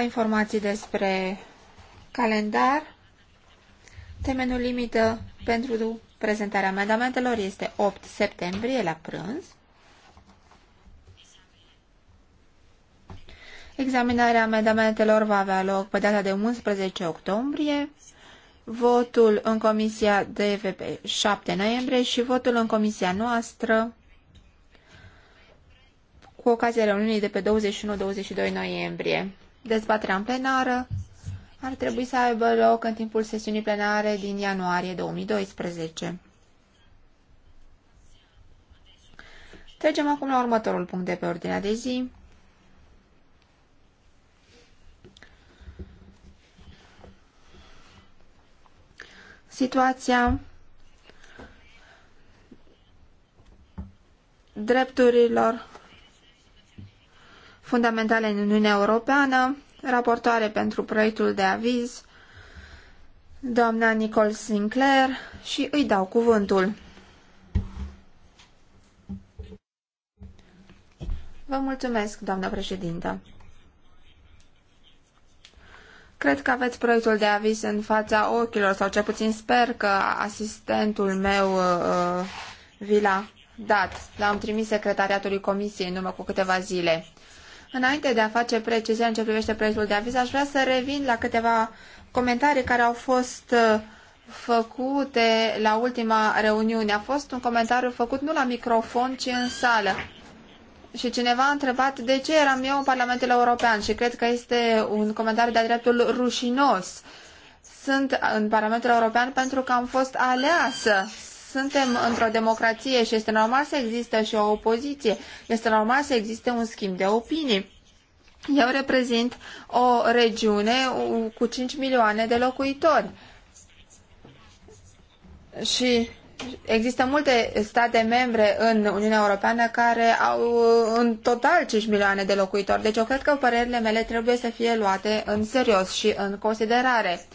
informații despre calendar. Termenul limită pentru prezentarea amendamentelor este 8 septembrie la prânz. Examinarea amendamentelor va avea loc pe data de 11 octombrie votul în comisia DVP 7 noiembrie și votul în comisia noastră cu ocazia reuniunii de pe 21-22 noiembrie. Dezbaterea în plenară ar trebui să aibă loc în timpul sesiunii plenare din ianuarie 2012. Trecem acum la următorul punct de pe ordinea de zi. situația drepturilor fundamentale în Uniunea Europeană, raportoare pentru proiectul de aviz, doamna Nicole Sinclair și îi dau cuvântul. Vă mulțumesc, doamnă președintă. Cred că aveți proiectul de avis în fața ochilor, sau ce puțin sper că asistentul meu uh, uh, vi l-a dat. L-am trimis secretariatului comisiei în urmă cu câteva zile. Înainte de a face precizia în ce privește proiectul de aviz, aș vrea să revin la câteva comentarii care au fost uh, făcute la ultima reuniune. A fost un comentariu făcut nu la microfon, ci în sală. Și cineva a întrebat de ce eram eu în Parlamentul European și cred că este un comentariu de-a dreptul rușinos. Sunt în Parlamentul European pentru că am fost aleasă. Suntem într-o democrație și este normal să existe și o opoziție. Este normal să existe un schimb de opinii. Eu reprezint o regiune cu 5 milioane de locuitori. Și Există multe state membre în Uniunea Europeană care au în total 5 milioane de locuitori, deci eu cred că părerile mele trebuie să fie luate în serios și în considerare.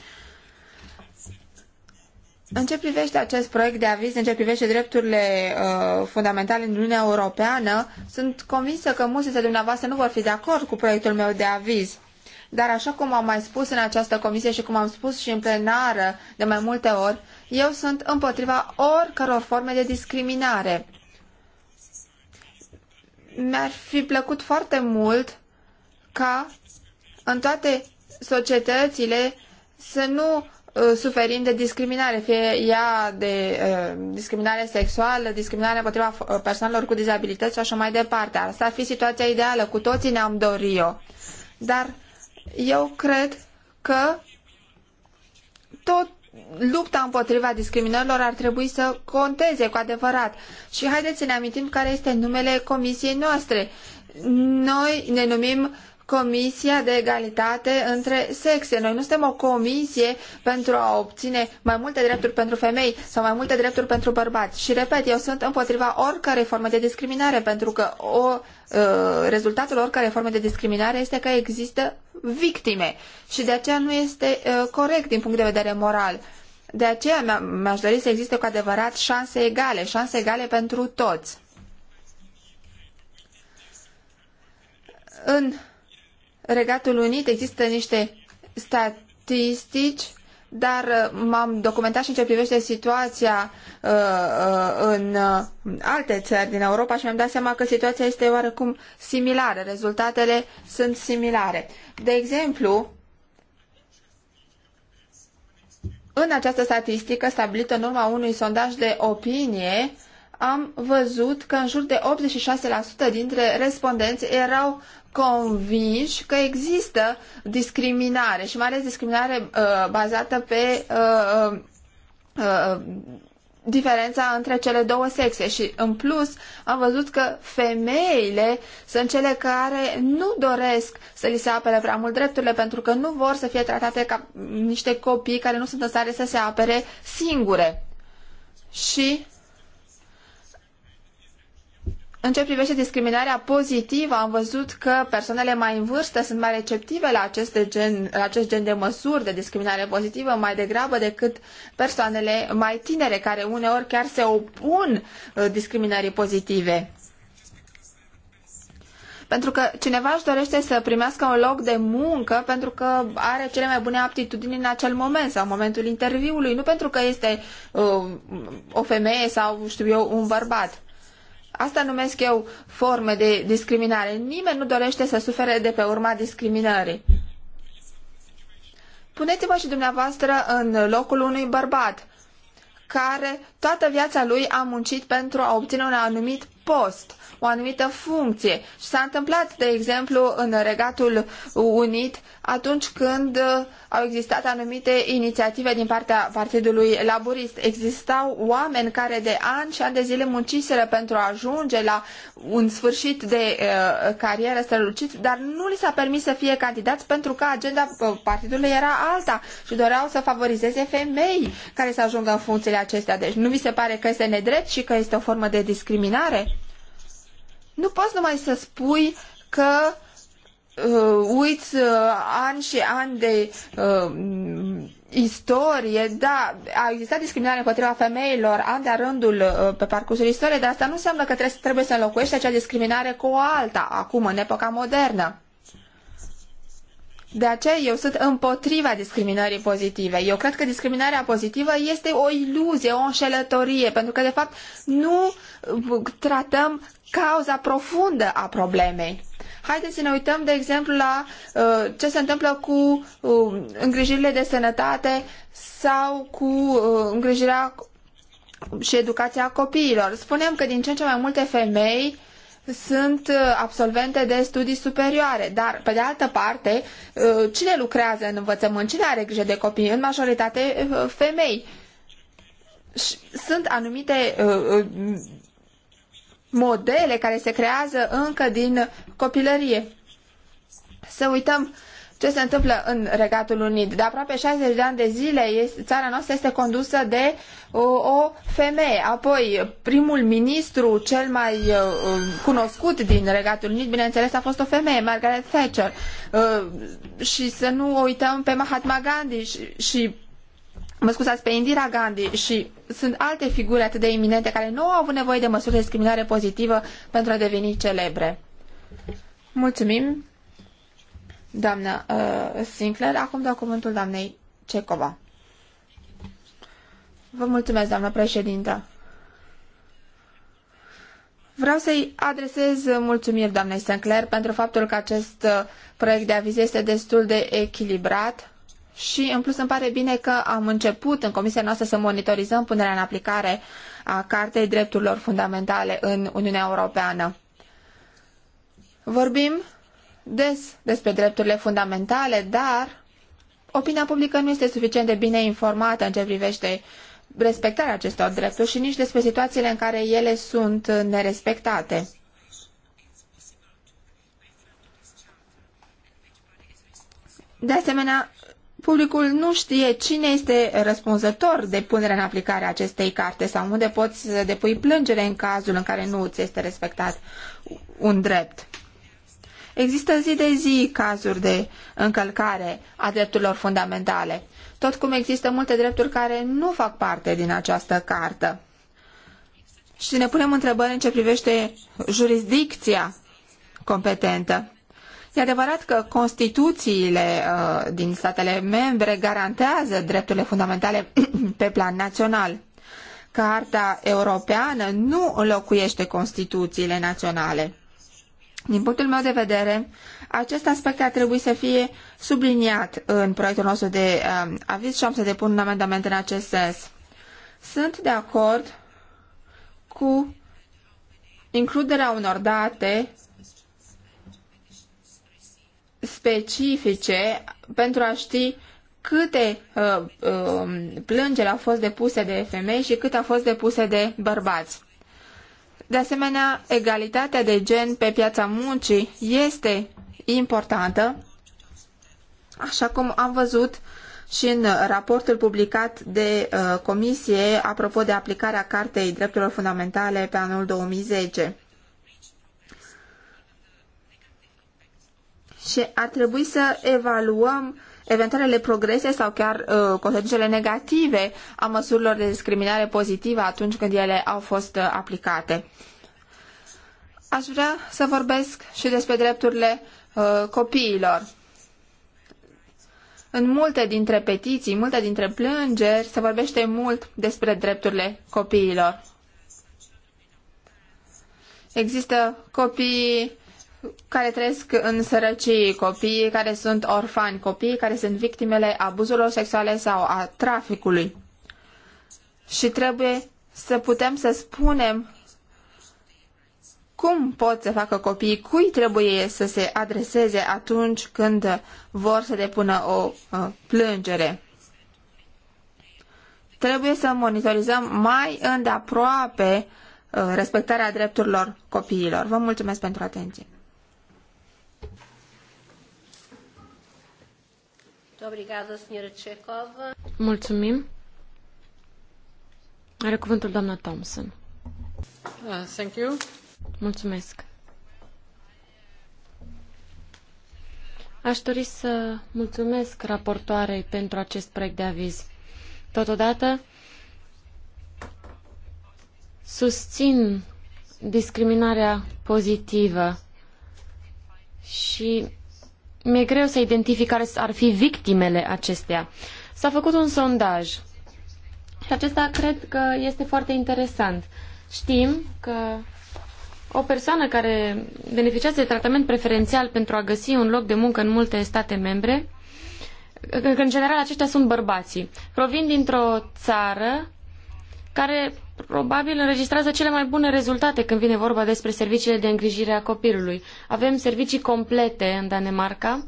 În ce privește acest proiect de aviz, în ce privește drepturile uh, fundamentale în Uniunea Europeană, sunt convinsă că mulți dintre dumneavoastră nu vor fi de acord cu proiectul meu de aviz. Dar așa cum am mai spus în această comisie și cum am spus și în plenară de mai multe ori, eu sunt împotriva oricăror forme de discriminare. Mi-ar fi plăcut foarte mult ca în toate societățile să nu uh, suferim de discriminare, fie ea de uh, discriminare sexuală, discriminare împotriva uh, persoanelor cu dizabilități și așa mai departe. Asta ar fi situația ideală, cu toții ne-am dorit-o. Dar eu cred că tot lupta împotriva discriminărilor ar trebui să conteze cu adevărat. Și haideți să ne amintim care este numele comisiei noastre. Noi ne numim Comisia de Egalitate între Sexe. Noi nu suntem o comisie pentru a obține mai multe drepturi pentru femei sau mai multe drepturi pentru bărbați. Și repet, eu sunt împotriva oricărei forme de discriminare, pentru că o, uh, rezultatul oricărei forme de discriminare este că există victime și de aceea nu este uh, corect din punct de vedere moral. De aceea mi-aș dori să existe cu adevărat șanse egale, șanse egale pentru toți. În Regatul Unit există niște statistici, dar uh, m-am documentat și în ce privește situația uh, uh, în alte țări din Europa și mi-am dat seama că situația este oarecum similară, rezultatele sunt similare. De exemplu, În această statistică stabilită în urma unui sondaj de opinie, am văzut că în jur de 86% dintre respondenți erau convinși că există discriminare și mai ales discriminare uh, bazată pe uh, uh, uh diferența între cele două sexe și, în plus, am văzut că femeile sunt cele care nu doresc să li se apere prea mult drepturile pentru că nu vor să fie tratate ca niște copii care nu sunt în stare să se apere singure. Și în ce privește discriminarea pozitivă, am văzut că persoanele mai în vârstă sunt mai receptive la acest gen, la acest gen de măsuri de discriminare pozitivă mai degrabă decât persoanele mai tinere, care uneori chiar se opun uh, discriminării pozitive. Pentru că cineva își dorește să primească un loc de muncă pentru că are cele mai bune aptitudini în acel moment sau în momentul interviului, nu pentru că este uh, o femeie sau, știu eu, un bărbat. Asta numesc eu forme de discriminare. Nimeni nu dorește să sufere de pe urma discriminării. Puneți-vă și dumneavoastră în locul unui bărbat care toată viața lui a muncit pentru a obține un anumit post o anumită funcție. Și s-a întâmplat, de exemplu, în Regatul Unit, atunci când uh, au existat anumite inițiative din partea Partidului Laborist. Existau oameni care de ani și ani de zile munciseră pentru a ajunge la un sfârșit de uh, carieră strălucit, dar nu li s-a permis să fie candidați pentru că agenda uh, partidului era alta și doreau să favorizeze femei care să ajungă în funcțiile acestea. Deci nu vi se pare că este nedrept și că este o formă de discriminare? Nu poți numai să spui că uh, uiți uh, ani și ani de uh, istorie, da, a existat discriminare împotriva femeilor an de-a rândul uh, pe parcursul istoriei, dar asta nu înseamnă că trebuie, trebuie să înlocuiești acea discriminare cu o alta, acum, în epoca modernă. De aceea eu sunt împotriva discriminării pozitive. Eu cred că discriminarea pozitivă este o iluzie, o înșelătorie, pentru că de fapt nu uh, tratăm cauza profundă a problemei. Haideți să ne uităm, de exemplu, la uh, ce se întâmplă cu uh, îngrijirile de sănătate sau cu uh, îngrijirea și educația copiilor. Spunem că din ce în ce mai multe femei uh, sunt uh, absolvente de studii superioare, dar, pe de altă parte, uh, cine lucrează în învățământ, cine are grijă de copii? În majoritate, uh, femei. Sunt anumite modele care se creează încă din copilărie. Să uităm uh, ce se întâmplă în Regatul Unit. De aproape 60 de ani de zile țara noastră este condusă de o, o femeie. Apoi, primul ministru cel mai uh, um, cunoscut din Regatul Unit, bineînțeles, a fost o femeie, Margaret Thatcher. Uh, și să nu o uităm pe Mahatma Gandhi și, și mă scuzați, pe Indira Gandhi și sunt alte figuri atât de iminente care nu au avut nevoie de măsuri de discriminare pozitivă pentru a deveni celebre. Mulțumim! doamnă uh, Sinclair. Acum dau cuvântul doamnei Cecova. Vă mulțumesc, doamnă președintă. Vreau să-i adresez mulțumiri doamnei Sinclair pentru faptul că acest uh, proiect de aviz este destul de echilibrat și, în plus, îmi pare bine că am început în comisia noastră să monitorizăm punerea în aplicare a Cartei Drepturilor Fundamentale în Uniunea Europeană. Vorbim des despre drepturile fundamentale, dar opinia publică nu este suficient de bine informată în ce privește respectarea acestor drepturi și nici despre situațiile în care ele sunt nerespectate. De asemenea, publicul nu știe cine este răspunzător de punerea în aplicare a acestei carte sau unde poți să depui plângere în cazul în care nu ți este respectat un drept. Există zi de zi cazuri de încălcare a drepturilor fundamentale, tot cum există multe drepturi care nu fac parte din această cartă. Și ne punem întrebări în ce privește jurisdicția competentă. E adevărat că Constituțiile uh, din statele membre garantează drepturile fundamentale <clears throat> pe plan național. Carta europeană nu înlocuiește Constituțiile naționale. Din punctul meu de vedere, acest aspect ar trebui să fie subliniat în proiectul nostru de um, aviz și am să depun un amendament în acest sens. Sunt de acord cu includerea unor date specifice pentru a ști câte uh, uh, plângeri au fost depuse de femei și câte au fost depuse de bărbați. De asemenea, egalitatea de gen pe piața muncii este importantă, așa cum am văzut și în raportul publicat de uh, comisie apropo de aplicarea Cartei Drepturilor Fundamentale pe anul 2010. Și ar trebui să evaluăm eventualele progrese sau chiar uh, consecințele negative a măsurilor de discriminare pozitivă atunci când ele au fost uh, aplicate. Aș vrea să vorbesc și despre drepturile uh, copiilor. În multe dintre petiții, multe dintre plângeri, se vorbește mult despre drepturile copiilor. Există copii care trăiesc în sărăcie, copiii care sunt orfani, copiii care sunt victimele abuzurilor sexuale sau a traficului. Și trebuie să putem să spunem cum pot să facă copiii, cui trebuie să se adreseze atunci când vor să depună o uh, plângere. Trebuie să monitorizăm mai îndeaproape uh, respectarea drepturilor copiilor. Vă mulțumesc pentru atenție. Mulțumim. Are cuvântul doamna Thompson. Uh, thank you. Mulțumesc. Aș dori să mulțumesc raportoarei pentru acest proiect de aviz. Totodată, susțin discriminarea pozitivă și mi-e greu să identific care ar fi victimele acesteia. S-a făcut un sondaj și acesta cred că este foarte interesant. Știm că o persoană care beneficiază de tratament preferențial pentru a găsi un loc de muncă în multe state membre, că în general aceștia sunt bărbații, provin dintr-o țară care probabil înregistrează cele mai bune rezultate când vine vorba despre serviciile de îngrijire a copilului. Avem servicii complete în Danemarca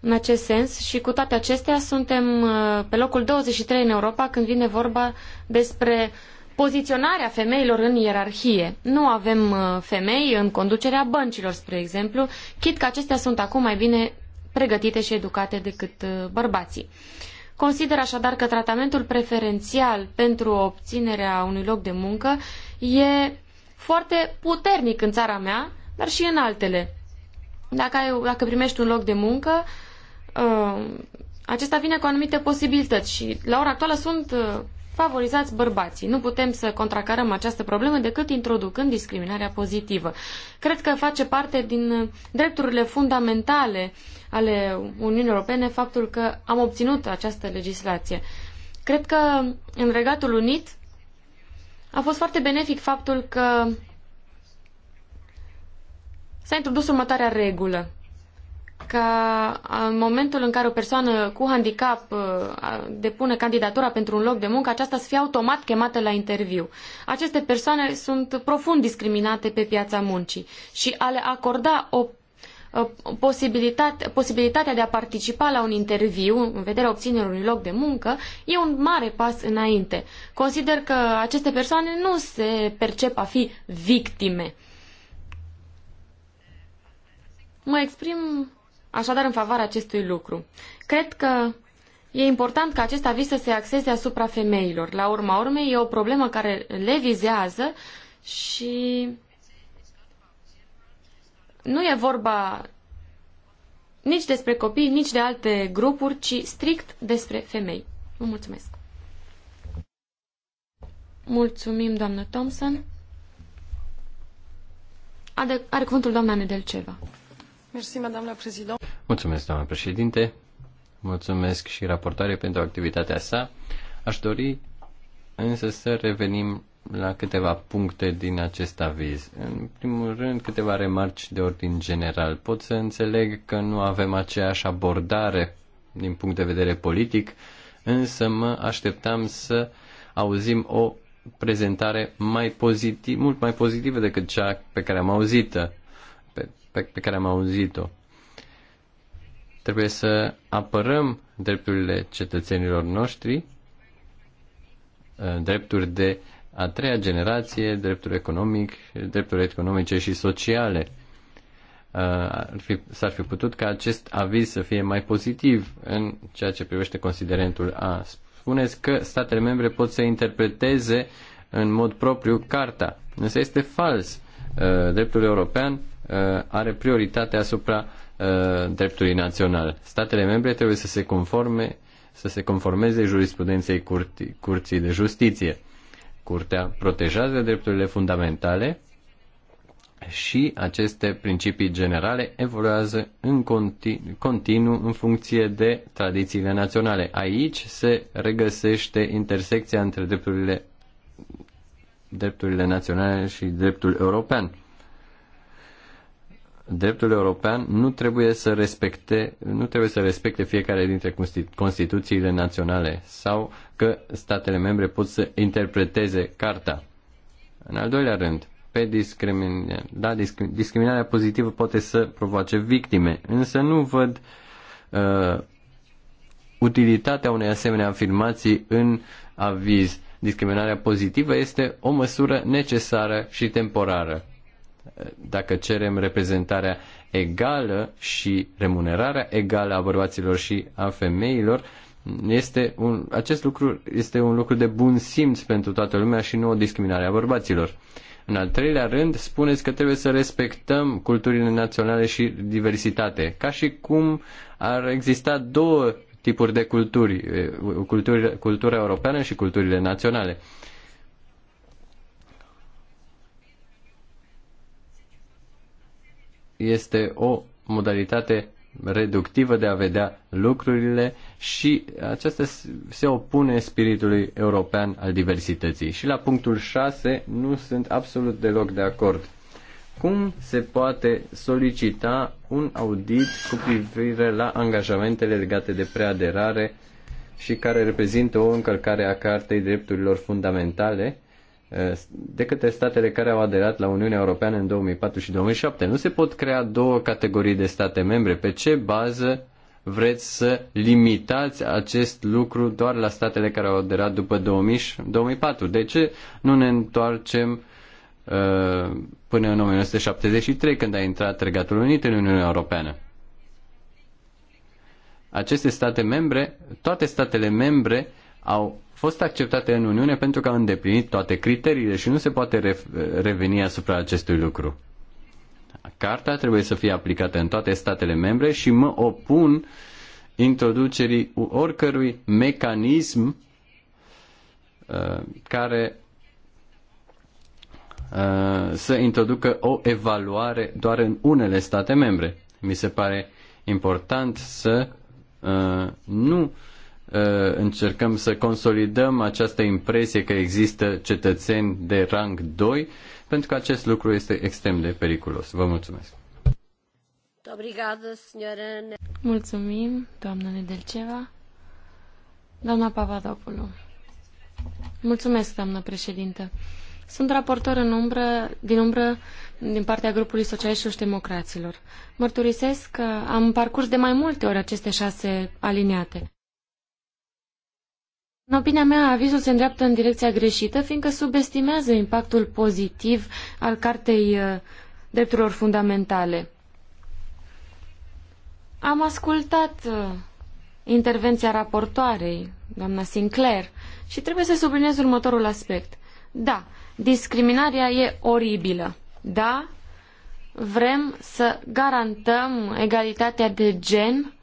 în acest sens și cu toate acestea suntem uh, pe locul 23 în Europa când vine vorba despre poziționarea femeilor în ierarhie. Nu avem uh, femei în conducerea băncilor, spre exemplu, chit că acestea sunt acum mai bine pregătite și educate decât uh, bărbații. Uh, Consider așadar că tratamentul preferențial pentru obținerea unui loc de muncă e foarte puternic în țara mea, dar și în altele. Dacă, ai, dacă primești un loc de muncă, uh, acesta vine cu anumite posibilități și la ora actuală sunt uh, favorizați bărbații. Nu putem să contracarăm această problemă decât introducând discriminarea pozitivă. Cred că face parte din drepturile fundamentale ale Uniunii Europene faptul că am obținut această legislație. Cred că în Regatul Unit a fost foarte benefic faptul că s-a introdus următoarea regulă ca în momentul în care o persoană cu handicap depune candidatura pentru un loc de muncă, aceasta să fie automat chemată la interviu. Aceste persoane sunt profund discriminate pe piața muncii și a le acorda o Posibilitate, posibilitatea de a participa la un interviu în vederea obținerii unui loc de muncă e un mare pas înainte. Consider că aceste persoane nu se percep a fi victime. Mă exprim așadar în favoarea acestui lucru. Cred că e important ca acest aviz să se axeze asupra femeilor. La urma urmei, e o problemă care le vizează și nu e vorba nici despre copii, nici de alte grupuri, ci strict despre femei. Vă mulțumesc! Mulțumim, doamnă Thompson. Are cuvântul doamna Nedelceva. Mulțumesc, doamna președinte. Mulțumesc și raportare pentru activitatea sa. Aș dori însă să revenim la câteva puncte din acest aviz. În primul rând, câteva remarci de ordin general. Pot să înțeleg că nu avem aceeași abordare din punct de vedere politic, însă mă așteptam să auzim o prezentare mai pozitiv, mult mai pozitivă decât cea pe care am auzit pe, pe care am auzit-o. Trebuie să apărăm drepturile cetățenilor noștri, uh, drepturi de a treia generație, drepturi economic, drepturi economice și sociale. Uh, ar fi, s-ar fi putut ca acest aviz să fie mai pozitiv în ceea ce privește considerentul A. Spuneți că statele membre pot să interpreteze în mod propriu carta, însă este fals. Uh, dreptul european Uh, are prioritate asupra uh, dreptului național. Statele membre trebuie să se conforme să se conformeze jurisprudenței curții, curții de justiție. Curtea protejează drepturile fundamentale și aceste principii generale evoluează în continu, continuu în funcție de tradițiile naționale. Aici se regăsește intersecția între drepturile, drepturile naționale și dreptul european dreptul european nu trebuie să respecte, nu trebuie să respecte fiecare dintre Constituțiile naționale sau că statele membre pot să interpreteze carta. În al doilea rând, pe discriminare. Da, discriminarea pozitivă poate să provoace victime, însă nu văd uh, utilitatea unei asemenea afirmații în aviz. Discriminarea pozitivă este o măsură necesară și temporară dacă cerem reprezentarea egală și remunerarea egală a bărbaților și a femeilor, este un, acest lucru este un lucru de bun simț pentru toată lumea și nu o discriminare a bărbaților. În al treilea rând, spuneți că trebuie să respectăm culturile naționale și diversitate, ca și cum ar exista două tipuri de culturi, cultura europeană și culturile naționale. Uh, este o modalitate reductivă de a vedea lucrurile și aceasta se opune spiritului european al diversității. Și la punctul 6 nu sunt absolut deloc de acord. Cum se poate solicita un audit cu privire la angajamentele legate de preaderare și care reprezintă o încălcare a Cartei Drepturilor Fundamentale de către statele care au aderat la Uniunea Europeană în 2004 și 2007. Nu se pot crea două categorii de state membre. Pe ce bază vreți să limitați acest lucru doar la statele care au aderat după 2004? De ce nu ne întoarcem uh, până în 1973 când a intrat Regatul Unit în Uniunea Europeană? Aceste state membre, toate statele membre au fost acceptate în Uniune pentru că au îndeplinit toate criteriile și nu se poate reveni asupra acestui lucru. Carta trebuie să fie aplicată în toate statele membre și mă opun introducerii oricărui mecanism uh, care uh, să introducă o evaluare doar în unele state membre. Mi se pare important să uh, nu Uh, încercăm să consolidăm această impresie că există cetățeni de rang 2, pentru că acest lucru este extrem de periculos. Vă mulțumesc. Mulțumim, doamna Nedelceva. Doamna Pavadopoulou. Mulțumesc, doamnă președintă. Sunt raportor în umbră, din umbră din partea grupului Socialiștilor și Democraților. Mărturisesc că am parcurs de mai multe ori aceste șase aliniate. În opinia mea, avizul se îndreaptă în direcția greșită, fiindcă subestimează impactul pozitiv al Cartei uh, Drepturilor Fundamentale. Am ascultat uh, intervenția raportoarei, doamna Sinclair, și trebuie să subliniez următorul aspect. Da, discriminarea e oribilă. Da, vrem să garantăm egalitatea de gen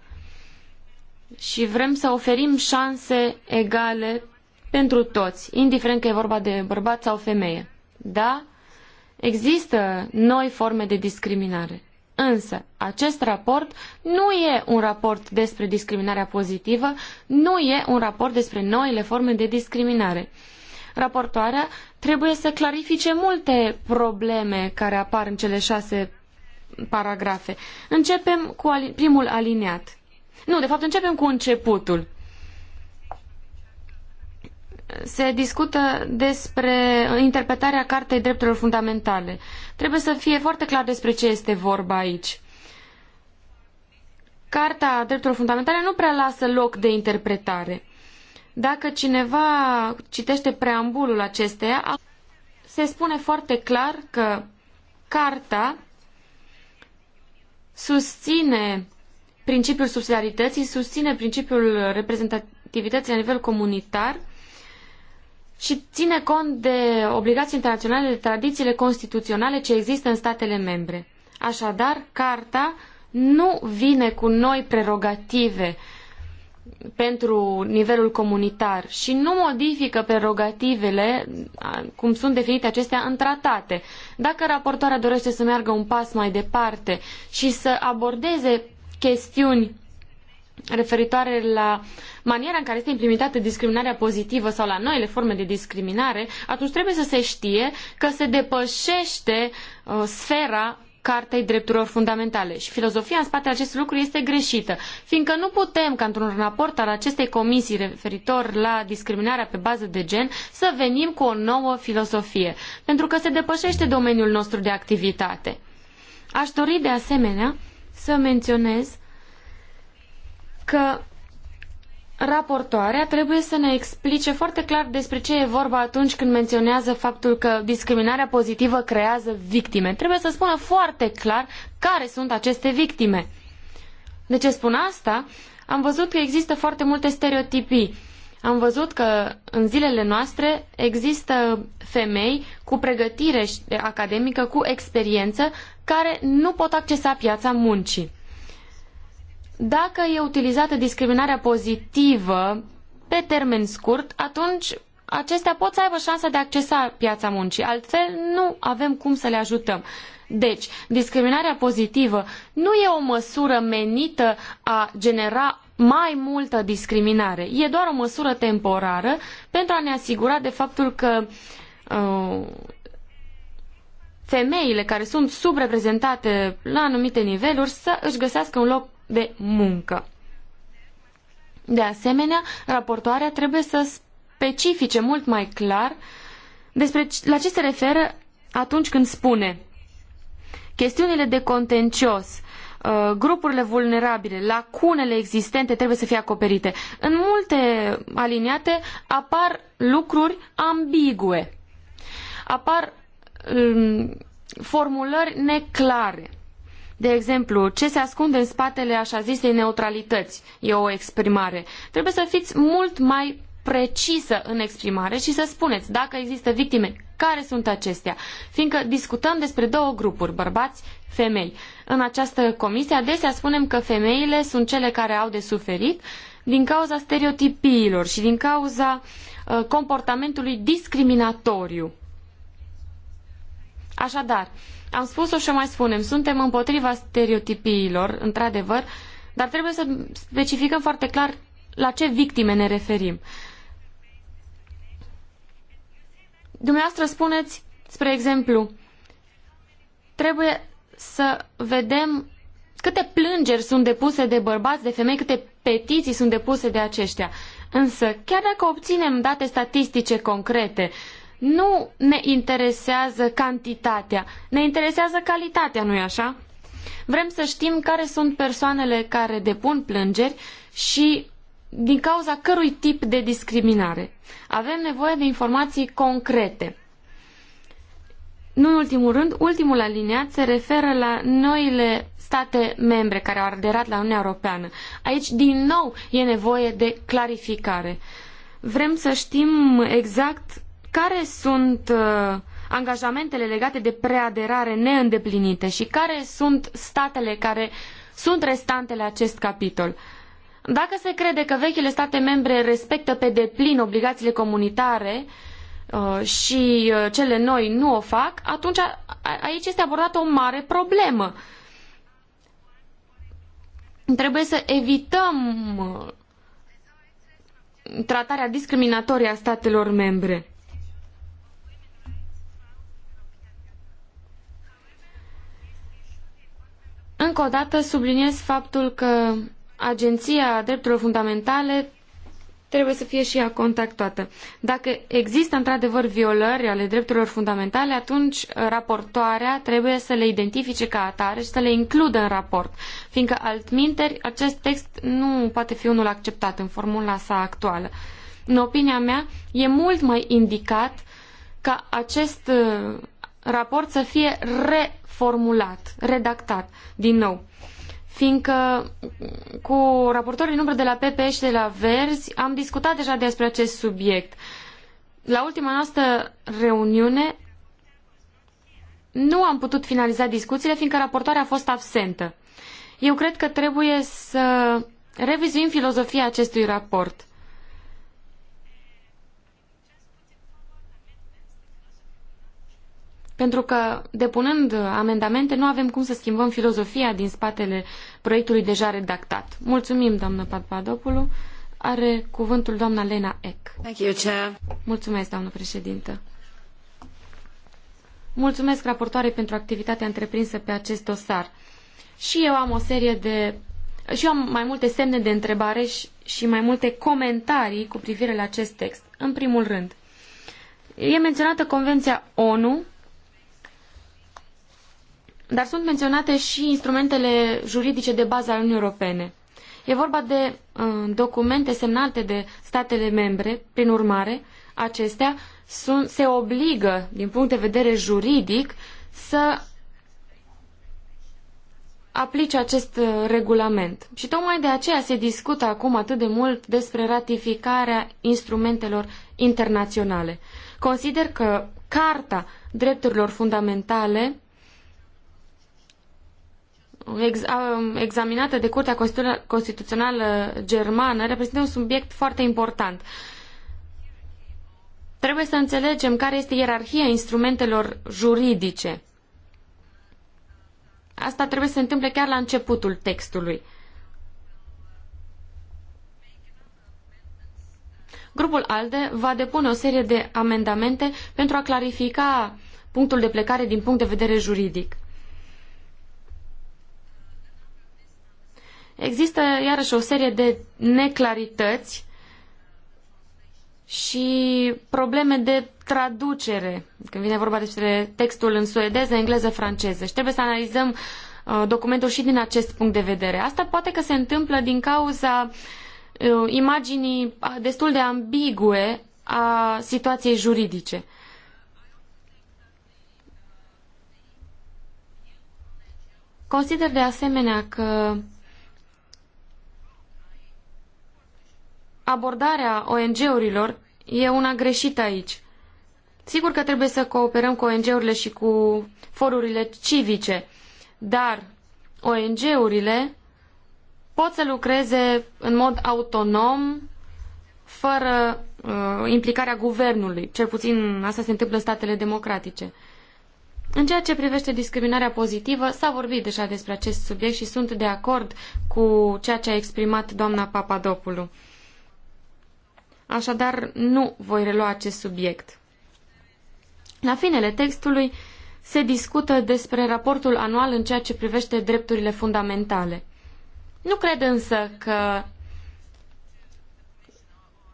și vrem să oferim șanse egale pentru toți, indiferent că e vorba de bărbat sau femeie. Da? Există noi forme de discriminare. Însă, acest raport nu e un raport despre discriminarea pozitivă, nu e un raport despre noile forme de discriminare. Raportoarea trebuie să clarifice multe probleme care apar în cele șase paragrafe. Începem cu primul aliniat. Nu, de fapt începem cu începutul. Se discută despre interpretarea Cartei Drepturilor Fundamentale. Trebuie să fie foarte clar despre ce este vorba aici. Carta Drepturilor Fundamentale nu prea lasă loc de interpretare. Dacă cineva citește preambulul acesteia, se spune foarte clar că Carta susține principiul subsidiarității, susține principiul reprezentativității la nivel comunitar și ține cont de obligații internaționale, de tradițiile constituționale ce există în statele membre. Așadar, Carta nu vine cu noi prerogative pentru nivelul comunitar și nu modifică prerogativele, cum sunt definite acestea, în tratate. Dacă raportoarea dorește să meargă un pas mai departe și să abordeze chestiuni referitoare la maniera în care este implementată discriminarea pozitivă sau la noile forme de discriminare, atunci trebuie să se știe că se depășește uh, sfera Cartei Drepturilor Fundamentale. Și filozofia în spatele acestui lucru este greșită, fiindcă nu putem, ca într-un raport al acestei comisii referitor la discriminarea pe bază de gen, să venim cu o nouă filozofie, pentru că se depășește domeniul nostru de activitate. Aș dori de asemenea să menționez că raportoarea trebuie să ne explice foarte clar despre ce e vorba atunci când menționează faptul că discriminarea pozitivă creează victime. Trebuie să spună foarte clar care sunt aceste victime. De ce spun asta? Am văzut că există foarte multe stereotipii. Am văzut că în zilele noastre există femei cu pregătire academică, cu experiență, care nu pot accesa piața muncii. Dacă e utilizată discriminarea pozitivă pe termen scurt, atunci acestea pot să aibă șansa de a accesa piața muncii. Altfel, nu avem cum să le ajutăm. Deci, discriminarea pozitivă nu e o măsură menită a genera mai multă discriminare. E doar o măsură temporară pentru a ne asigura de faptul că uh, femeile care sunt subreprezentate la anumite niveluri să își găsească un loc de muncă. De asemenea, raportoarea trebuie să specifice mult mai clar despre la ce se referă atunci când spune chestiunile de contencios, ă, grupurile vulnerabile, lacunele existente trebuie să fie acoperite. În multe aliniate apar lucruri ambigue. Apar Um, formulări neclare. De exemplu, ce se ascunde în spatele așa zisei neutralități e o exprimare. Trebuie să fiți mult mai precisă în exprimare și să spuneți dacă există victime, care sunt acestea, fiindcă discutăm despre două grupuri, bărbați, femei. În această comisie adesea spunem că femeile sunt cele care au de suferit din cauza stereotipiilor și din cauza uh, comportamentului discriminatoriu Așadar, am spus-o și o mai spunem, suntem împotriva stereotipiilor, într-adevăr, dar trebuie să specificăm foarte clar la ce victime ne referim. Dumneavoastră spuneți, spre exemplu, trebuie să vedem câte plângeri sunt depuse de bărbați, de femei, câte petiții sunt depuse de aceștia. Însă, chiar dacă obținem date statistice concrete, nu ne interesează cantitatea, ne interesează calitatea, nu-i așa? Vrem să știm care sunt persoanele care depun plângeri și din cauza cărui tip de discriminare. Avem nevoie de informații concrete. Nu în ultimul rând, ultimul aliniat se referă la noile state membre care au aderat la Uniunea Europeană. Aici, din nou, e nevoie de clarificare. Vrem să știm exact care sunt uh, angajamentele legate de preaderare neîndeplinite și care sunt statele care sunt restantele acest capitol. Dacă se crede că vechile state membre respectă pe deplin obligațiile comunitare uh, și uh, cele noi nu o fac, atunci aici este abordată o mare problemă. Trebuie să evităm tratarea discriminatorie a statelor membre. Încă o dată subliniez faptul că Agenția Drepturilor Fundamentale trebuie să fie și ea contactată. Dacă există într-adevăr violări ale drepturilor fundamentale, atunci uh, raportoarea trebuie să le identifice ca atare și să le includă în raport, fiindcă altminteri acest text nu poate fi unul acceptat în formula sa actuală. În opinia mea, e mult mai indicat ca acest uh, raport să fie reformulat, redactat din nou. Fiindcă cu raportorii număr de la PPE și de la Verzi am discutat deja despre acest subiect. La ultima noastră reuniune nu am putut finaliza discuțiile fiindcă raportoarea a fost absentă. Eu cred că trebuie să revizuim filozofia acestui raport. Pentru că, depunând amendamente, nu avem cum să schimbăm filozofia din spatele proiectului deja redactat. Mulțumim, doamnă Papadopoulou. Are cuvântul doamna Lena Eck. Thank you, Chair. Mulțumesc, doamnă președintă. Mulțumesc raportoare pentru activitatea întreprinsă pe acest dosar. Și eu am o serie de și eu am mai multe semne de întrebare și, și mai multe comentarii cu privire la acest text. În primul rând, e menționată Convenția ONU dar sunt menționate și instrumentele juridice de bază ale Uniunii Europene. E vorba de uh, documente semnate de statele membre, prin urmare, acestea sunt, se obligă, din punct de vedere juridic, să aplice acest uh, regulament. Și tocmai de aceea se discută acum atât de mult despre ratificarea instrumentelor internaționale. Consider că Carta Drepturilor Fundamentale examinată de Curtea Constituțională Germană reprezintă un subiect foarte important. Trebuie să înțelegem care este ierarhia instrumentelor juridice. Asta trebuie să se întâmple chiar la începutul textului. Grupul ALDE va depune o serie de amendamente pentru a clarifica punctul de plecare din punct de vedere juridic. Există iarăși o serie de neclarități și probleme de traducere, când vine vorba despre textul în suedeză, engleză, franceză. Și trebuie să analizăm uh, documentul și din acest punct de vedere. Asta poate că se întâmplă din cauza uh, imaginii destul de ambigue a situației juridice. Consider de asemenea că abordarea ONG-urilor e una greșită aici. Sigur că trebuie să cooperăm cu ONG-urile și cu forurile civice, dar ONG-urile pot să lucreze în mod autonom, fără uh, implicarea guvernului. Cel puțin asta se întâmplă în statele democratice. În ceea ce privește discriminarea pozitivă, s-a vorbit deja despre acest subiect și sunt de acord cu ceea ce a exprimat doamna Papadopoulou. Așadar, nu voi relua acest subiect. La finele textului se discută despre raportul anual în ceea ce privește drepturile fundamentale. Nu cred însă că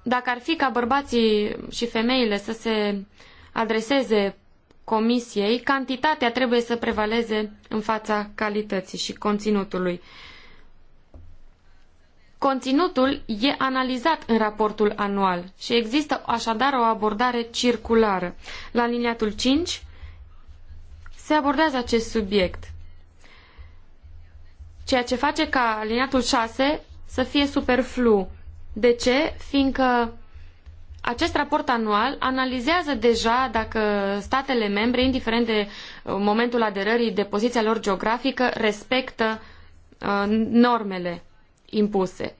dacă ar fi ca bărbații și femeile să se adreseze comisiei, cantitatea trebuie să prevaleze în fața calității și conținutului. Conținutul e analizat în raportul anual și există așadar o abordare circulară. La liniatul 5 se abordează acest subiect, ceea ce face ca liniatul 6 să fie superflu. De ce? Fiindcă acest raport anual analizează deja dacă statele membre, indiferent de uh, momentul aderării de poziția lor geografică, respectă uh, normele impuse.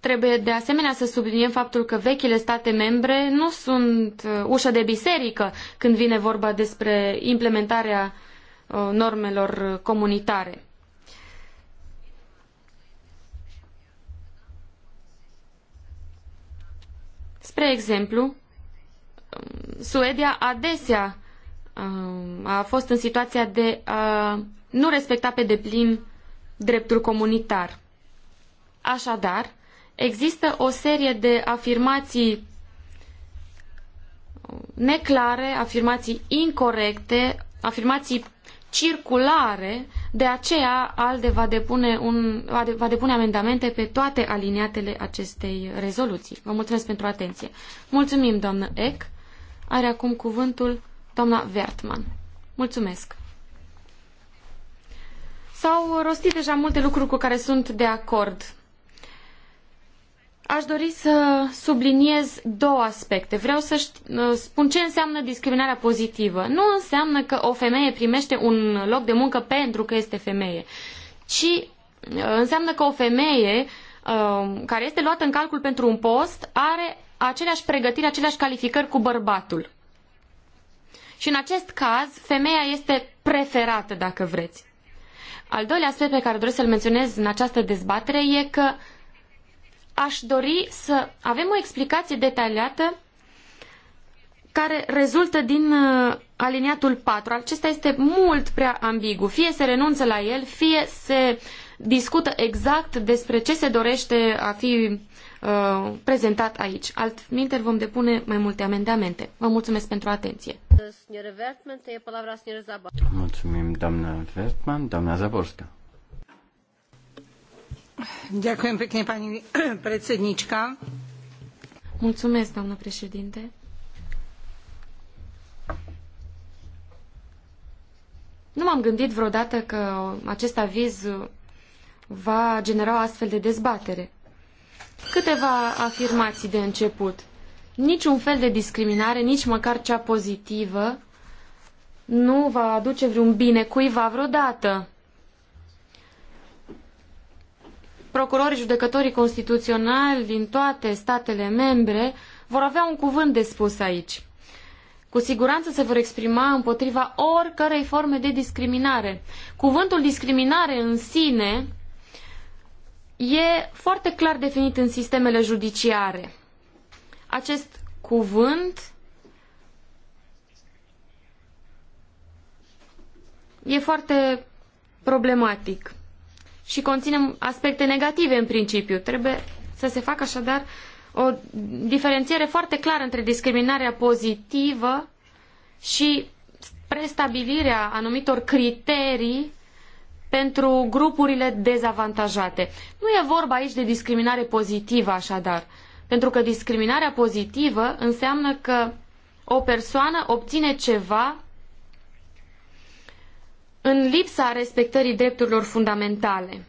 Trebuie de asemenea să subliniem faptul că vechile state membre nu sunt uh, ușa de biserică când vine vorba despre implementarea uh, normelor comunitare. Spre exemplu, um, Suedia adesea a fost în situația de a nu respecta pe deplin dreptul comunitar. Așadar, există o serie de afirmații neclare, afirmații incorrecte, afirmații circulare, de aceea ALDE va depune, un, va depune amendamente pe toate aliniatele acestei rezoluții. Vă mulțumesc pentru atenție. Mulțumim, doamnă Eck. Are acum cuvântul doamna Vertman. Mulțumesc! S-au rostit deja multe lucruri cu care sunt de acord. Aș dori să subliniez două aspecte. Vreau să uh, spun ce înseamnă discriminarea pozitivă. Nu înseamnă că o femeie primește un loc de muncă pentru că este femeie, ci uh, înseamnă că o femeie uh, care este luată în calcul pentru un post are aceleași pregătiri, aceleași calificări cu bărbatul. Și în acest caz, femeia este preferată, dacă vreți. Al doilea aspect pe care doresc să-l menționez în această dezbatere e că aș dori să avem o explicație detaliată care rezultă din uh, aliniatul 4. Acesta este mult prea ambigu. Fie se renunță la el, fie se discută exact despre ce se dorește a fi uh, prezentat aici. Altminteri vom depune mai multe amendamente. Vă mulțumesc pentru atenție. Mulțumim, doamna Vertman, doamna Zaborska. Ďakujem pekne, pani predsednička. Mulțumesc, doamnă președinte. Nu m-am gândit vreodată că acest aviz va genera o astfel de dezbatere. Câteva afirmații de început niciun fel de discriminare, nici măcar cea pozitivă, nu va aduce vreun bine cuiva vreodată. Procurorii, judecătorii constituționali din toate statele membre vor avea un cuvânt de spus aici. Cu siguranță se vor exprima împotriva oricărei forme de discriminare. Cuvântul discriminare în sine e foarte clar definit în sistemele judiciare. Acest cuvânt e foarte problematic și conține aspecte negative în principiu. Trebuie să se facă așadar o diferențiere foarte clară între discriminarea pozitivă și prestabilirea anumitor criterii pentru grupurile dezavantajate. Nu e vorba aici de discriminare pozitivă, așadar. Pentru că discriminarea pozitivă înseamnă că o persoană obține ceva în lipsa respectării drepturilor fundamentale.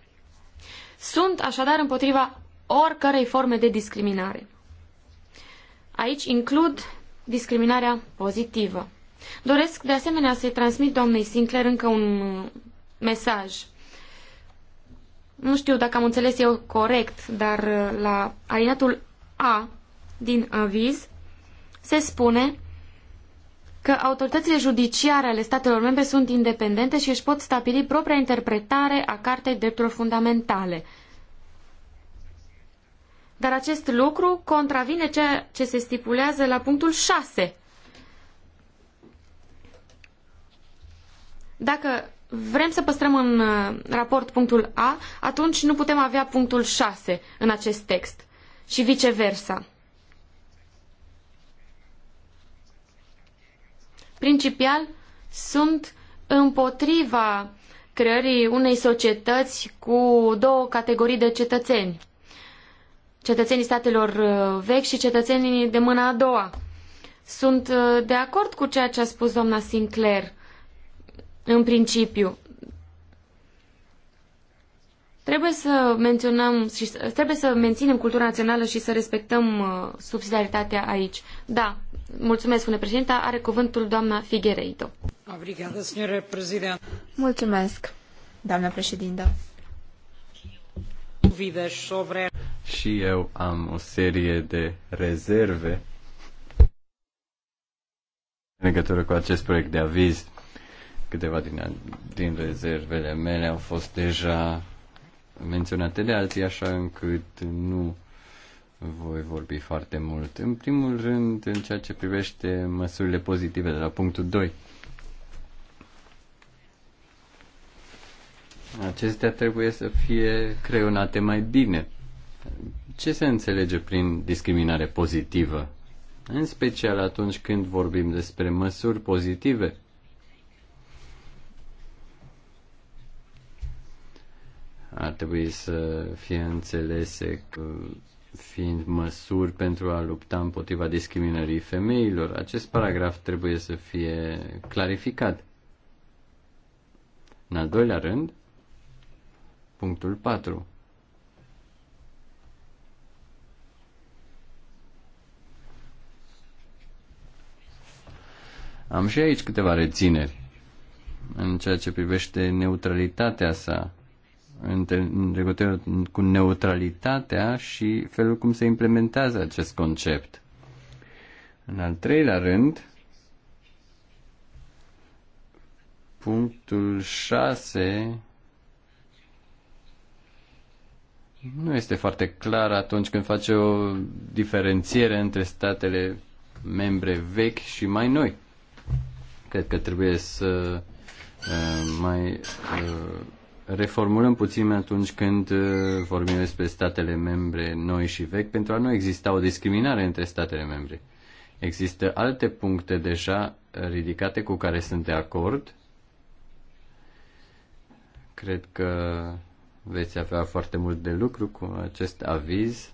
Sunt așadar împotriva oricărei forme de discriminare. Aici includ discriminarea pozitivă. Doresc de asemenea să-i transmit doamnei Sinclair încă un uh, mesaj. Nu știu dacă am înțeles eu corect, dar uh, la alinatul a din aviz se spune că autoritățile judiciare ale statelor membre sunt independente și își pot stabili propria interpretare a Cartei Drepturilor Fundamentale. Dar acest lucru contravine ceea ce se stipulează la punctul 6. Dacă vrem să păstrăm în uh, raport punctul A, atunci nu putem avea punctul 6 în acest text și viceversa. Principial, sunt împotriva creării unei societăți cu două categorii de cetățeni. Cetățenii statelor uh, vechi și cetățenii de mâna a doua. Sunt uh, de acord cu ceea ce a spus doamna Sinclair în principiu. Trebuie să menționăm și să, trebuie să menținem cultura națională și să respectăm uh, subsidiaritatea aici. Da, mulțumesc, spune președinta. Are cuvântul doamna Figueiredo. Mulțumesc, doamna președintă. Și eu am o serie de rezerve în legătură cu acest proiect de aviz. Câteva din, din rezervele mele au fost deja menționate de alții, așa încât nu voi vorbi foarte mult. În primul rând, în ceea ce privește măsurile pozitive de la punctul 2. Acestea trebuie să fie creionate mai bine. Ce se înțelege prin discriminare pozitivă? În special atunci când vorbim despre măsuri pozitive ar trebui să fie înțelese că fiind măsuri pentru a lupta împotriva discriminării femeilor. Acest paragraf trebuie să fie clarificat. În al doilea rând, punctul 4. Am și aici câteva rețineri în ceea ce privește neutralitatea sa în legătură cu neutralitatea și felul cum se implementează acest concept. În al treilea rând, punctul 6 nu este foarte clar atunci când face o diferențiere între statele membre vechi și mai noi. Cred că trebuie să uh, mai uh, reformulăm puțin atunci când uh, vorbim despre statele membre noi și vechi, pentru a nu exista o discriminare între statele membre. Există alte puncte deja ridicate cu care sunt de acord. Cred că veți avea foarte mult de lucru cu acest aviz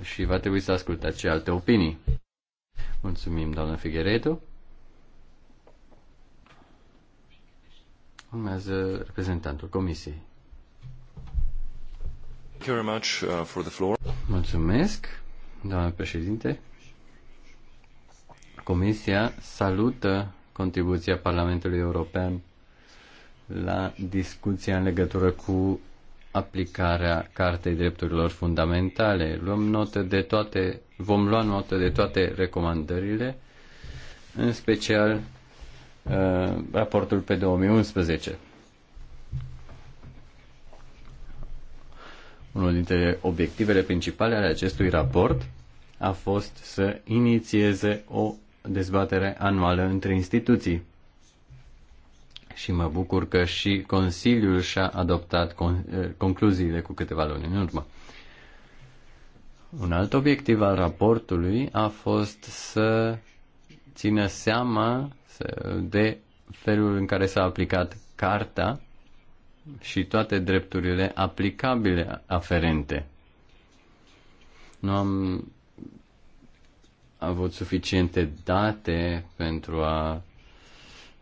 și va trebui să ascultați și alte opinii. Mulțumim, doamnă Figueredo. Urmează reprezentantul Comisiei. Thank you very much uh, for the floor. Mulțumesc, doamnă președinte. Comisia salută contribuția Parlamentului European la discuția în legătură cu aplicarea Cartei Drepturilor Fundamentale. Luăm notă de toate, vom lua notă de toate recomandările, în special Uh, raportul pe 2011. Unul dintre obiectivele principale ale acestui raport a fost să inițieze o dezbatere anuală între instituții. Și mă bucur că și Consiliul și-a adoptat uh, concluziile cu câteva luni în urmă. Un alt obiectiv al raportului a fost să țină seama de felul în care s-a aplicat carta și toate drepturile aplicabile aferente. Nu am avut suficiente date pentru a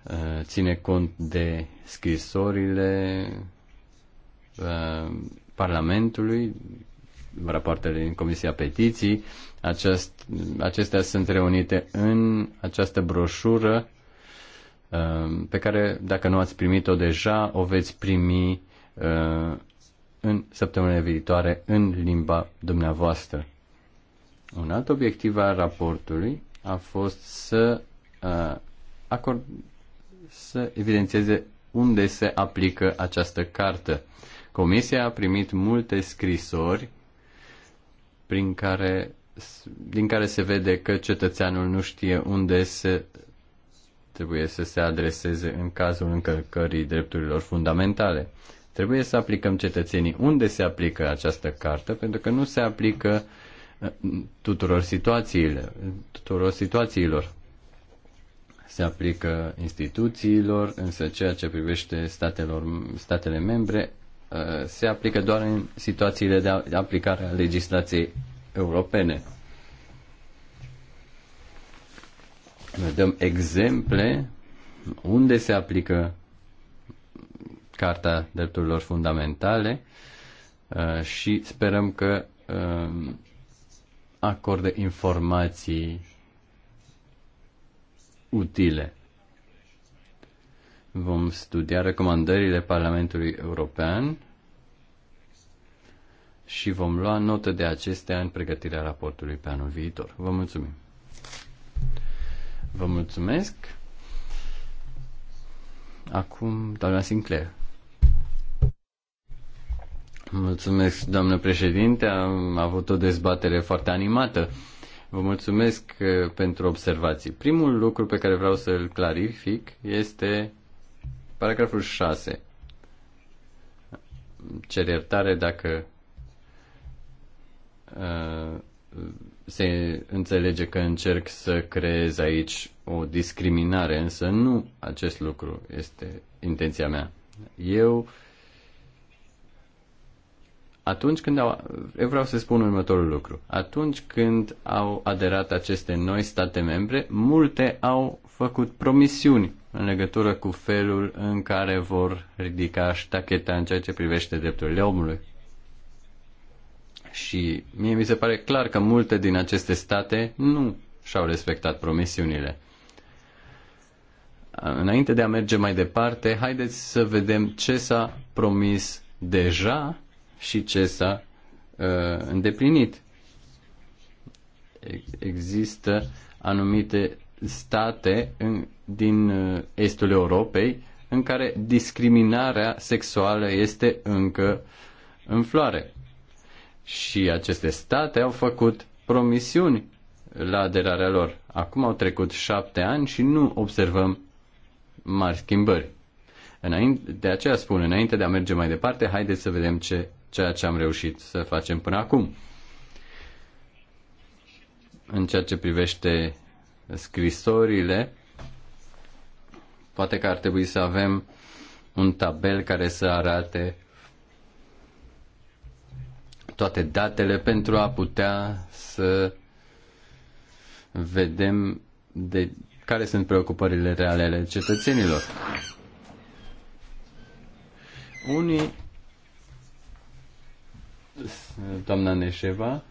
uh, ține cont de scrisorile uh, Parlamentului, rapoartele din Comisia Petiții. Acest, acestea sunt reunite în această broșură Um, pe care, dacă nu ați primit-o deja, o veți primi uh, în săptămâna viitoare în limba dumneavoastră. Un alt obiectiv al raportului a fost să uh, acord, să evidențieze unde se aplică această carte. Comisia a primit multe scrisori prin care, din care se vede că cetățeanul nu știe unde se trebuie să se adreseze în cazul încălcării drepturilor fundamentale. Trebuie să aplicăm cetățenii unde se aplică această carte, pentru că nu se aplică uh, tuturor situațiile, tuturor situațiilor. Se aplică instituțiilor, însă ceea ce privește statelor, statele membre uh, se aplică doar în situațiile de aplicare a legislației europene. dăm exemple unde se aplică Carta Drepturilor Fundamentale uh, și sperăm că uh, acordă informații utile. Vom studia recomandările Parlamentului European și vom lua notă de acestea în pregătirea raportului pe anul viitor. Vă mulțumim! Vă mulțumesc. Acum, doamna Sinclair. Mulțumesc, doamnă președinte. Am avut o dezbatere foarte animată. Vă mulțumesc eh, pentru observații. Primul lucru pe care vreau să-l clarific este paragraful 6. Cer iertare dacă uh, se înțelege că încerc să creez aici o discriminare, însă nu acest lucru este intenția mea. Eu, atunci când au, eu vreau să spun următorul lucru. Atunci când au aderat aceste noi state membre, multe au făcut promisiuni în legătură cu felul în care vor ridica ștacheta în ceea ce privește drepturile omului. Și mie mi se pare clar că multe din aceste state nu și-au respectat promisiunile. Înainte de a merge mai departe, haideți să vedem ce s-a promis deja și ce s-a uh, îndeplinit. Există anumite state în, din uh, estul Europei în care discriminarea sexuală este încă în floare. Și aceste state au făcut promisiuni la aderarea lor. Acum au trecut șapte ani și nu observăm mari schimbări. Înainte, de aceea spun, înainte de a merge mai departe, haideți să vedem ce, ceea ce am reușit să facem până acum. În ceea ce privește scrisorile, poate că ar trebui să avem un tabel care să arate toate datele pentru a putea să vedem de care sunt preocupările reale ale cetățenilor. Unii, doamna Neșeva,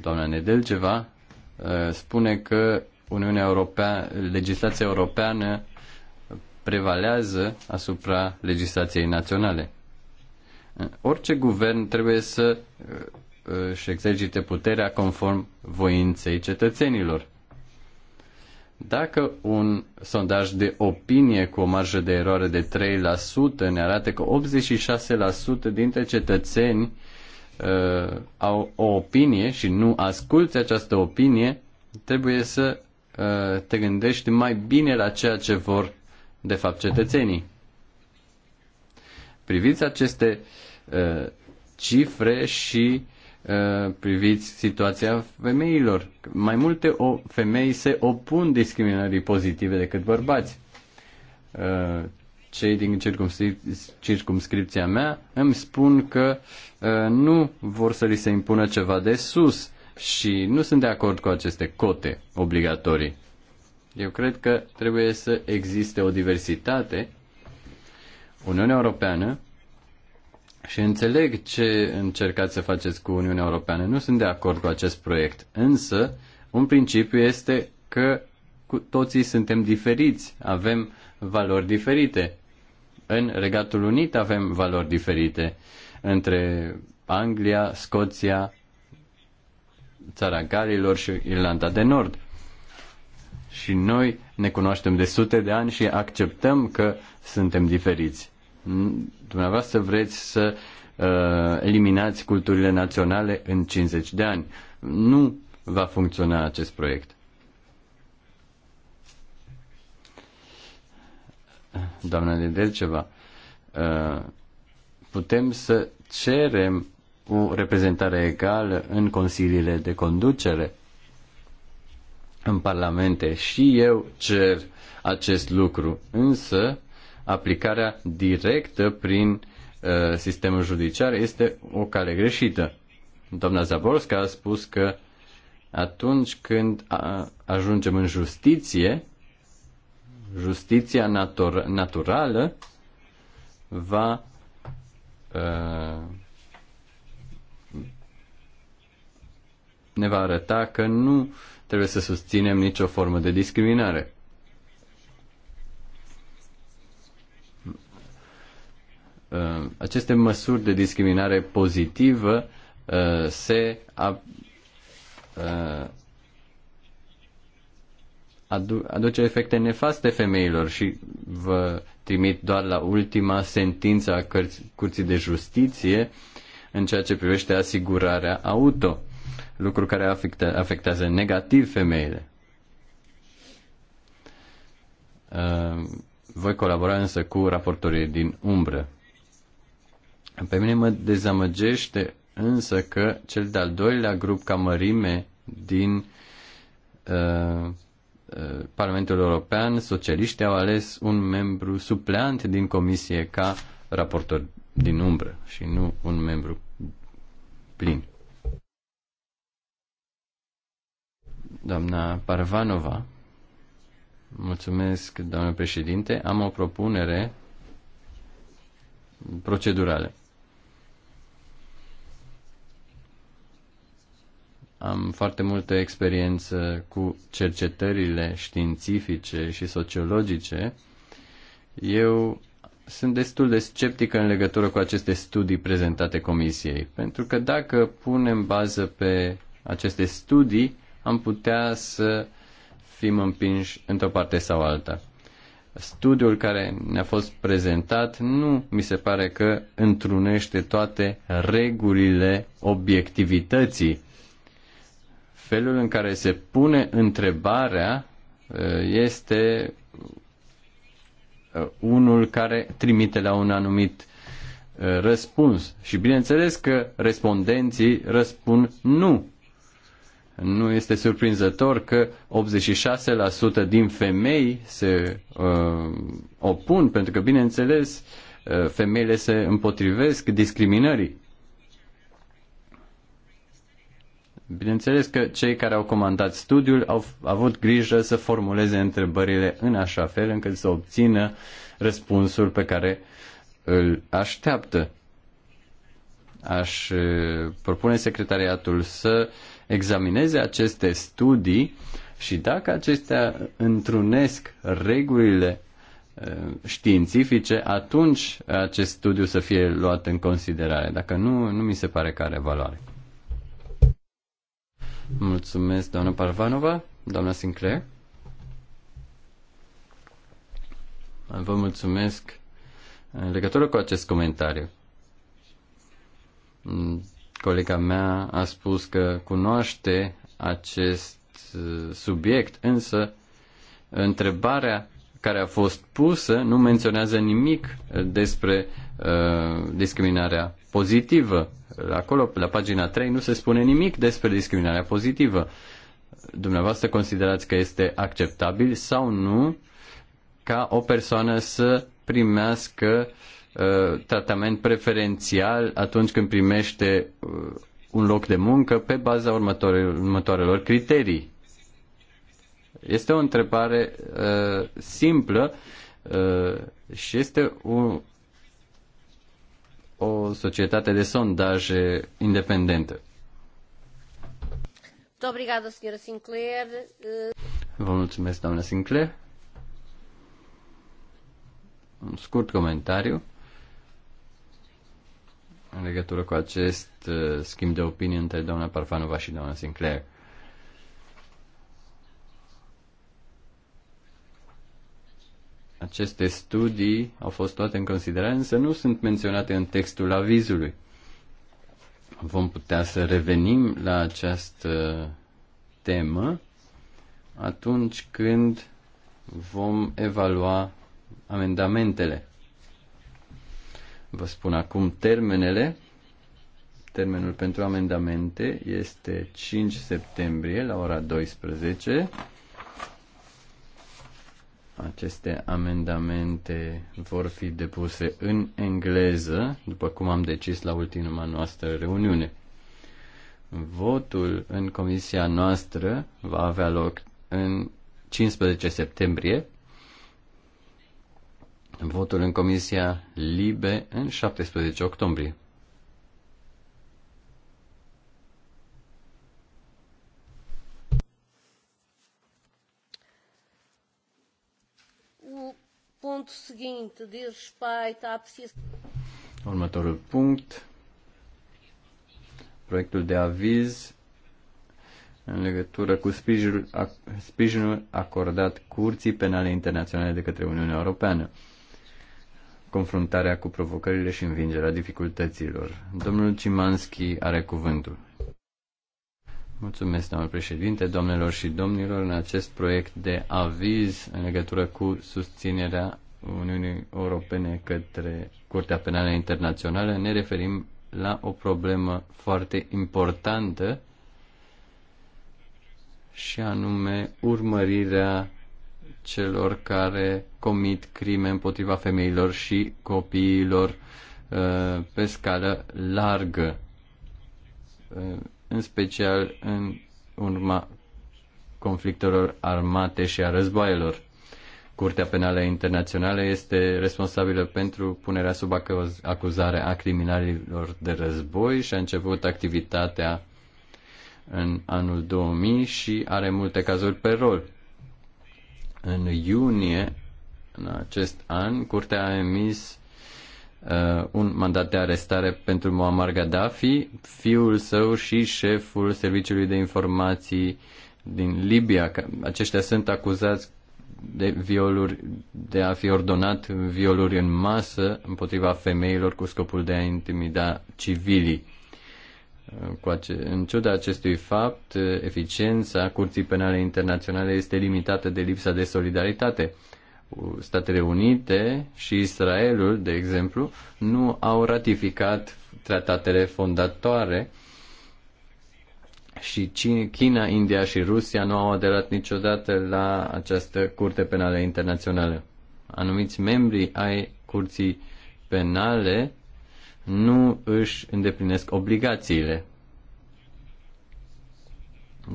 doamna Nedelceva, spune că Uniunea Europeană, legislația europeană prevalează asupra legislației naționale. Orice guvern trebuie să uh, își exercite puterea conform voinței cetățenilor. Dacă un sondaj de opinie cu o marjă de eroare de 3% ne arată că 86% dintre cetățeni uh, au o opinie și nu asculți această opinie, trebuie să uh, te gândești mai bine la ceea ce vor de fapt cetățenii. Priviți aceste uh, Uh, cifre și uh, priviți situația femeilor. Mai multe o, femei se opun discriminării pozitive decât bărbați. Uh, cei din circumscripția mea îmi spun că nu vor să li se impună ceva de sus și nu sunt de acord cu aceste cote obligatorii. Eu cred că trebuie să existe o diversitate. Uniunea Europeană și înțeleg ce încercați să faceți cu Uniunea Europeană. Nu sunt de acord cu acest proiect. Însă, un principiu este că cu toții suntem diferiți, avem valori diferite. În Regatul Unit avem valori diferite între Anglia, Scoția, țara Galilor și Irlanda de Nord. Și noi ne cunoaștem de sute de ani și acceptăm că suntem diferiți. Dumneavoastră vreți să uh, eliminați culturile naționale în 50 de ani. Nu va funcționa acest proiect. Doamna Nedelceva, uh, putem să cerem o reprezentare egală în consiliile de conducere, în parlamente. Și eu cer acest lucru, însă aplicarea directă prin uh, sistemul judiciar este o cale greșită. Doamna Zaborska a spus că atunci când a, ajungem în justiție, justiția natur- naturală va uh, ne va arăta că nu trebuie să susținem nicio formă de discriminare. Uh, aceste măsuri de discriminare pozitivă uh, se uh, aduce efecte nefaste femeilor și vă trimit doar la ultima sentință a Curții de Justiție în ceea ce privește asigurarea auto, lucru care afectează negativ femeile. Voi colabora însă cu raportorii din umbră. Pe mine mă dezamăgește însă că cel de-al doilea grup ca mărime din uh, uh, Parlamentul European, socialiștii au ales un membru supleant din comisie ca raportor din umbră și nu un membru plin. Doamna Parvanova, mulțumesc, doamnă președinte, am o propunere procedurală Am foarte multă experiență cu cercetările științifice și sociologice. Eu sunt destul de sceptică în legătură cu aceste studii prezentate comisiei, pentru că dacă punem bază pe aceste studii, am putea să fim împinși într-o parte sau alta. Studiul care ne-a fost prezentat nu mi se pare că întrunește toate regulile obiectivității felul în care se pune întrebarea uh, este uh, unul care trimite la un anumit uh, răspuns. Și bineînțeles că respondenții răspund nu. Nu este surprinzător că 86% din femei se uh, opun, pentru că, bineînțeles, femeile se împotrivesc discriminării. Bineînțeles că cei care au comandat studiul au avut grijă să formuleze întrebările în așa fel încât să obțină răspunsul pe care îl așteaptă. Aș propune secretariatul să examineze aceste studii și dacă acestea întrunesc regulile științifice, atunci acest studiu să fie luat în considerare. Dacă nu, nu mi se pare că are valoare. Mulțumesc, doamna Parvanova, doamna Sinclair. Vă mulțumesc în legătură cu acest comentariu. Colega mea a spus că cunoaște acest uh, subiect, însă întrebarea care a fost pusă nu menționează nimic despre uh, discriminarea pozitivă acolo, la pagina 3, nu se spune nimic despre discriminarea pozitivă. Dumneavoastră considerați că este acceptabil sau nu ca o persoană să primească uh, tratament preferențial atunci când primește uh, un loc de muncă pe baza următoarelor, următoarelor criterii. Este o întrebare uh, simplă uh, și este un, o societate de sondaje independentă. Eh, Vă mulțumesc, doamna Sinclair. Un scurt comentariu în legătură cu acest eh, schimb de opinie între doamna Parfanova și doamna Sinclair. Aceste studii au fost toate în considerare, însă nu sunt menționate în textul avizului. Vom putea să revenim la această temă atunci când vom evalua amendamentele. Vă spun acum termenele. Termenul pentru amendamente este 5 septembrie la ora 12. Aceste amendamente vor fi depuse în engleză, după cum am decis la ultima noastră reuniune. Votul în comisia noastră va avea loc în 15 septembrie, votul în comisia LIBE în 17 octombrie. ponto seguinte diz respeito à apreciação. Următorul punct. Proiectul de aviz în legătură cu sprijinul, sprijinul acordat Curții Penale Internaționale de către Uniunea Europeană. Confruntarea cu provocările și învingerea dificultăților. Domnul Cimanski are cuvântul. Mulțumesc, domnul președinte, doamnelor și domnilor, în acest proiect de aviz în legătură cu susținerea Uniunii Europene către Curtea Penală Internațională, ne referim la o problemă foarte importantă și anume urmărirea celor care comit crime împotriva femeilor și copiilor uh, pe scară largă, uh, în special în urma conflictelor armate și a războaielor. Curtea Penală Internațională este responsabilă pentru punerea sub acuzare a criminalilor de război și a început activitatea în anul 2000 și are multe cazuri pe rol. În iunie în acest an, Curtea a emis uh, un mandat de arestare pentru Muammar Gaddafi, fiul său și șeful Serviciului de Informații din Libia. Aceștia sunt acuzați de violuri, de a fi ordonat violuri în masă împotriva femeilor cu scopul de a intimida civilii. Cu ace- în ciuda acestui fapt, eficiența Curții Penale Internaționale este limitată de lipsa de solidaritate. Statele Unite și Israelul, de exemplu, nu au ratificat tratatele fondatoare uh, și China, India și Rusia nu au aderat niciodată la această Curte Penală Internațională. Anumiți membri ai Curții Penale nu își îndeplinesc obligațiile.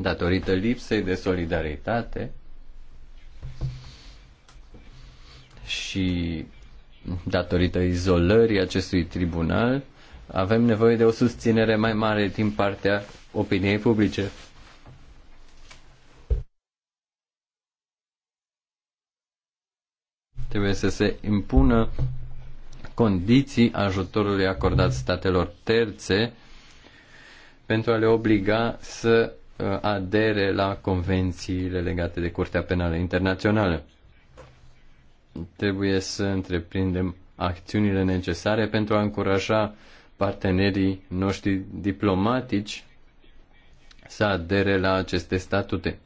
Datorită lipsei de solidaritate și datorită izolării acestui tribunal, avem nevoie de o susținere mai mare din partea opiniei publice. Trebuie să se impună condiții ajutorului acordat statelor terțe pentru a le obliga să uh, adere la convențiile legate de Curtea Penală Internațională. Trebuie să întreprindem acțiunile necesare pentru a încuraja partenerii noștri diplomatici să adere la aceste statute.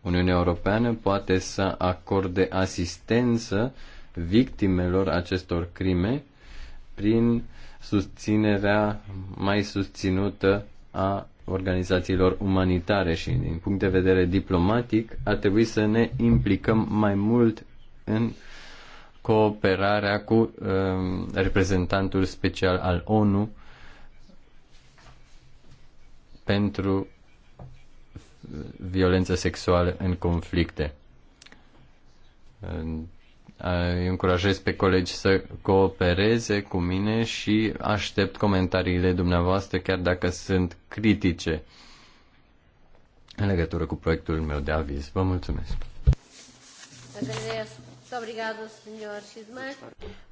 Uniunea Europeană poate să acorde asistență victimelor acestor crime prin susținerea mai susținută a organizațiilor umanitare și din punct de vedere diplomatic ar trebui să ne implicăm mai mult în cooperarea cu um, reprezentantul special al ONU pentru violență sexuală în conflicte. Îi încurajez pe colegi să coopereze cu mine și aștept comentariile dumneavoastră, chiar dacă sunt critice în legătură cu proiectul meu de aviz. Vă mulțumesc!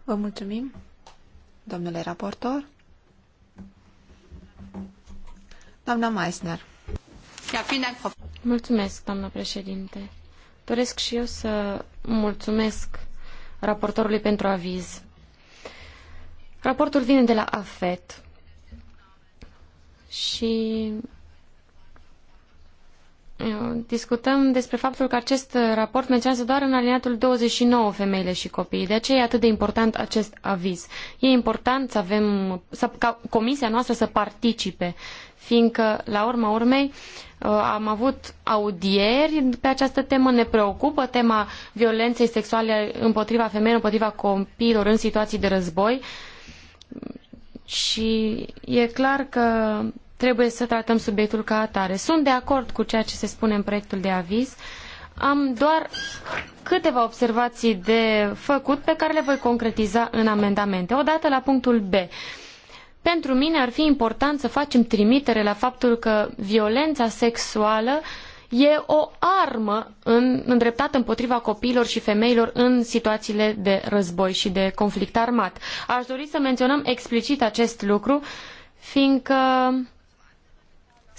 Vă mulțumim, domnule raportor. Doamna Meissner. Mulțumesc, doamnă președinte. Doresc și eu să mulțumesc raportorului pentru aviz. Raportul vine de la AFET și discutăm despre faptul că acest raport menționează doar în alineatul 29 femeile și copiii. De aceea e atât de important acest aviz. E important să avem, să, ca comisia noastră să participe, fiindcă, la urma urmei, uh, am avut audieri pe această temă, ne preocupă tema violenței sexuale împotriva femeilor, împotriva copiilor în situații de război și e clar că trebuie să tratăm subiectul ca atare. Sunt de acord cu ceea ce se spune în proiectul de aviz. Am doar câteva observații de făcut pe care le voi concretiza în amendamente. Odată la punctul B. Pentru mine ar fi important să facem trimitere la faptul că violența sexuală e o armă în, îndreptată împotriva copiilor și femeilor în situațiile de război și de conflict armat. Aș dori să menționăm explicit acest lucru, fiindcă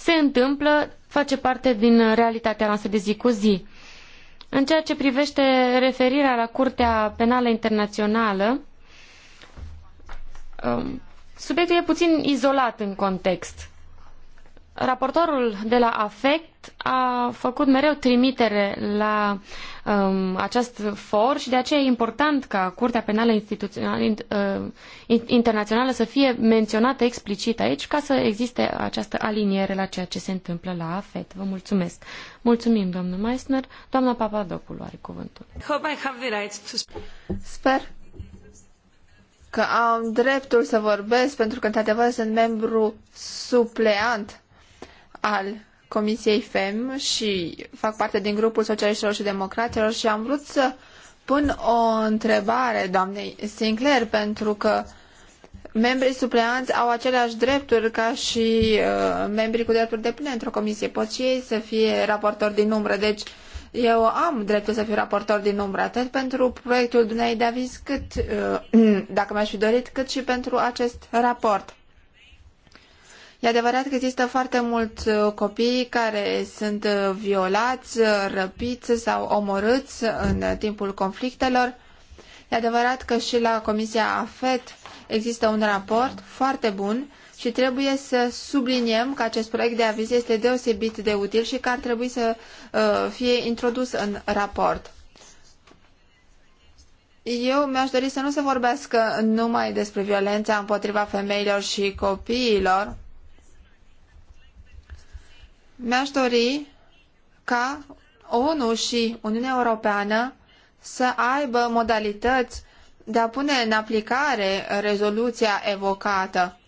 se întâmplă, face parte din realitatea noastră de zi cu zi. În ceea ce privește referirea la Curtea Penală Internațională, um, subiectul e puțin izolat în context raportorul de la AFECT a făcut mereu trimitere la um, acest for și de aceea e important ca Curtea Penală Instituțională, uh, Internațională să fie menționată explicit aici ca să existe această aliniere la ceea ce se întâmplă la AFET. Vă mulțumesc. Mulțumim, domnul Meissner. Doamna Papadopoulou are cuvântul. Sper că am dreptul să vorbesc pentru că, într-adevăr, sunt membru supleant al Comisiei FEM și fac parte din grupul socialiștilor și democraților și am vrut să pun o întrebare doamnei Sinclair pentru că membrii supleanți au aceleași drepturi ca și uh, membrii cu drepturi de într-o comisie. Pot și ei să fie raportori din umbră. Deci eu am dreptul să fiu raportor din umbră, atât pentru proiectul Dunei Davis, cât, uh, <clears throat> dacă mi-aș fi dorit, cât și pentru acest raport. E adevărat că există foarte mulți uh, copii care sunt uh, violați, uh, răpiți sau omorâți în timpul conflictelor. E adevărat că și la Comisia AFET există un raport foarte bun și trebuie să subliniem că acest proiect de aviz este deosebit de util și că ar trebui să fie introdus în raport. Eu mi-aș dori să nu se vorbească numai despre violența împotriva femeilor și copiilor, mi-aș dori ca ONU și Uniunea Europeană să aibă modalități de a pune în aplicare rezoluția evocată.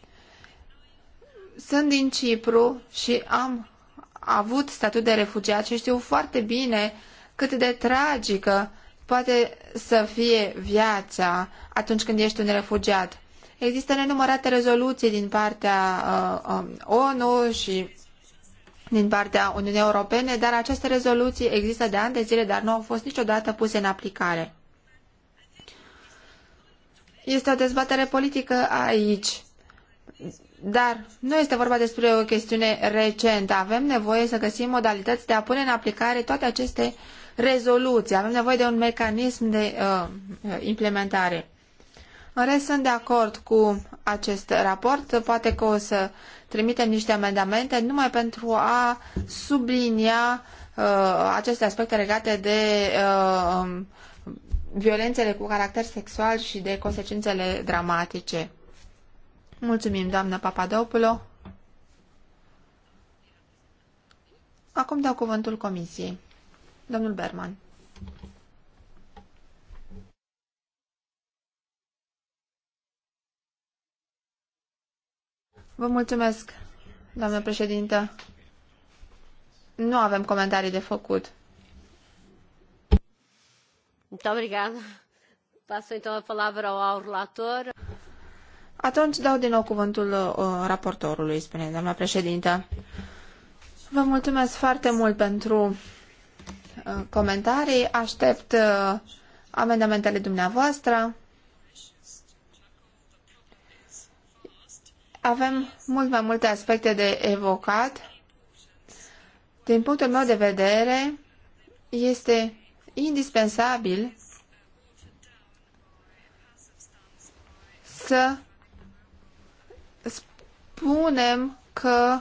Sunt din Cipru și am avut statut de refugiat și știu foarte bine cât de tragică poate să fie viața atunci când ești un refugiat. Există nenumărate rezoluții din partea uh, um, ONU și din partea Uniunii Europene, dar aceste rezoluții există de ani de zile, dar nu au fost niciodată puse în aplicare. Este o dezbatere politică aici, dar nu este vorba despre o chestiune recentă. Avem nevoie să găsim modalități de a pune în aplicare toate aceste rezoluții. Avem nevoie de un mecanism de uh, uh implementare. În rest, sunt de acord cu acest raport. Poate că o să trimitem niște amendamente numai pentru a sublinia uh, aceste aspecte legate de uh, violențele cu caracter sexual și de consecințele dramatice. Mulțumim, doamnă Papadopulo. Acum dau cuvântul comisiei. Domnul Berman. Vă mulțumesc, doamnă președintă. Nu avem comentarii de făcut. relator. Atunci dau din nou cuvântul uh, raportorului, spune doamna președintă. Vă mulțumesc foarte mult pentru uh, comentarii. Aștept uh, amendamentele dumneavoastră. Avem mult mai multe aspecte de evocat. Din punctul meu de vedere, este indispensabil să spunem că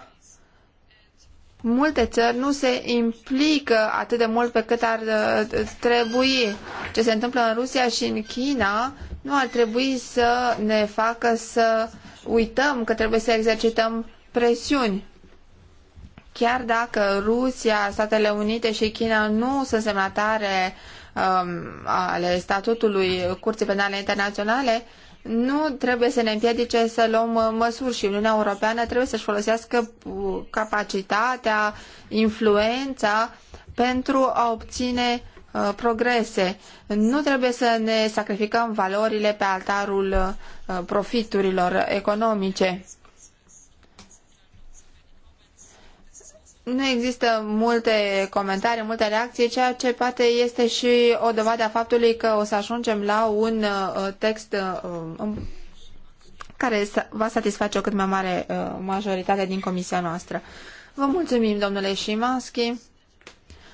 multe țări nu se implică atât de mult pe cât ar uh, trebui. Ce se întâmplă în Rusia și în China nu ar trebui să ne facă să uităm că trebuie să exercităm presiuni. Chiar dacă Rusia, Statele Unite și China nu sunt semnatare um, ale statutului Curții Penale Internaționale, nu trebuie să ne împiedice să luăm măsuri și Uniunea Europeană trebuie să-și folosească capacitatea, influența pentru a obține Uh, progrese. Nu trebuie să ne sacrificăm valorile pe altarul uh, profiturilor economice. Nu există multe comentarii, multe reacții, ceea ce poate este și o dovadă a faptului că o să ajungem la un uh, text um, care va satisface o cât mai mare majoritate din comisia noastră. Vă mulțumim, domnule Șimanski.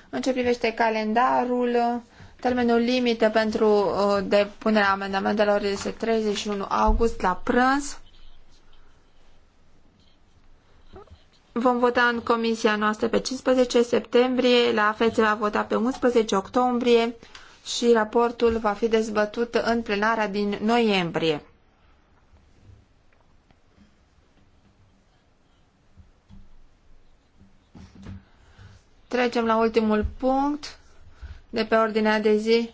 În ce privește calendarul, termenul limită pentru uh, depunerea amendamentelor este 31 august la prânz. Vom vota în comisia noastră pe 15 septembrie, la fel se va vota pe 11 octombrie și raportul va fi dezbătut în plenara din noiembrie. Trecem la ultimul punct de pe ordinea de zi,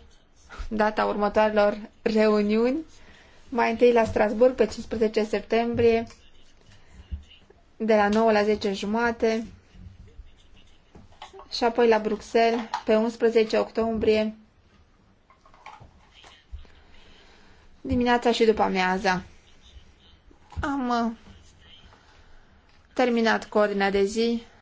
data următoarelor reuniuni. Mai întâi la Strasburg, pe 15 septembrie, de la 9 la 10 jumate și apoi la Bruxelles pe 11 octombrie dimineața și după amiaza. Am uh, terminat cu ordinea de zi.